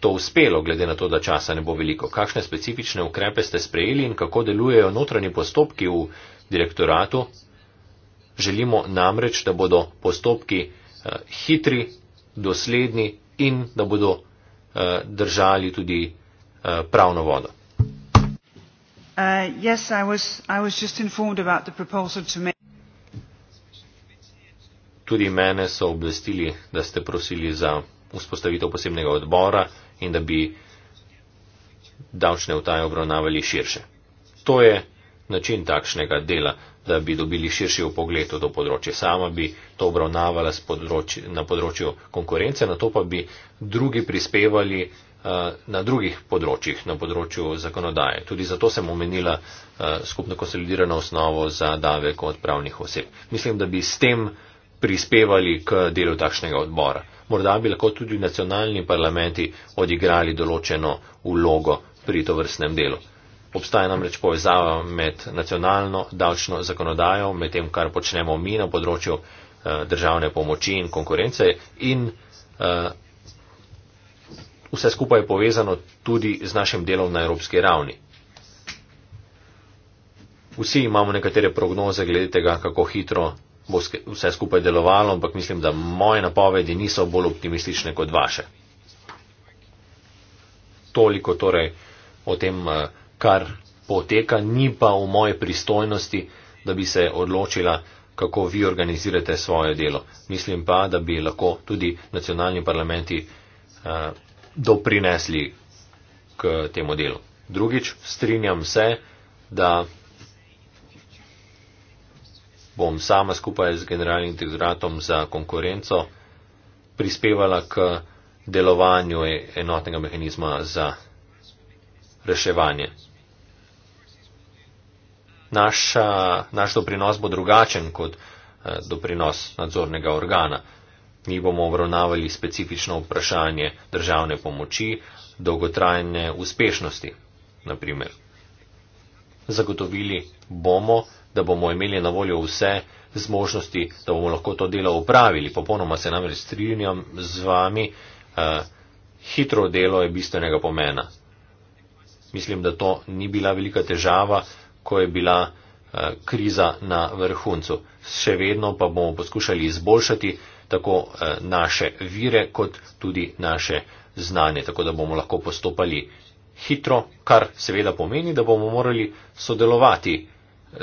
to uspelo, glede na to, da časa ne bo veliko. Kakšne specifične ukrepe ste sprejeli in kako delujejo notranji postopki v direktoratu, Želimo namreč, da bodo postopki eh, hitri, dosledni in da bodo eh, držali tudi eh, pravno vodo. Uh, yes, I was, I was just informed about the proposal to make. Tudi mene so obvestili, da ste prosili za vzpostavitev posebnega odbora in da bi davčne vtaje obravnavali širše. To je način takšnega dela da bi dobili širši opogled v to področje. Sama bi to obravnavala področje, na področju konkurence, na to pa bi drugi prispevali eh, na drugih področjih, na področju zakonodaje. Tudi zato sem omenila eh, skupno konsolidirano osnovo za davek od pravnih oseb. Mislim, da bi s tem prispevali k delu takšnega odbora. Morda bi lahko tudi nacionalni parlamenti odigrali določeno vlogo pri to vrstnem delu. Obstaja namreč povezava med nacionalno davčno zakonodajo, med tem, kar počnemo mi na področju eh, državne pomoči in konkurence in eh, vse skupaj je povezano tudi z našim delom na evropski ravni. Vsi imamo nekatere prognoze glede tega, kako hitro bo vse skupaj delovalo, ampak mislim, da moje napovedi niso bolj optimistične kot vaše. Toliko torej o tem. Eh, kar poteka, ni pa v moje pristojnosti, da bi se odločila, kako vi organizirate svoje delo. Mislim pa, da bi lahko tudi nacionalni parlamenti eh, doprinesli k temu delu. Drugič, strinjam se, da bom sama skupaj z generalnim direktoratom za konkurenco prispevala k delovanju enotnega mehanizma za reševanje naša, naš doprinos bo drugačen kot doprinos nadzornega organa. Mi bomo obravnavali specifično vprašanje državne pomoči, dolgotrajne uspešnosti, naprimer. Zagotovili bomo, da bomo imeli na voljo vse zmožnosti, da bomo lahko to delo upravili. Popolnoma se nam restrinjam z vami, eh, hitro delo je bistvenega pomena. Mislim, da to ni bila velika težava, ko je bila eh, kriza na vrhuncu. Še vedno pa bomo poskušali izboljšati tako eh, naše vire, kot tudi naše znanje, tako da bomo lahko postopali hitro, kar seveda pomeni, da bomo morali sodelovati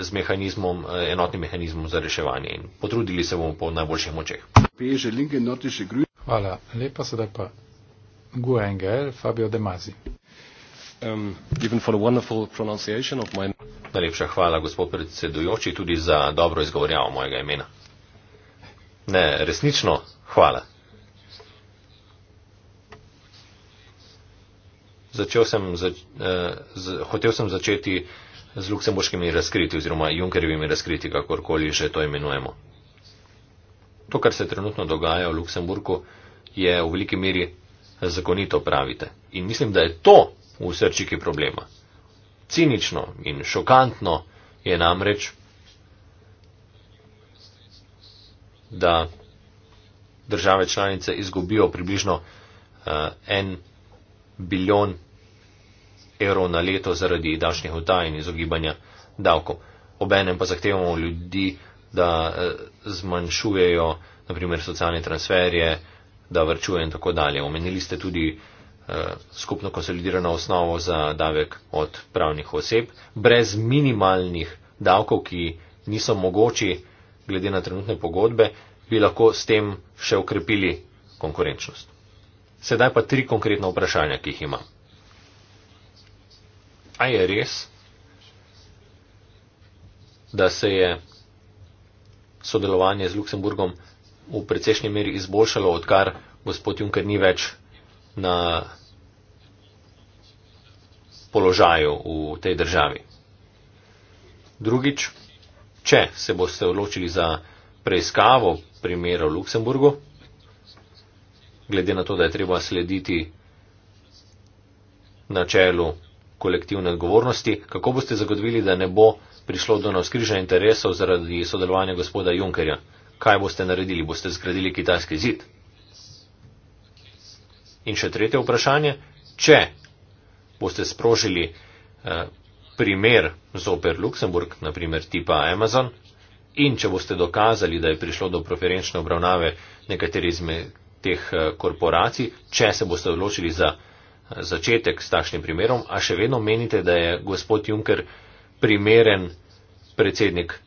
z mehanizmom, eh, enotnim mehanizmom za reševanje in potrudili se bomo po najboljših močeh. Hvala, lepa sedaj pa. Guengel, Fabio De Mazi. Um, Najlepša hvala, gospod predsedujoči, tudi za dobro izgovorjavo mojega imena. Ne, resnično, hvala. Začel sem, z, eh, z, hotel sem začeti z luksemburškimi razkriti oziroma junkerjevimi razkriti, kakorkoli že to imenujemo. To, kar se trenutno dogaja v Luksemburku, je v veliki meri zakonito, pravite. In mislim, da je to v srčiki problema. Cinično in šokantno je namreč, da države članice izgubijo približno uh, en bilijon evrov na leto zaradi davčnih vdaj in izogibanja davkov. Obenem pa zahtevamo ljudi, da uh, zmanjšujejo, naprimer, socialne transferje, da vrčujejo in tako dalje. Omenili ste tudi uh, Eh, skupno konsolidirano osnovo za davek od pravnih oseb, brez minimalnih davkov, ki niso mogoči glede na trenutne pogodbe, bi lahko s tem še ukrepili konkurenčnost. Sedaj pa tri konkretna vprašanja, ki jih imam. A je res, da se je sodelovanje z Luksemburgom v precejšnji meri izboljšalo, odkar gospod Juncker ni več na položaju v tej državi. Drugič, če se boste odločili za preiskavo primera v Luksemburgu, glede na to, da je treba slediti načelu kolektivne odgovornosti, kako boste zagotovili, da ne bo prišlo do navskrižanja interesov zaradi sodelovanja gospoda Junkerja? Kaj boste naredili? Boste zgradili kitajski zid? In še tretje vprašanje, če boste sprožili eh, primer zoper Luksemburg, naprimer tipa Amazon, in če boste dokazali, da je prišlo do preferenčne obravnave nekaterih izmed teh eh, korporacij, če se boste odločili za eh, začetek s takšnim primerom, a še vedno menite, da je gospod Juncker primeren predsednik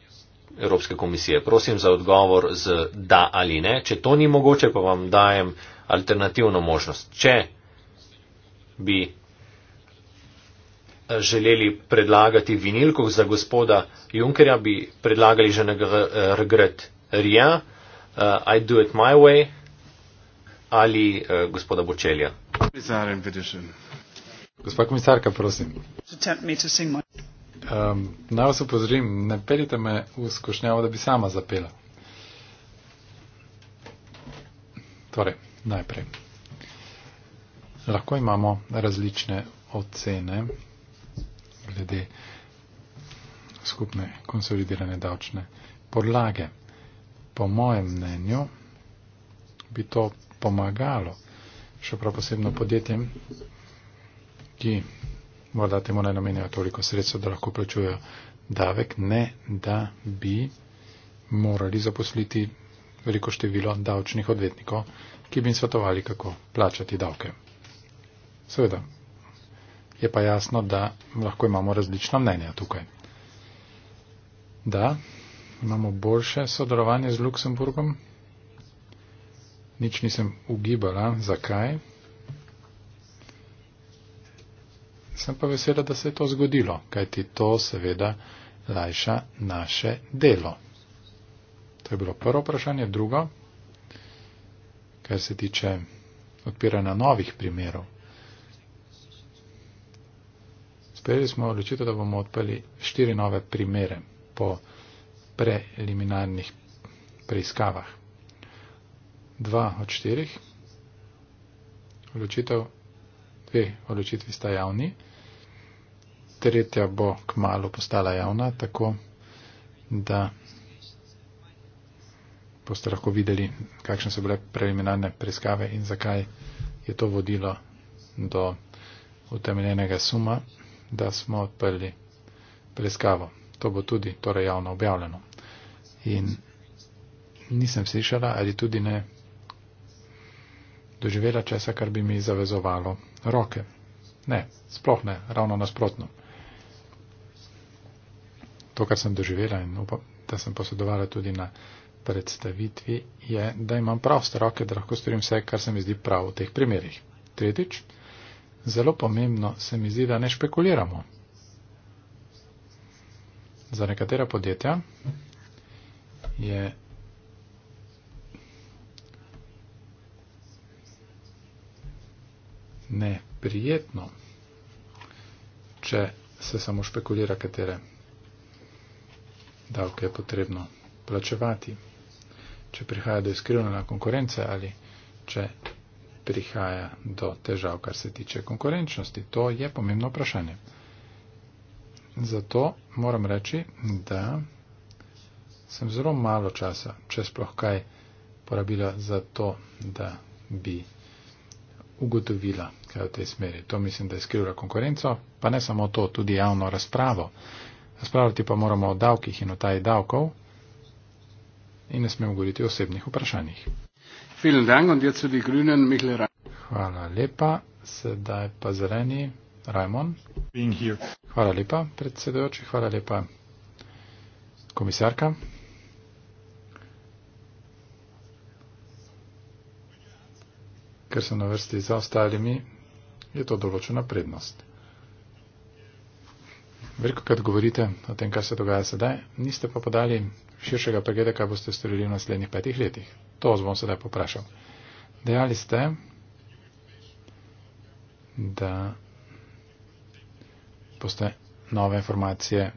Evropske komisije. Prosim za odgovor z da ali ne. Če to ni mogoče, pa vam dajem alternativno možnost. Če bi želeli predlagati vinilko za gospoda Junkerja, bi predlagali že na regret Ria, uh, eh, I do it my way ali uh, gospoda Bočelja. Gospa komisarka, prosim. Um, naj vas upozorim, ne pelite me v skušnjavo, da bi sama zapela. Torej najprej. Lahko imamo različne ocene glede skupne konsolidirane davčne podlage. Po mojem mnenju bi to pomagalo še prav posebno podjetjem, ki morda temu ne namenjajo toliko sredstva, da lahko plačujejo davek, ne da bi morali zaposliti veliko število davčnih odvetnikov, ki bi jim svetovali, kako plačati davke. Seveda, je pa jasno, da lahko imamo različna mnenja tukaj. Da, imamo boljše sodelovanje z Luksemburgom. Nič nisem ugibala, zakaj. Sem pa vesela, da se je to zgodilo, kajti to seveda lajša naše delo. To je bilo prvo vprašanje. Drugo, kar se tiče odpiranja novih primerov. Sprejeli smo odločitev, da bomo odprli štiri nove primere po preliminarnih preiskavah. Dva od štirih odločitev, dve odločitvi sta javni, tretja bo kmalo postala javna, tako da boste lahko videli, kakšne so bile preliminarne preiskave in zakaj je to vodilo do utemeljenega suma, da smo odprli preiskavo. To bo tudi torej javno objavljeno. In nisem slišala ali tudi ne doživela česa, kar bi mi zavezovalo roke. Ne, sploh ne, ravno nasprotno. To, kar sem doživela in upam, da sem posedovala tudi na predstavitvi je, da imam proste roke, da lahko storim vse, kar se mi zdi prav v teh primerjih. Tretjič, zelo pomembno se mi zdi, da ne špekuliramo. Za nekatera podjetja je neprijetno, če se samo špekulira, katere davke je potrebno plačevati če prihaja do iskrivljena konkurence ali če prihaja do težav, kar se tiče konkurenčnosti. To je pomembno vprašanje. Zato moram reči, da sem zelo malo časa, če sploh kaj, porabila za to, da bi ugotovila, kaj v tej smeri. To mislim, da je skrivila konkurenco, pa ne samo to, tudi javno razpravo. Razpravljati pa moramo o davkih in o taj davkov in ne smemo govoriti o osebnih vprašanjih. Hvala lepa, sedaj pa zeleni Rajmon. Hvala lepa, predsedojoči, hvala lepa, komisarka. Ker so na vrsti za ostalimi, je to določena prednost. Veliko krat govorite o tem, kar se dogaja sedaj, niste pa podali širšega pregleda, kaj boste storili v naslednjih petih letih. To vas bom sedaj poprašal. Dejali ste, da boste nove informacije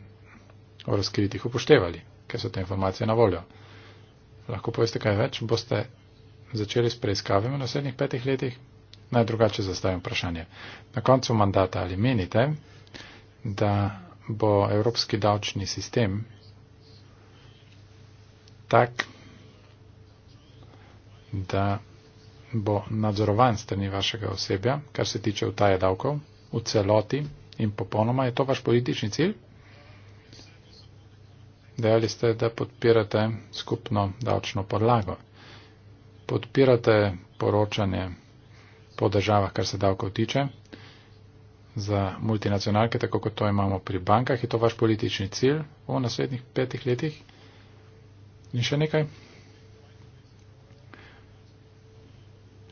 o razkritih upoštevali, ker so te informacije na voljo. Lahko poveste kaj več, boste začeli s preiskavami v naslednjih petih letih? Naj drugače zastavim vprašanje. Na koncu mandata ali menite, da bo evropski davčni sistem tak, da bo nadzorovan strani vašega osebja, kar se tiče utaje davkov, v celoti in popolnoma. Je to vaš politični cilj? Dejali ste, da podpirate skupno davčno podlago. Podpirate poročanje po državah, kar se davkov tiče, za multinacionalke, tako kot to imamo pri bankah. Je to vaš politični cilj v naslednjih petih letih? In še nekaj.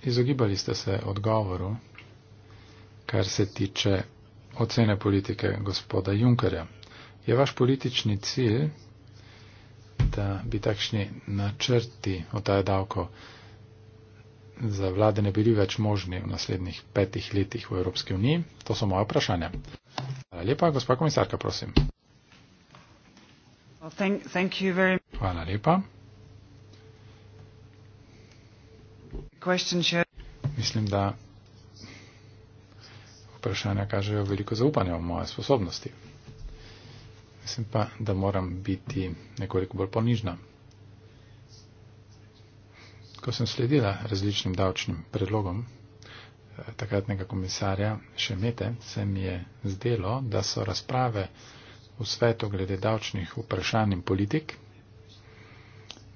Izogibali ste se odgovoru, kar se tiče ocene politike gospoda Junkerja. Je vaš politični cilj, da bi takšni načrti o taj davko za vlade ne bili več možni v naslednjih petih letih v Evropski uniji? To so moje vprašanja. Hvala lepa, gospod komisarka, prosim. Hvala lepa. Mislim, da vprašanja kažejo veliko zaupanja v moje sposobnosti. Mislim pa, da moram biti nekoliko bolj ponižna. Ko sem sledila različnim davčnim predlogom eh, takratnega komisarja Šemete, se mi je zdelo, da so razprave v svetu glede davčnih vprašanj in politik,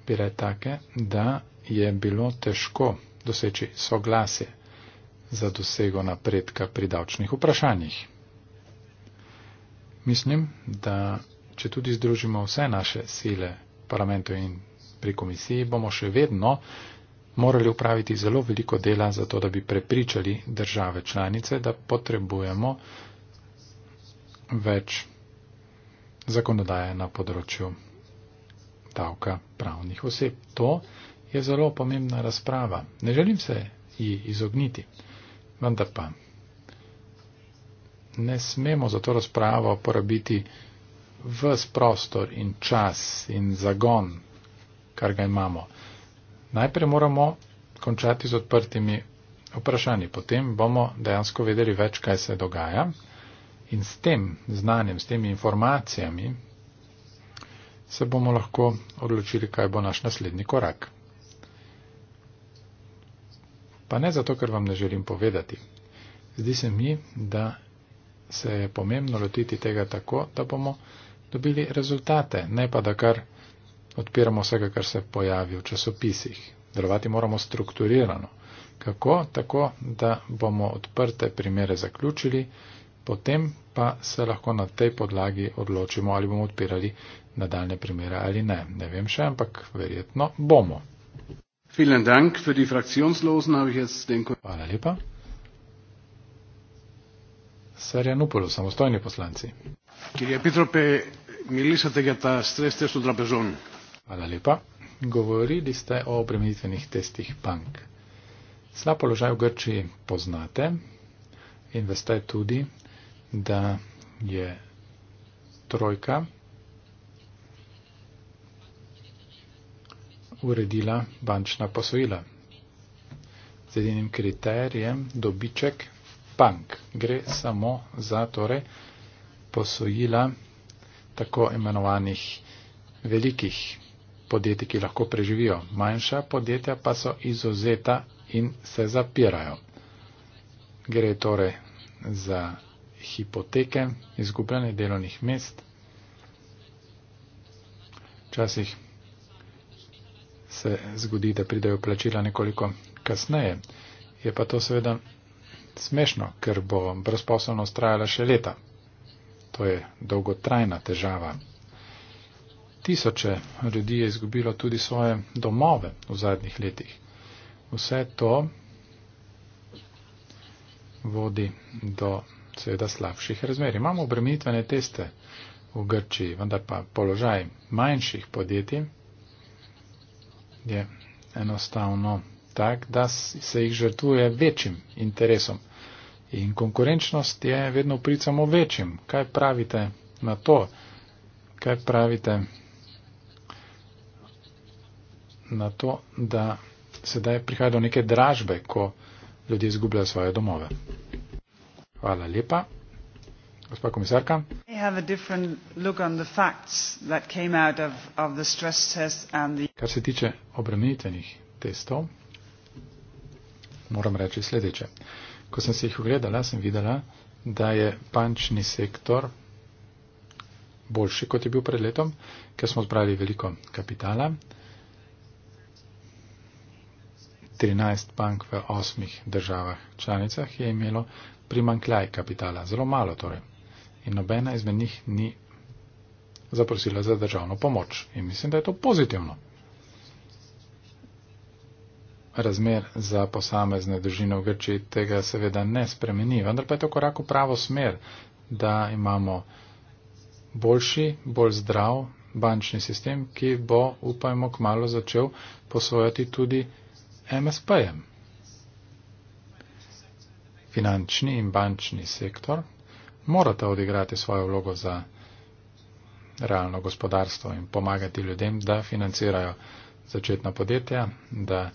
bile take, da je bilo težko doseči soglasje za dosego napredka pri davčnih vprašanjih. Mislim, da če tudi združimo vse naše sile v parlamentu in pri komisiji, bomo še vedno morali upraviti zelo veliko dela za to, da bi prepričali države članice, da potrebujemo več zakonodaje na področju davka pravnih oseb. To je zelo pomembna razprava. Ne želim se ji izogniti, vendar pa ne smemo za to razpravo porabiti vs prostor in čas in zagon, kar ga imamo. Najprej moramo končati z odprtimi vprašanji, potem bomo dejansko vedeli več, kaj se dogaja. In s tem znanjem, s temi informacijami se bomo lahko odločili, kaj bo naš naslednji korak. Pa ne zato, ker vam ne želim povedati. Zdi se mi, da se je pomembno lotiti tega tako, da bomo dobili rezultate, ne pa da kar odpiramo vsega, kar se pojavi v časopisih. Delovati moramo strukturirano. Kako? Tako, da bomo odprte primere zaključili, potem pa se lahko na tej podlagi odločimo, ali bomo odpirali nadaljne primere ali ne. Ne vem še, ampak verjetno bomo. Hvala lepa. Sarja Nupolo, samostojni poslanci. Hvala lepa. Govorili ste o obremenitvenih testih bank. Slab položaj v Grčiji poznate in veste tudi, da je trojka uredila bančna posojila z edinim kriterijem dobiček bank. Gre samo za torej posojila tako imenovanih velikih podjetij, ki lahko preživijo. Manjša podjetja pa so izuzeta in se zapirajo. Gre torej za hipoteke, izgubljanje delovnih mest. Včasih se zgodi, da pridejo plačila nekoliko kasneje. Je pa to seveda smešno, ker bo brezposobnost trajala še leta. To je dolgotrajna težava. Tisoče ljudi je izgubilo tudi svoje domove v zadnjih letih. Vse to vodi do seveda slabših razmer. Imamo obremenitvene teste v Grčiji, vendar pa položaj manjših podjetij je enostavno tak, da se jih žrtvuje večjim interesom. In konkurenčnost je vedno prid samo večjim. Kaj pravite na to? Kaj pravite na to, da sedaj prihaja do neke dražbe, ko ljudje izgubljajo svoje domove? Hvala lepa. Gospa komisarka. Of, of Kar se tiče obremenitvenih testov, moram reči sledeče. Ko sem se jih ogledala, sem videla, da je pančni sektor boljši, kot je bil pred letom, ker smo zbrali veliko kapitala. 13 bank v osmih državah članicah je imelo primankljaj kapitala, zelo malo torej. In nobena izmed njih ni zaprosila za državno pomoč. In mislim, da je to pozitivno. Razmer za posamezne držine v Grčiji tega seveda ne spremeni, vendar pa je to korak v pravo smer, da imamo boljši, bolj zdrav bančni sistem, ki bo, upajmo, kmalo začel posvojati tudi MSP-jem. Finančni in bančni sektor morata odigrati svojo vlogo za realno gospodarstvo in pomagati ljudem, da financirajo začetna podjetja, da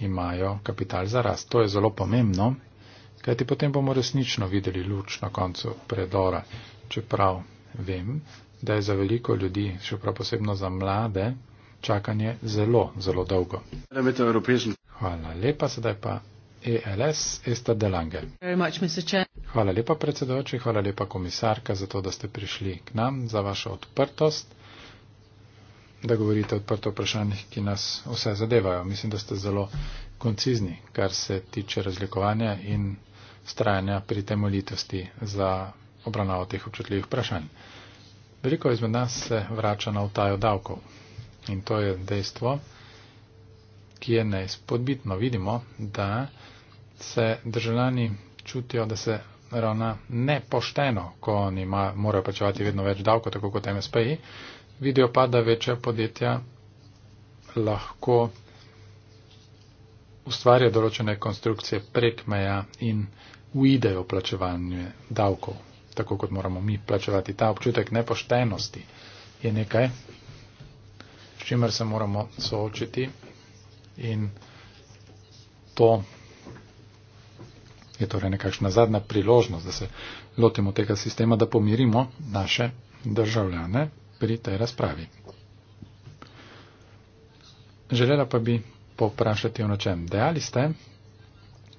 imajo kapital za rast. To je zelo pomembno, kajti potem bomo resnično videli luč na koncu predora, čeprav vem, da je za veliko ljudi, še prav posebno za mlade, čakanje zelo, zelo dolgo. Hvala lepa, sedaj pa ELS Ester Delange. Hvala lepa, predsedoči, hvala lepa, komisarka, za to, da ste prišli k nam, za vašo odprtost, da govorite odprto o vprašanjih, ki nas vse zadevajo. Mislim, da ste zelo koncizni, kar se tiče razlikovanja in strajanja pri temolitosti za obravnavo teh občutljivih vprašanj. Veliko izmed nas se vrača na utajo davkov. In to je dejstvo, ki je neizpodbitno. Vidimo, da se državljani čutijo, da se ravna nepošteno, ko oni morajo plačevati vedno več davko, tako kot MSPI. Vidijo pa, da večja podjetja lahko ustvarjajo določene konstrukcije prek meja in uidejo plačevanje davkov, tako kot moramo mi plačevati. Ta občutek nepoštenosti je nekaj, čimer se moramo soočiti in to je torej nekakšna zadnja priložnost, da se lotimo tega sistema, da pomirimo naše državljane pri tej razpravi. Želela pa bi poprašati o načem. Dejali ste,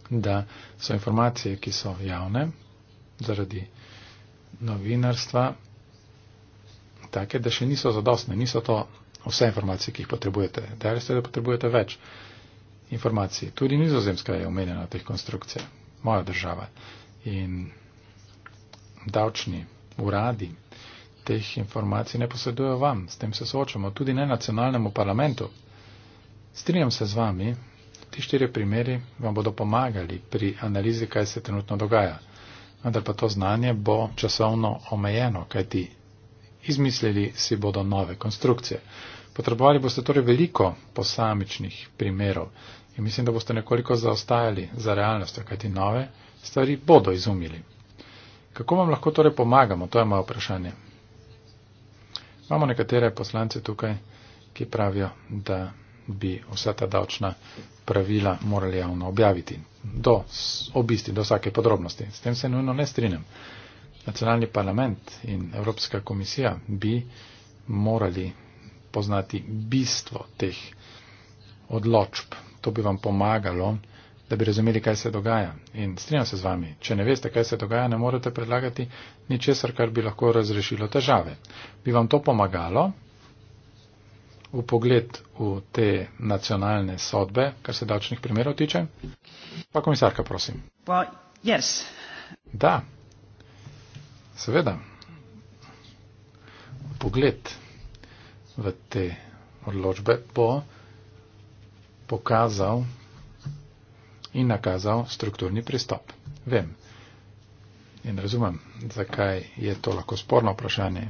da so informacije, ki so javne zaradi novinarstva, take, da še niso zadostne, niso to vse informacije, ki jih potrebujete. Dali ste, da potrebujete več informacij. Tudi nizozemska je omenjena v teh konstrukcijah, moja država. In davčni uradi teh informacij ne posredujejo vam, s tem se soočamo, tudi ne nacionalnemu parlamentu. Strinjam se z vami, ti štiri primeri vam bodo pomagali pri analizi, kaj se trenutno dogaja. Vendar pa to znanje bo časovno omejeno, kajti izmislili si bodo nove konstrukcije. Potrebovali boste torej veliko posamičnih primerov in mislim, da boste nekoliko zaostajali za realnostjo, kajti nove stvari bodo izumili. Kako vam lahko torej pomagamo? To je moje vprašanje. Imamo nekatere poslance tukaj, ki pravijo, da bi vsa ta davčna pravila morali javno objaviti. Do obisti, do vsake podrobnosti. S tem se nujno ne strinem. Nacionalni parlament in Evropska komisija bi morali poznati bistvo teh odločb. To bi vam pomagalo, da bi razumeli, kaj se dogaja. In strinjam se z vami, če ne veste, kaj se dogaja, ne morete predlagati ničesar, kar bi lahko razrešilo težave. Bi vam to pomagalo v pogled v te nacionalne sodbe, kar se davčnih primerov tiče? Pa komisarka, prosim. Well, yes. Da, seveda. Pogled v te odločbe, bo pokazal in nakazal strukturni pristop. Vem in razumem, zakaj je to lahko sporno vprašanje.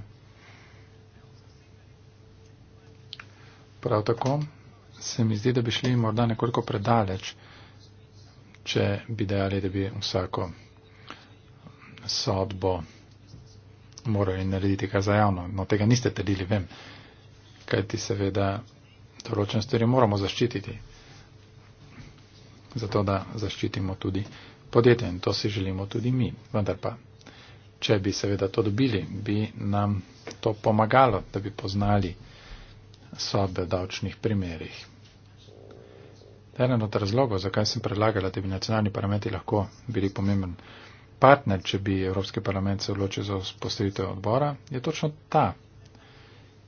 Prav tako se mi zdi, da bi šli morda nekoliko predaleč, če bi dejali, da bi vsako sodbo morali narediti kar za javno. No, tega niste tedili, vem. Uh, kajti seveda določene stvari moramo zaščititi, zato da zaščitimo tudi podjetje in to si želimo tudi mi. Vendar pa, če bi seveda to dobili, bi nam to pomagalo, da bi poznali sobe v davčnih primerjih. Eden od razlogov, zakaj sem predlagala, da bi nacionalni parlamenti lahko bili pomemben partner, če bi Evropski parlament se odločil za vzpostavitev odbora, je točno ta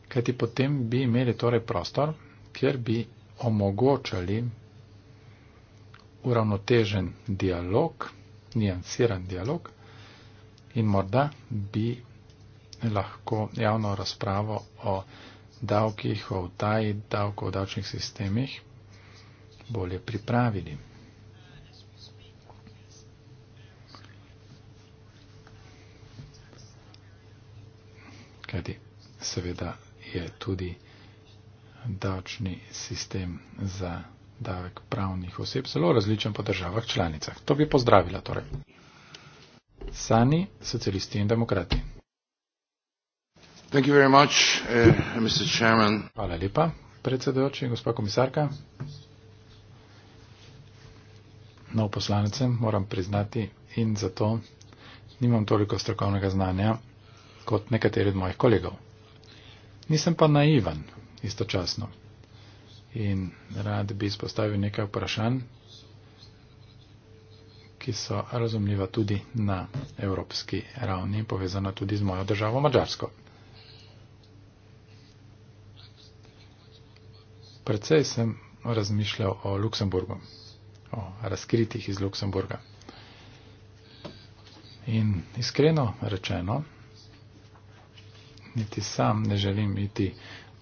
kajti potem bi imeli torej prostor, kjer bi omogočali uravnotežen dialog, nijansiran dialog in morda bi lahko javno razpravo o davkih, o vtaji davkov, o davčnih sistemih bolje pripravili. Kajti, seveda, je tudi davčni sistem za davek pravnih oseb, zelo različen po državah članicah. To bi pozdravila torej. Sani, socialisti in demokrati. Thank you very much, uh, eh, Mr. Chairman. Hvala lepa, predsedujoči, gospod komisarka. No, poslanecem moram priznati in zato nimam toliko strokovnega znanja kot nekateri od mojih kolegov. Nisem pa naivan istočasno. In rad bi izpostavil nekaj vprašanj, ki so razumljiva tudi na evropski ravni, povezana tudi z mojo državo Mačarsko. Predvsej sem razmišljal o Luksemburgu, o razkritih iz Luksemburga. In iskreno rečeno, niti sam ne želim iti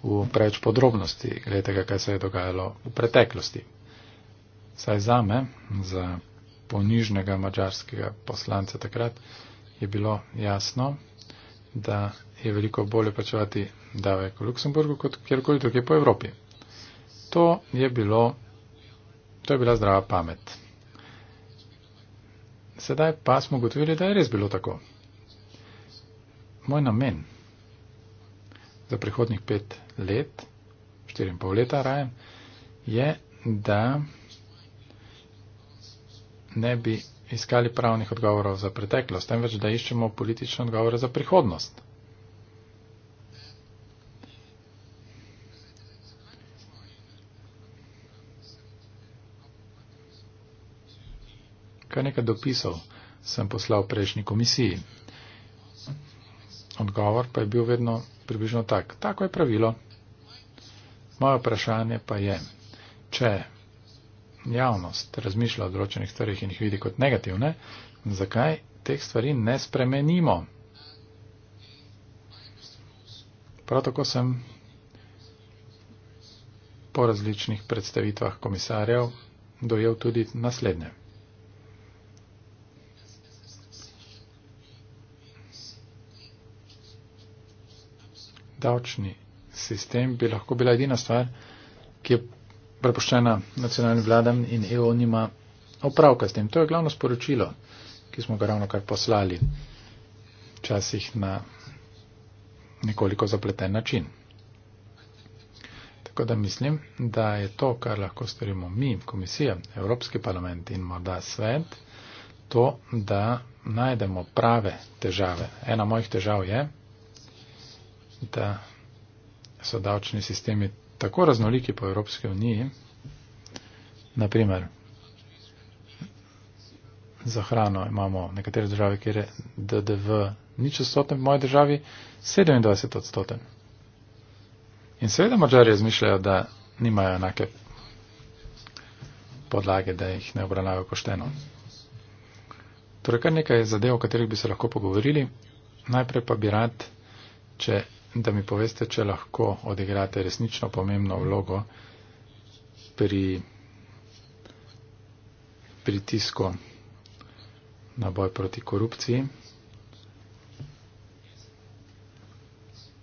v preč podrobnosti glede tega, kaj se je dogajalo v preteklosti. Saj za me, za ponižnega mačarskega poslanca takrat, je bilo jasno, da je veliko bolje plačevati davek v Luksemburgu kot kjerkoli drugje po Evropi. To je, bilo, to je bila zdrava pamet. Sedaj pa smo ugotovili, da je res bilo tako. Moj namen za prihodnih pet let, štiri in pol leta rajem, je, da ne bi iskali pravnih odgovorov za preteklost, temveč da iščemo politične odgovore za prihodnost. Kar nekaj dopisov sem poslal prejšnji komisiji. Odgovor pa je bil vedno približno tak. Tako je pravilo. Moje vprašanje pa je, če javnost razmišlja o določenih stvarih in jih vidi kot negativne, zakaj teh stvari ne spremenimo? Prav tako sem po različnih predstavitvah komisarjev dojel tudi naslednje. davčni sistem bi lahko bila edina stvar, ki je prepuščena nacionalnim vladam in EU nima opravka s tem. To je glavno sporočilo, ki smo ga ravno kar poslali, včasih na nekoliko zapleten način. Tako da mislim, da je to, kar lahko storimo mi, komisija, Evropski parlament in morda svet, to, da najdemo prave težave. Ena mojih težav je, da so davčni sistemi tako raznoliki po Evropske uniji, naprimer, za hrano imamo nekatere države, kjer je DDV nič odstoten, v moji državi 27 odstoten. In seveda mađari razmišljajo, da nimajo enake podlage, da jih ne obravnajo pošteno. Torej, kar nekaj zadev, o katerih bi se lahko pogovorili, najprej pa bi rad, če da mi poveste, če lahko odigrate resnično pomembno vlogo pri pritisku na boj proti korupciji.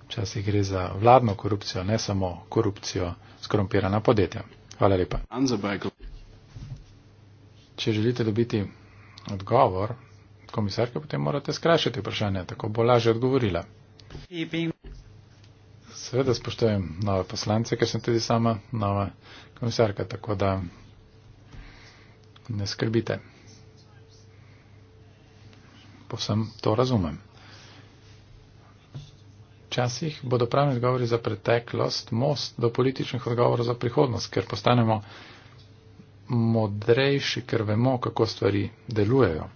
Včasih gre za vladno korupcijo, ne samo korupcijo skorumpirana podjetja. Hvala lepa. Če želite dobiti odgovor komisarke, potem morate skrašiti vprašanje, tako bo lažje odgovorila seveda spoštujem nove poslance, ker sem tudi sama nova komisarka, tako da ne skrbite. Povsem to razumem. Včasih bodo pravni odgovori za preteklost most do političnih odgovorov za prihodnost, ker postanemo modrejši, ker vemo, kako stvari delujejo.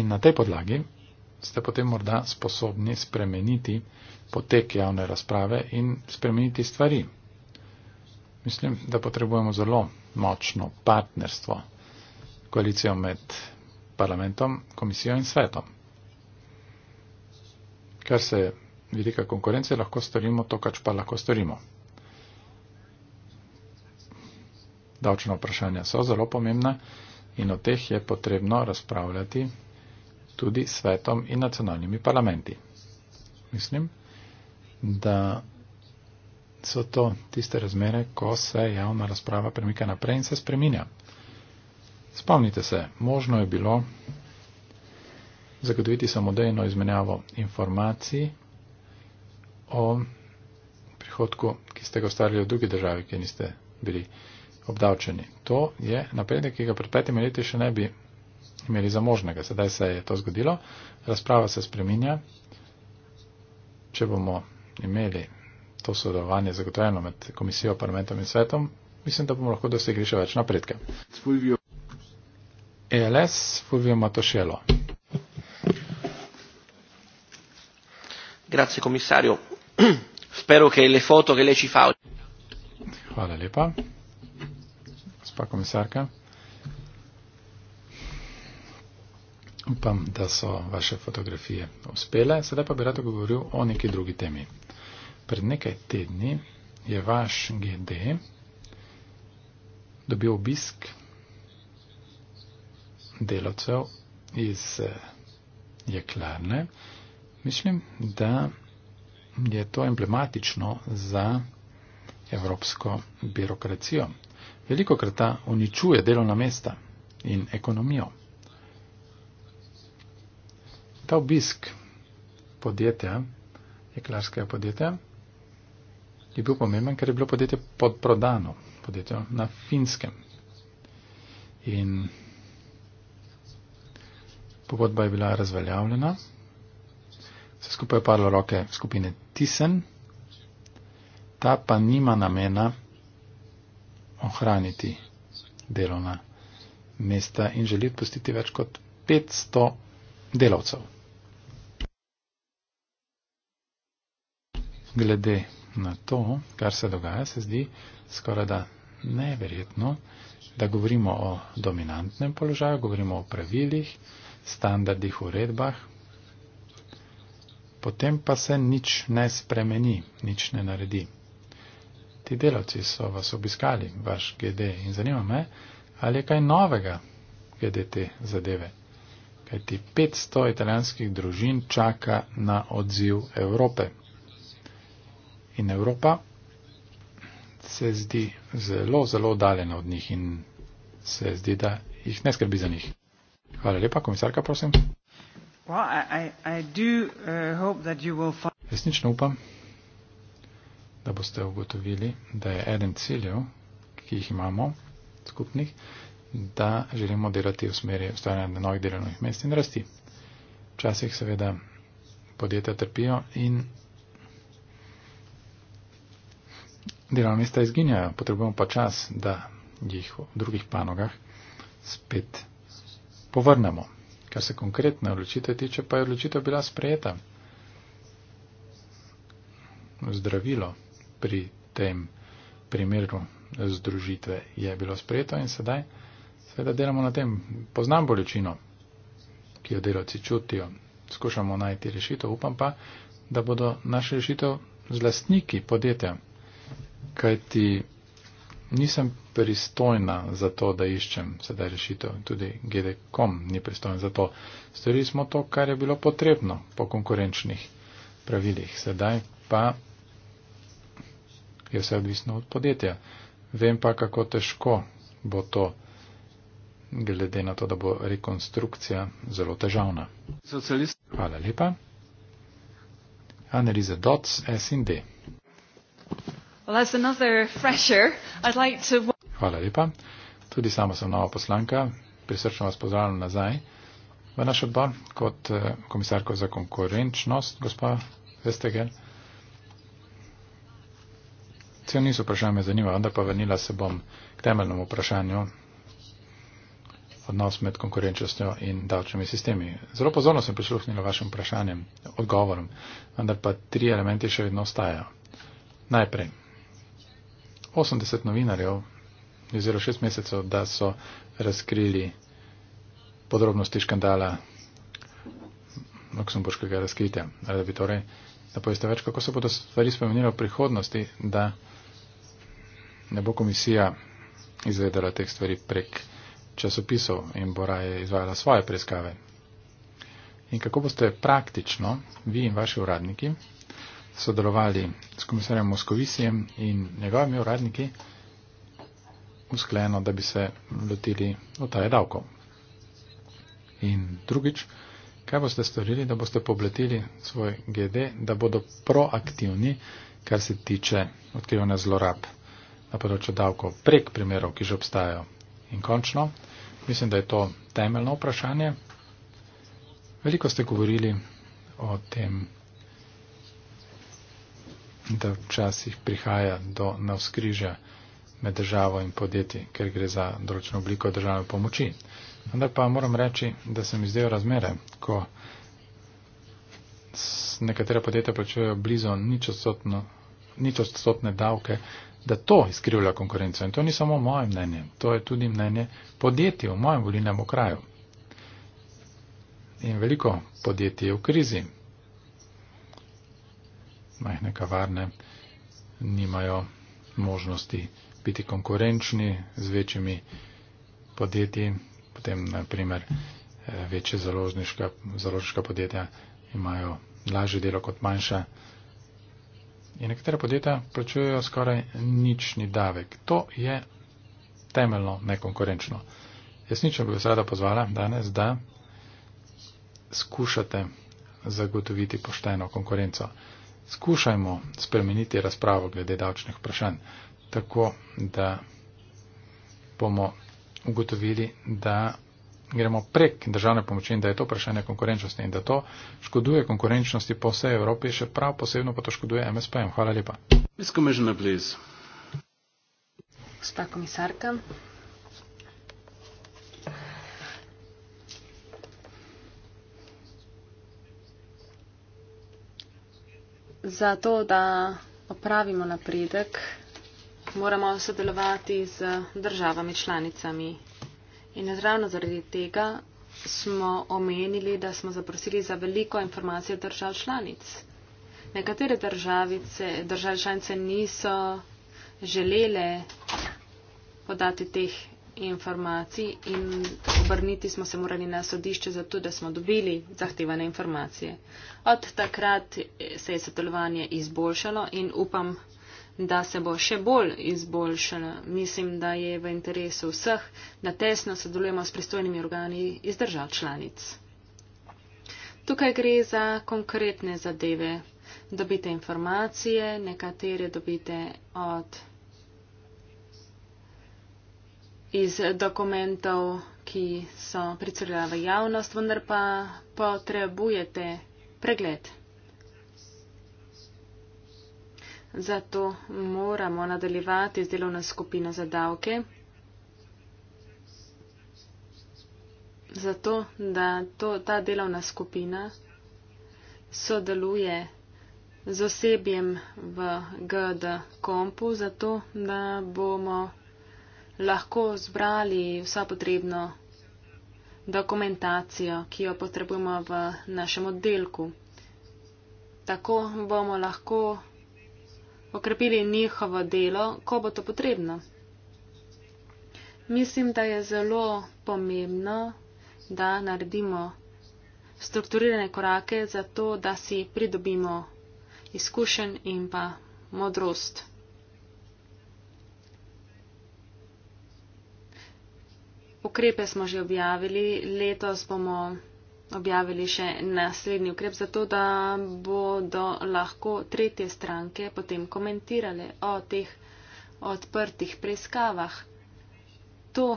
In na tej podlagi ste potem morda sposobni spremeniti potek javne razprave in spremeniti stvari. Mislim, da potrebujemo zelo močno partnerstvo, koalicijo med parlamentom, komisijo in svetom. Kar se vidika konkurence, lahko storimo to, kar pač pa lahko storimo. Davčna vprašanja so zelo pomembna in o teh je potrebno razpravljati tudi svetom in nacionalnimi parlamenti. Mislim, da so to tiste razmere, ko se javna razprava premika naprej in se spreminja. Spomnite se, možno je bilo zagotoviti samodejno izmenjavo informacij o prihodku, ki ste ga ostali v drugi državi, ki niste bili obdavčeni. To je napredek, ki ga pred petimi leti še ne bi imeli za možnega. Sedaj se je to zgodilo, razprava se spreminja. Če bomo imeli to sodelovanje zagotovljeno med komisijo, parlamentom in svetom, mislim, da bomo lahko dosegli še več napredke. Fulvio. ELS, Fulvio Matošelo. Grazie, komisarju. Spero, che le foto, che le ci fa. Hvala lepa. Gospa komisarka. upam, da so vaše fotografije uspele, sedaj pa bi rad govoril o neki drugi temi. Pred nekaj tedni je vaš GD dobil obisk delavcev iz eh, jeklarne. Mislim, da je to emblematično za evropsko birokracijo. Veliko krat ta uničuje delovna mesta in ekonomijo ta obisk podjetja, jeklarskega podjetja, je bil pomemben, ker je bilo podjetje podprodano, podjetje na finskem. In pogodba je bila razveljavljena, se skupaj je parlo roke skupine Tisen, ta pa nima namena ohraniti delovna mesta in želi odpustiti več kot 500 delavcev. Glede na to, kar se dogaja, se zdi skoraj da neverjetno, da govorimo o dominantnem položaju, govorimo o pravilih, standardih, uredbah, potem pa se nič ne spremeni, nič ne naredi. Ti delavci so vas obiskali, vaš GD, in zanima me, ali je kaj novega glede te zadeve kajti 500 italijanskih družin čaka na odziv Evrope. In Evropa se zdi zelo, zelo daljena od njih in se zdi, da jih ne skrbi za njih. Hvala lepa, komisarka, prosim. Well, I, I do, uh, hope that you will find... Resnično upam, da boste ugotovili, da je eden ciljev, ki jih imamo, skupnih, da želimo delati v smeri ustvarjanja novih delovnih mest in rasti. Včasih seveda podjetja trpijo in delovna mesta izginjajo. Potrebujemo pa čas, da jih v drugih panogah spet povrnemo. Kar se konkretne odločitve tiče, pa je odločitev bila sprejeta. Zdravilo pri tem primeru združitve je bilo sprejeto in sedaj. Seveda delamo na tem, poznam bolečino, ki jo delavci čutijo, skušamo najti rešitev, upam pa, da bodo naše rešitev z lastniki podjetja, kajti nisem pristojna za to, da iščem sedaj rešitev, tudi GDKOM ni pristojen za to. Storili smo to, kar je bilo potrebno po konkurenčnih pravilih, sedaj pa je vse odvisno od podjetja. Vem pa, kako težko bo to glede na to, da bo rekonstrukcija zelo težavna. Socialist. Hvala lepa. Analiza DOTS, SND. Well, like to... Hvala lepa. Tudi sama sem nova poslanka. Prisrčno vas pozdravljam nazaj v naš odbor kot eh, komisarko za konkurenčnost, gospa Vestegel. Cel niz vprašanj me zanima, vendar pa vrnila se bom k temeljnemu vprašanju odnos med konkurenčnostjo in davčnimi sistemi. Zelo pozorno sem prisluhnil vašim vprašanjem, odgovorom, vendar pa tri elementi še vedno ostajajo. Najprej, 80 novinarjev je zelo šest mesecev, da so razkrili podrobnosti škandala luksemburškega razkritja. Da bi torej, da poveste več, kako se bodo stvari spremenile v prihodnosti, da ne bo komisija izvedela teh stvari prek časopisov in bo raje izvajala svoje preiskave. In kako boste praktično, vi in vaši uradniki, sodelovali s komisarjem Moskovisijem in njegovimi uradniki uskleno, da bi se lotili otaje davkov. In drugič, kaj boste storili, da boste pobletili svoj GD, da bodo proaktivni, kar se tiče odkrivanja zlorab na področju davkov prek primerov, ki že obstajajo. In končno. Mislim, da je to temeljno vprašanje. Veliko ste govorili o tem, da včasih prihaja do navskrižja med državo in podjetji, ker gre za določeno obliko državne pomoči. Vendar pa moram reči, da se mi zdijo razmere, ko nekatera podjetja plačujejo blizu nič odstotne davke da to izkrivlja konkurenco. In to ni samo moje mnenje, to je tudi mnenje podjetij v mojem volilnem okraju. In veliko podjetij je v krizi. Majhne kavarne nimajo možnosti biti konkurenčni z večjimi podjetji, potem naprimer eh, večje založniška podjetja imajo lažje delo kot manjša in nekatera podjetja plačujejo skoraj nični davek. To je temeljno nekonkurenčno. Resnično bi vas rada pozvala danes, da skušate zagotoviti pošteno konkurenco. Skušajmo spremeniti razpravo glede davčnih vprašanj, tako da bomo ugotovili, da gremo prek državne pomoči in da je to vprašanje konkurenčnosti in da to škoduje konkurenčnosti po vsej Evropi, še prav posebno pa to škoduje MSP-jem. Hvala lepa. Gospa komisarka. Za to, da opravimo napredek, moramo sodelovati z državami članicami In ravno zaradi tega smo omenili, da smo zaprosili za veliko informacije držav članic. Nekatere državice, države članice niso želele podati teh informacij in obrniti smo se morali na sodišče zato, da smo dobili zahtevane informacije. Od takrat se je sodelovanje izboljšalo in upam, da se bo še bolj izboljšala. Mislim, da je v interesu vseh, da tesno sodelujemo s pristojnimi organi iz držav članic. Tukaj gre za konkretne zadeve. Dobite informacije, nekatere dobite od iz dokumentov, ki so pricrljali v javnost, vendar pa potrebujete pregled Zato moramo nadaljevati z delovno skupino za davke, zato da to, ta delovna skupina sodeluje z osebjem v GD kompu, zato da bomo lahko zbrali vsa potrebno dokumentacijo, ki jo potrebujemo v našem oddelku. Tako bomo lahko okrepili njihovo delo, ko bo to potrebno. Mislim, da je zelo pomembno, da naredimo strukturirane korake za to, da si pridobimo izkušen in pa modrost. Ukrepe smo že objavili, letos bomo objavili še naslednji ukrep, zato da bodo lahko tretje stranke potem komentirale o teh odprtih preiskavah. To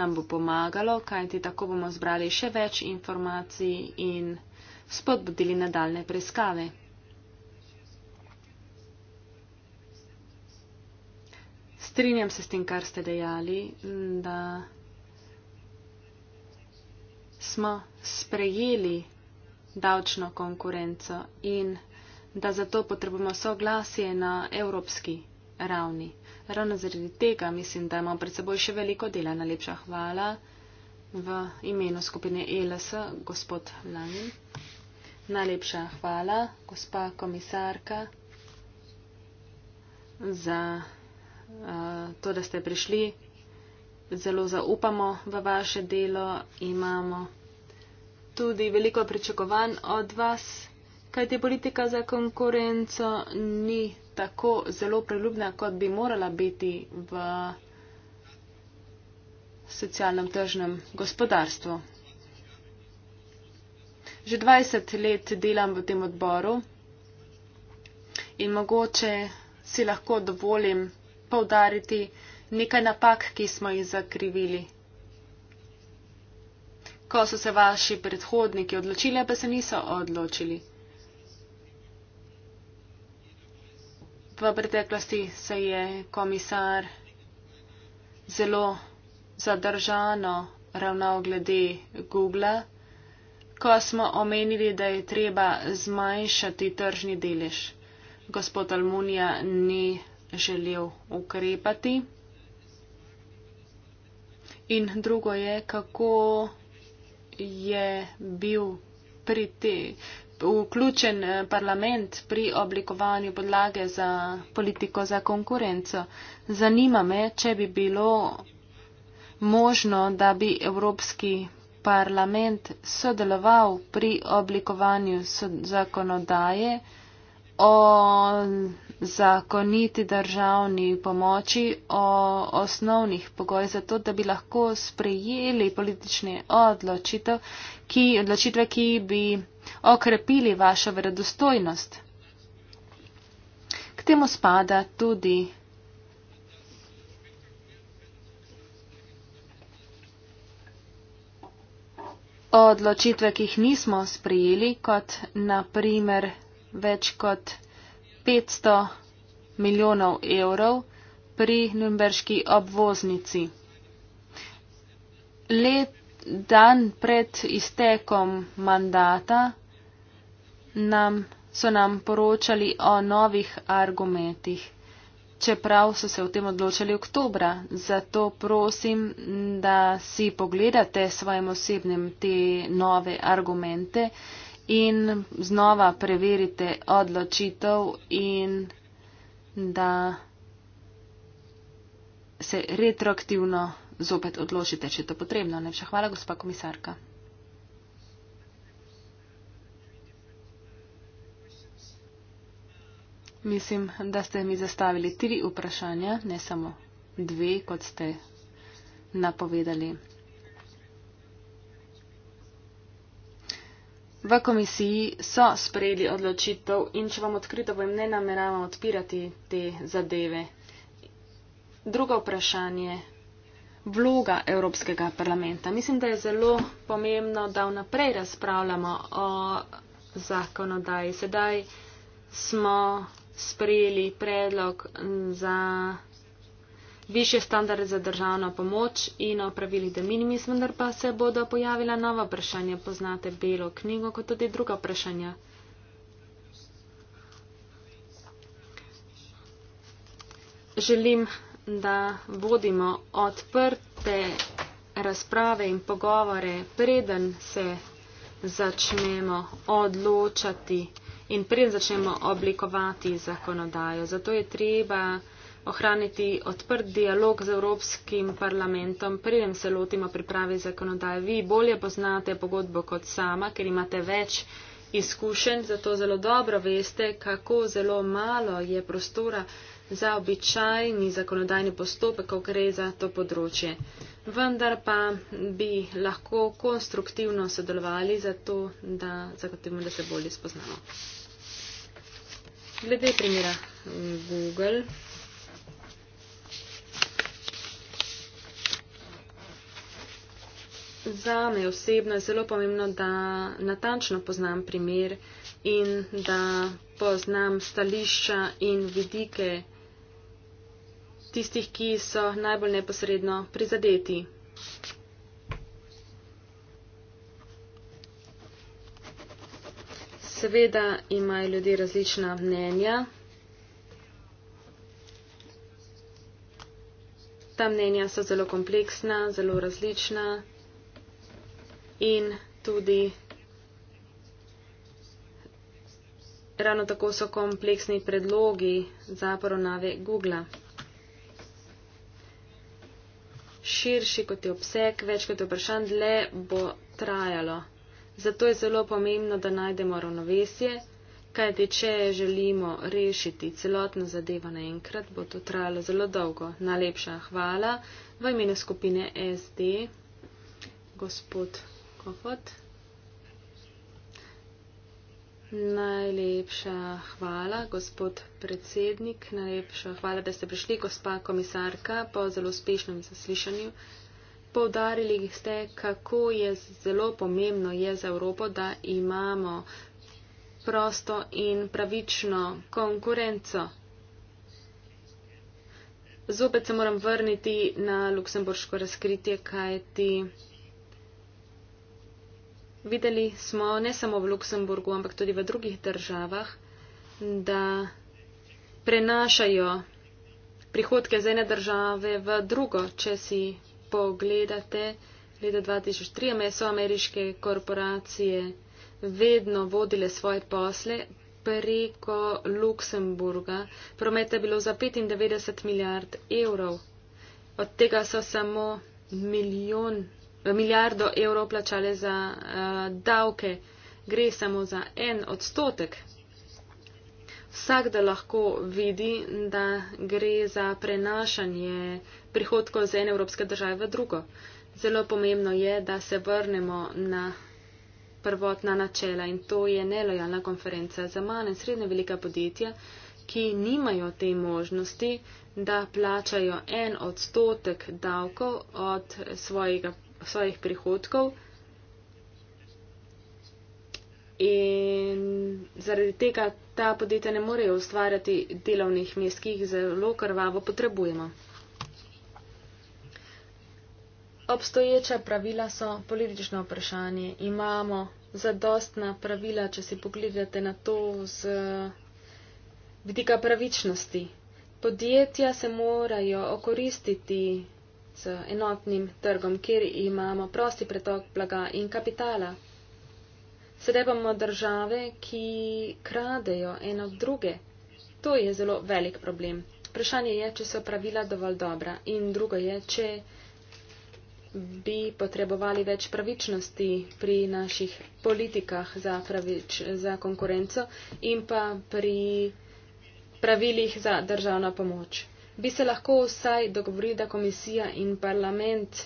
nam bo pomagalo, kajti tako bomo zbrali še več informacij in spodbudili nadaljne preiskave. Strinjam se s tem, kar ste dejali, da smo sprejeli davčno konkurenco in da zato potrebujemo soglasje na evropski ravni. Ravno zaradi tega mislim, da imamo pred seboj še veliko dela. Najlepša hvala v imenu skupine ELS, gospod Lani. Najlepša hvala, gospa komisarka, za uh, to, da ste prišli zelo zaupamo v vaše delo, imamo tudi veliko pričakovanj od vas, kajti politika za konkurenco ni tako zelo preljubna, kot bi morala biti v socialnem tržnem gospodarstvu. Že 20 let delam v tem odboru in mogoče si lahko dovolim poudariti, nekaj napak, ki smo jih zakrivili. Ko so se vaši predhodniki odločili, pa se niso odločili. V preteklosti se je komisar zelo zadržano ravnal glede Google, ko smo omenili, da je treba zmanjšati tržni delež. Gospod Almunija ni želel ukrepati in drugo je, kako je bil pri te, vključen eh, parlament pri oblikovanju podlage za politiko za konkurenco. Zanima me, če bi bilo možno, da bi Evropski parlament sodeloval pri oblikovanju zakonodaje o zakoniti državni pomoči, o osnovnih pogojih za to, da bi lahko sprejeli politične odločitev, ki, odločitve, ki bi okrepili vašo verodostojnost. K temu spada tudi odločitve, ki jih nismo sprejeli, kot naprimer več kot 500 milijonov evrov pri Nürnberški obvoznici. Let dan pred iztekom mandata nam, so nam poročali o novih argumentih, čeprav so se v tem odločili oktobra. Zato prosim, da si pogledate svojim osebnim te nove argumente in znova preverite odločitev in da se retroaktivno zopet odločite, če je to potrebno. Najlepša hvala, gospa komisarka. Mislim, da ste mi zastavili tri vprašanja, ne samo dve, kot ste napovedali. V komisiji so sprejeli odločitev in če vam odkrito povem, ne nameravam odpirati te zadeve. Drugo vprašanje. Vloga Evropskega parlamenta. Mislim, da je zelo pomembno, da vnaprej razpravljamo o zakonodaji. Sedaj smo sprejeli predlog za Više standarde za državno pomoč in o pravilih de minimis, vendar pa se bodo pojavila nova vprašanja. Poznate belo knjigo, kot tudi druga vprašanja. Želim, da vodimo odprte razprave in pogovore, preden se začnemo odločati in preden začnemo oblikovati zakonodajo. Zato je treba ohraniti odprt dialog z Evropskim parlamentom, preden se lotimo priprave zakonodaje. Vi bolje poznate pogodbo kot sama, ker imate več izkušenj, zato zelo dobro veste, kako zelo malo je prostora za običajni zakonodajni postopek, ko gre za to področje. Vendar pa bi lahko konstruktivno sodelovali za to, da zagotovimo, da se bolje spoznamo. Glede primera Google. Za me osebno je zelo pomembno, da natančno poznam primer in da poznam stališča in vidike tistih, ki so najbolj neposredno prizadeti. Seveda imajo ljudje različna mnenja. Ta mnenja so zelo kompleksna, zelo različna in tudi ravno tako so kompleksni predlogi za poravnave Google. Širši kot je obseg, več kot je vprašanj, dlje bo trajalo. Zato je zelo pomembno, da najdemo ravnovesje, kajti če želimo rešiti celotno zadevo naenkrat, bo to trajalo zelo dolgo. Najlepša hvala v imenu skupine SD, gospod kofot. Najlepša hvala, gospod predsednik. Najlepša hvala, da ste prišli, gospa komisarka, po zelo uspešnem zaslišanju. Povdarili ste, kako je zelo pomembno je za Evropo, da imamo prosto in pravično konkurenco. Zopet se moram vrniti na luksemburško razkritje, kajti videli smo ne samo v Luksemburgu, ampak tudi v drugih državah, da prenašajo prihodke z ene države v drugo. Če si pogledate, leta 2003 so ameriške korporacije vedno vodile svoje posle preko Luksemburga. Promet je bilo za 95 milijard evrov. Od tega so samo milijon milijardo evrov plačale za uh, davke, gre samo za en odstotek. Vsak, da lahko vidi, da gre za prenašanje prihodkov z ene evropske države v drugo. Zelo pomembno je, da se vrnemo na prvotna načela in to je nelojalna konferenca za male in srednje velika podjetja, ki nimajo te možnosti, da plačajo en odstotek davkov od svojega svojih prihodkov. In zaradi tega ta podjetja ne morejo ustvarjati delovnih mest, ki jih zelo krvavo potrebujemo. Obstoječa pravila so politično vprašanje. Imamo zadostna pravila, če si pogledate na to z vidika pravičnosti. Podjetja se morajo okoristiti z enotnim trgom, kjer imamo prosti pretok blaga in kapitala. Sedaj bomo države, ki kradejo eno od druge. To je zelo velik problem. Vprašanje je, če so pravila dovolj dobra. In drugo je, če bi potrebovali več pravičnosti pri naših politikah za, pravič, za konkurenco in pa pri pravilih za državno pomoč bi se lahko vsaj dogovorili, da komisija in parlament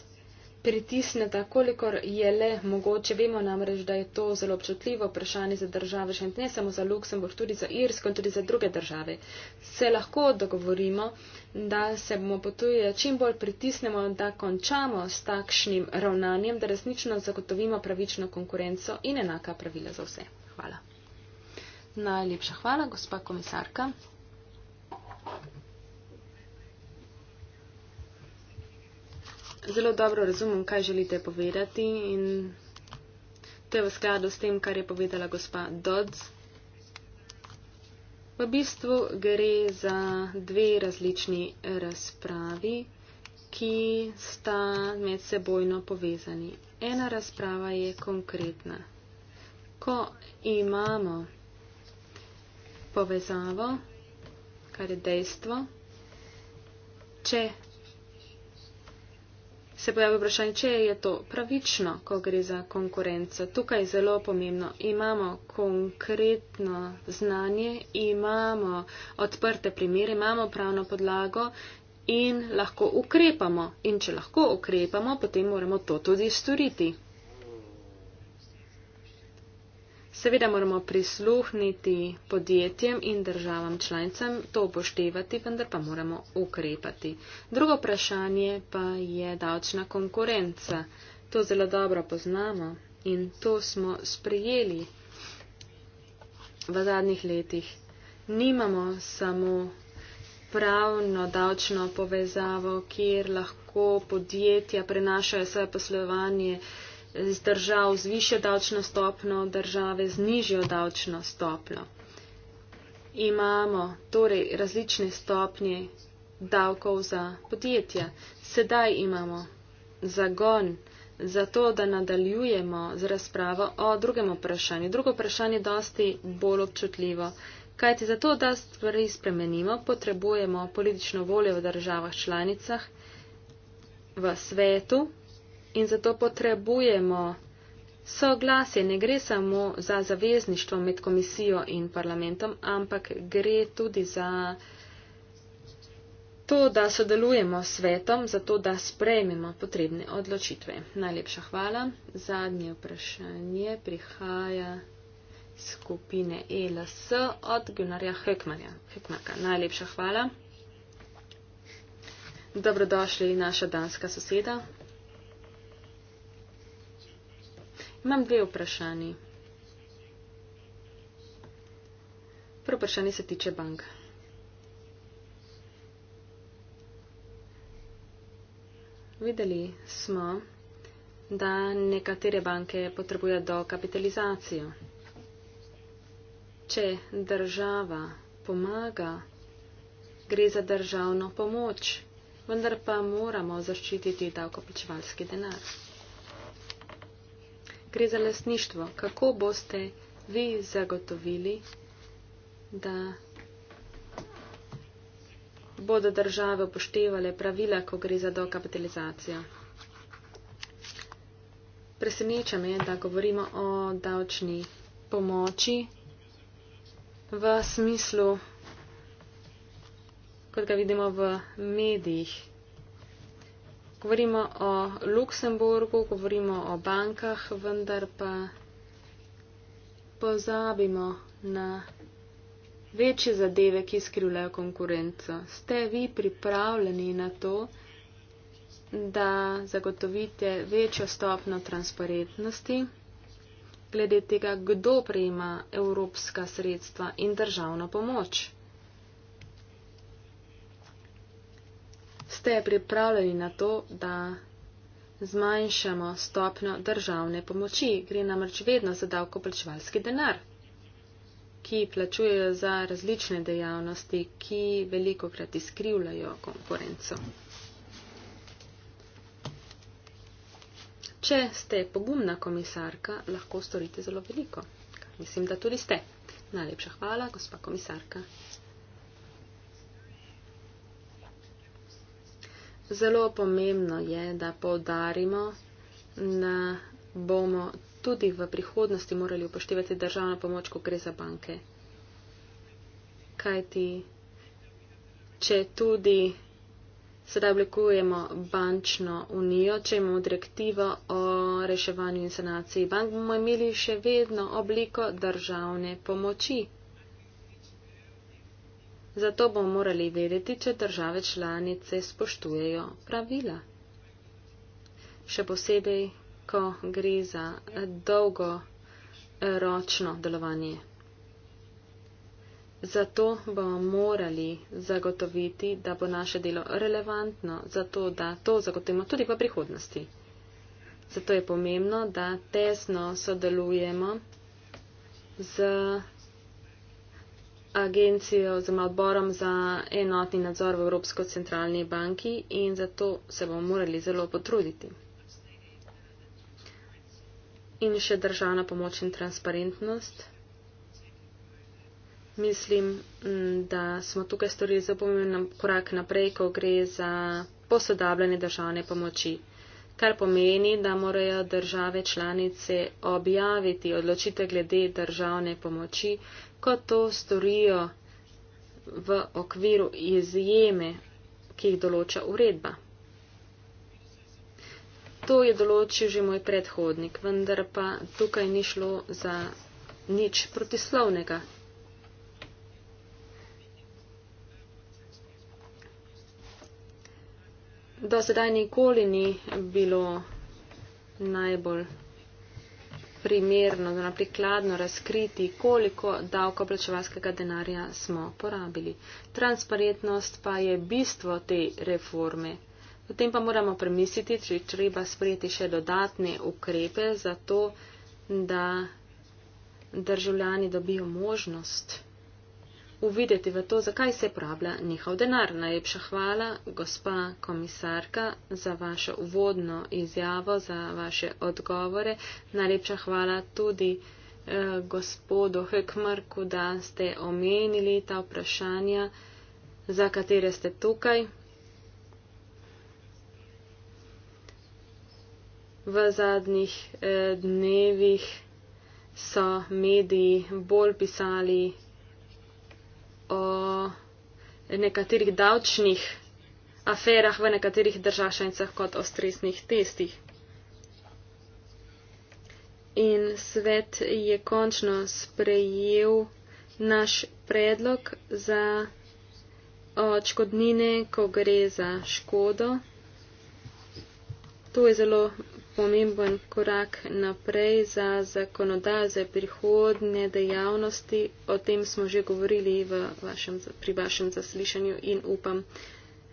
pritisneta, kolikor je le mogoče. Vemo namreč, da je to zelo občutljivo vprašanje za države, še ne samo za Luksemburg, tudi za Irsko in tudi za druge države. Se lahko dogovorimo, da se bomo potuje čim bolj pritisnemo, da končamo s takšnim ravnanjem, da resnično zagotovimo pravično konkurenco in enaka pravila za vse. Hvala. Najlepša hvala, gospa komisarka. zelo dobro razumem, kaj želite povedati in to je v skladu s tem, kar je povedala gospa Dodds. V bistvu gre za dve različni razpravi, ki sta med sebojno povezani. Ena razprava je konkretna. Ko imamo povezavo, kar je dejstvo, če se pojavi vprašanje, če je to pravično, ko gre za konkurenco. Tukaj je zelo pomembno. Imamo konkretno znanje, imamo odprte primere, imamo pravno podlago in lahko ukrepamo. In če lahko ukrepamo, potem moramo to tudi storiti. Seveda moramo prisluhniti podjetjem in državam članicam, to upoštevati, vendar pa moramo ukrepati. Drugo vprašanje pa je davčna konkurenca. To zelo dobro poznamo in to smo sprejeli v zadnjih letih. Nimamo samo pravno davčno povezavo, kjer lahko podjetja prenašajo svoje poslovanje z držav z višjo davčno stopno, države z nižjo davčno stopno. Imamo torej različne stopnje davkov za podjetja. Sedaj imamo zagon za to, da nadaljujemo z razpravo o drugem vprašanju. Drugo vprašanje je dosti bolj občutljivo. Kajti za to, da stvari spremenimo, potrebujemo politično voljo v državah članicah, v svetu, in zato potrebujemo soglasje. Ne gre samo za zavezništvo med komisijo in parlamentom, ampak gre tudi za to, da sodelujemo s svetom, zato da sprejmemo potrebne odločitve. Najlepša hvala. Zadnje vprašanje prihaja skupine ELS od Gunarja Hekmarja. Hekmarka, najlepša hvala. Dobrodošli naša danska soseda. Imam dve vprašanji. Prvo vprašanje se tiče bank. Videli smo, da nekatere banke potrebujejo dokapitalizacijo. Če država pomaga, gre za državno pomoč, vendar pa moramo zaščititi davkoplačevalski denar gre za lasništvo. Kako boste vi zagotovili, da bodo države upoštevale pravila, ko gre za dokapitalizacijo? Preseneča me, da govorimo o davčni pomoči v smislu, kot ga vidimo v medijih govorimo o Luksemburgu, govorimo o bankah, vendar pa pozabimo na večje zadeve, ki skrivljajo konkurenco. Ste vi pripravljeni na to, da zagotovite večjo stopno transparentnosti glede tega, kdo prejema evropska sredstva in državno pomoč? ste pripravljeni na to, da zmanjšamo stopno državne pomoči. Gre namreč vedno za davkoplačevalski denar, ki plačujejo za različne dejavnosti, ki veliko krat izkrivljajo konkurenco. Če ste pogumna komisarka, lahko storite zelo veliko. Mislim, da tudi ste. Najlepša hvala, gospa komisarka. Zelo pomembno je, da povdarimo, da bomo tudi v prihodnosti morali upoštevati državno pomoč, ko gre za banke. Kajti, če tudi sedaj oblikujemo bančno unijo, če imamo direktivo o reševanju in sanaciji bank, bomo imeli še vedno obliko državne pomoči zato bomo morali vedeti, če države članice spoštujejo pravila. Še posebej, ko gre za dolgoročno delovanje. Zato bomo morali zagotoviti, da bo naše delo relevantno, zato da to zagotovimo tudi v prihodnosti. Zato je pomembno, da tesno sodelujemo z agencijo, oziroma odborom za enotni nadzor v Evropsko centralni banki in zato se bomo morali zelo potruditi. In še državna pomoč in transparentnost. Mislim, mm, da smo tukaj storili zelo pomemben korak naprej, ko gre za posodabljanje državne pomoči, kar pomeni, da morajo države članice objaviti odločitev glede državne pomoči ko to storijo v okviru izjeme, ki jih določa uredba. To je določil že moj predhodnik, vendar pa tukaj ni šlo za nič protislovnega. Do sedaj nikoli ni bilo najbolj primerno, zelo prikladno razkriti, koliko davkoplačevalskega denarja smo porabili. Transparentnost pa je bistvo te reforme. Potem pa moramo premisliti, če treba sprejeti še dodatne ukrepe za to, da državljani dobijo možnost uvideti v to, zakaj se prablja njihov denar. Najlepša hvala, gospa komisarka, za vašo uvodno izjavo, za vaše odgovore. Najlepša hvala tudi eh, gospodu Hekmarku, da ste omenili ta vprašanja, za katere ste tukaj. V zadnjih eh, dnevih so mediji bolj pisali o nekaterih davčnih aferah v nekaterih državšanjcah kot o stresnih testih. In svet je končno sprejel naš predlog za očkodnine, ko gre za škodo. To je zelo pomemben korak naprej za zakonodajo, za prihodne dejavnosti. O tem smo že govorili vašem, pri vašem zaslišanju in upam,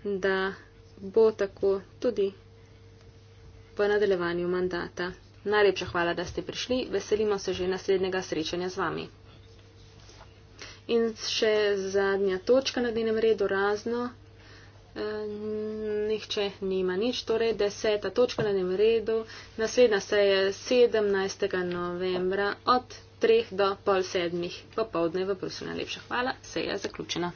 da bo tako tudi v nadaljevanju mandata. Najlepša hvala, da ste prišli. Veselimo se že naslednjega srečanja z vami. In še zadnja točka na dnevnem redu, razno Eh, nihče nima nič, torej deseta točka na dnevnem redu. Naslednja se je 17. novembra od 3 do pol sedmih popovdne v Bruslju. Najlepša hvala, se je zaključena.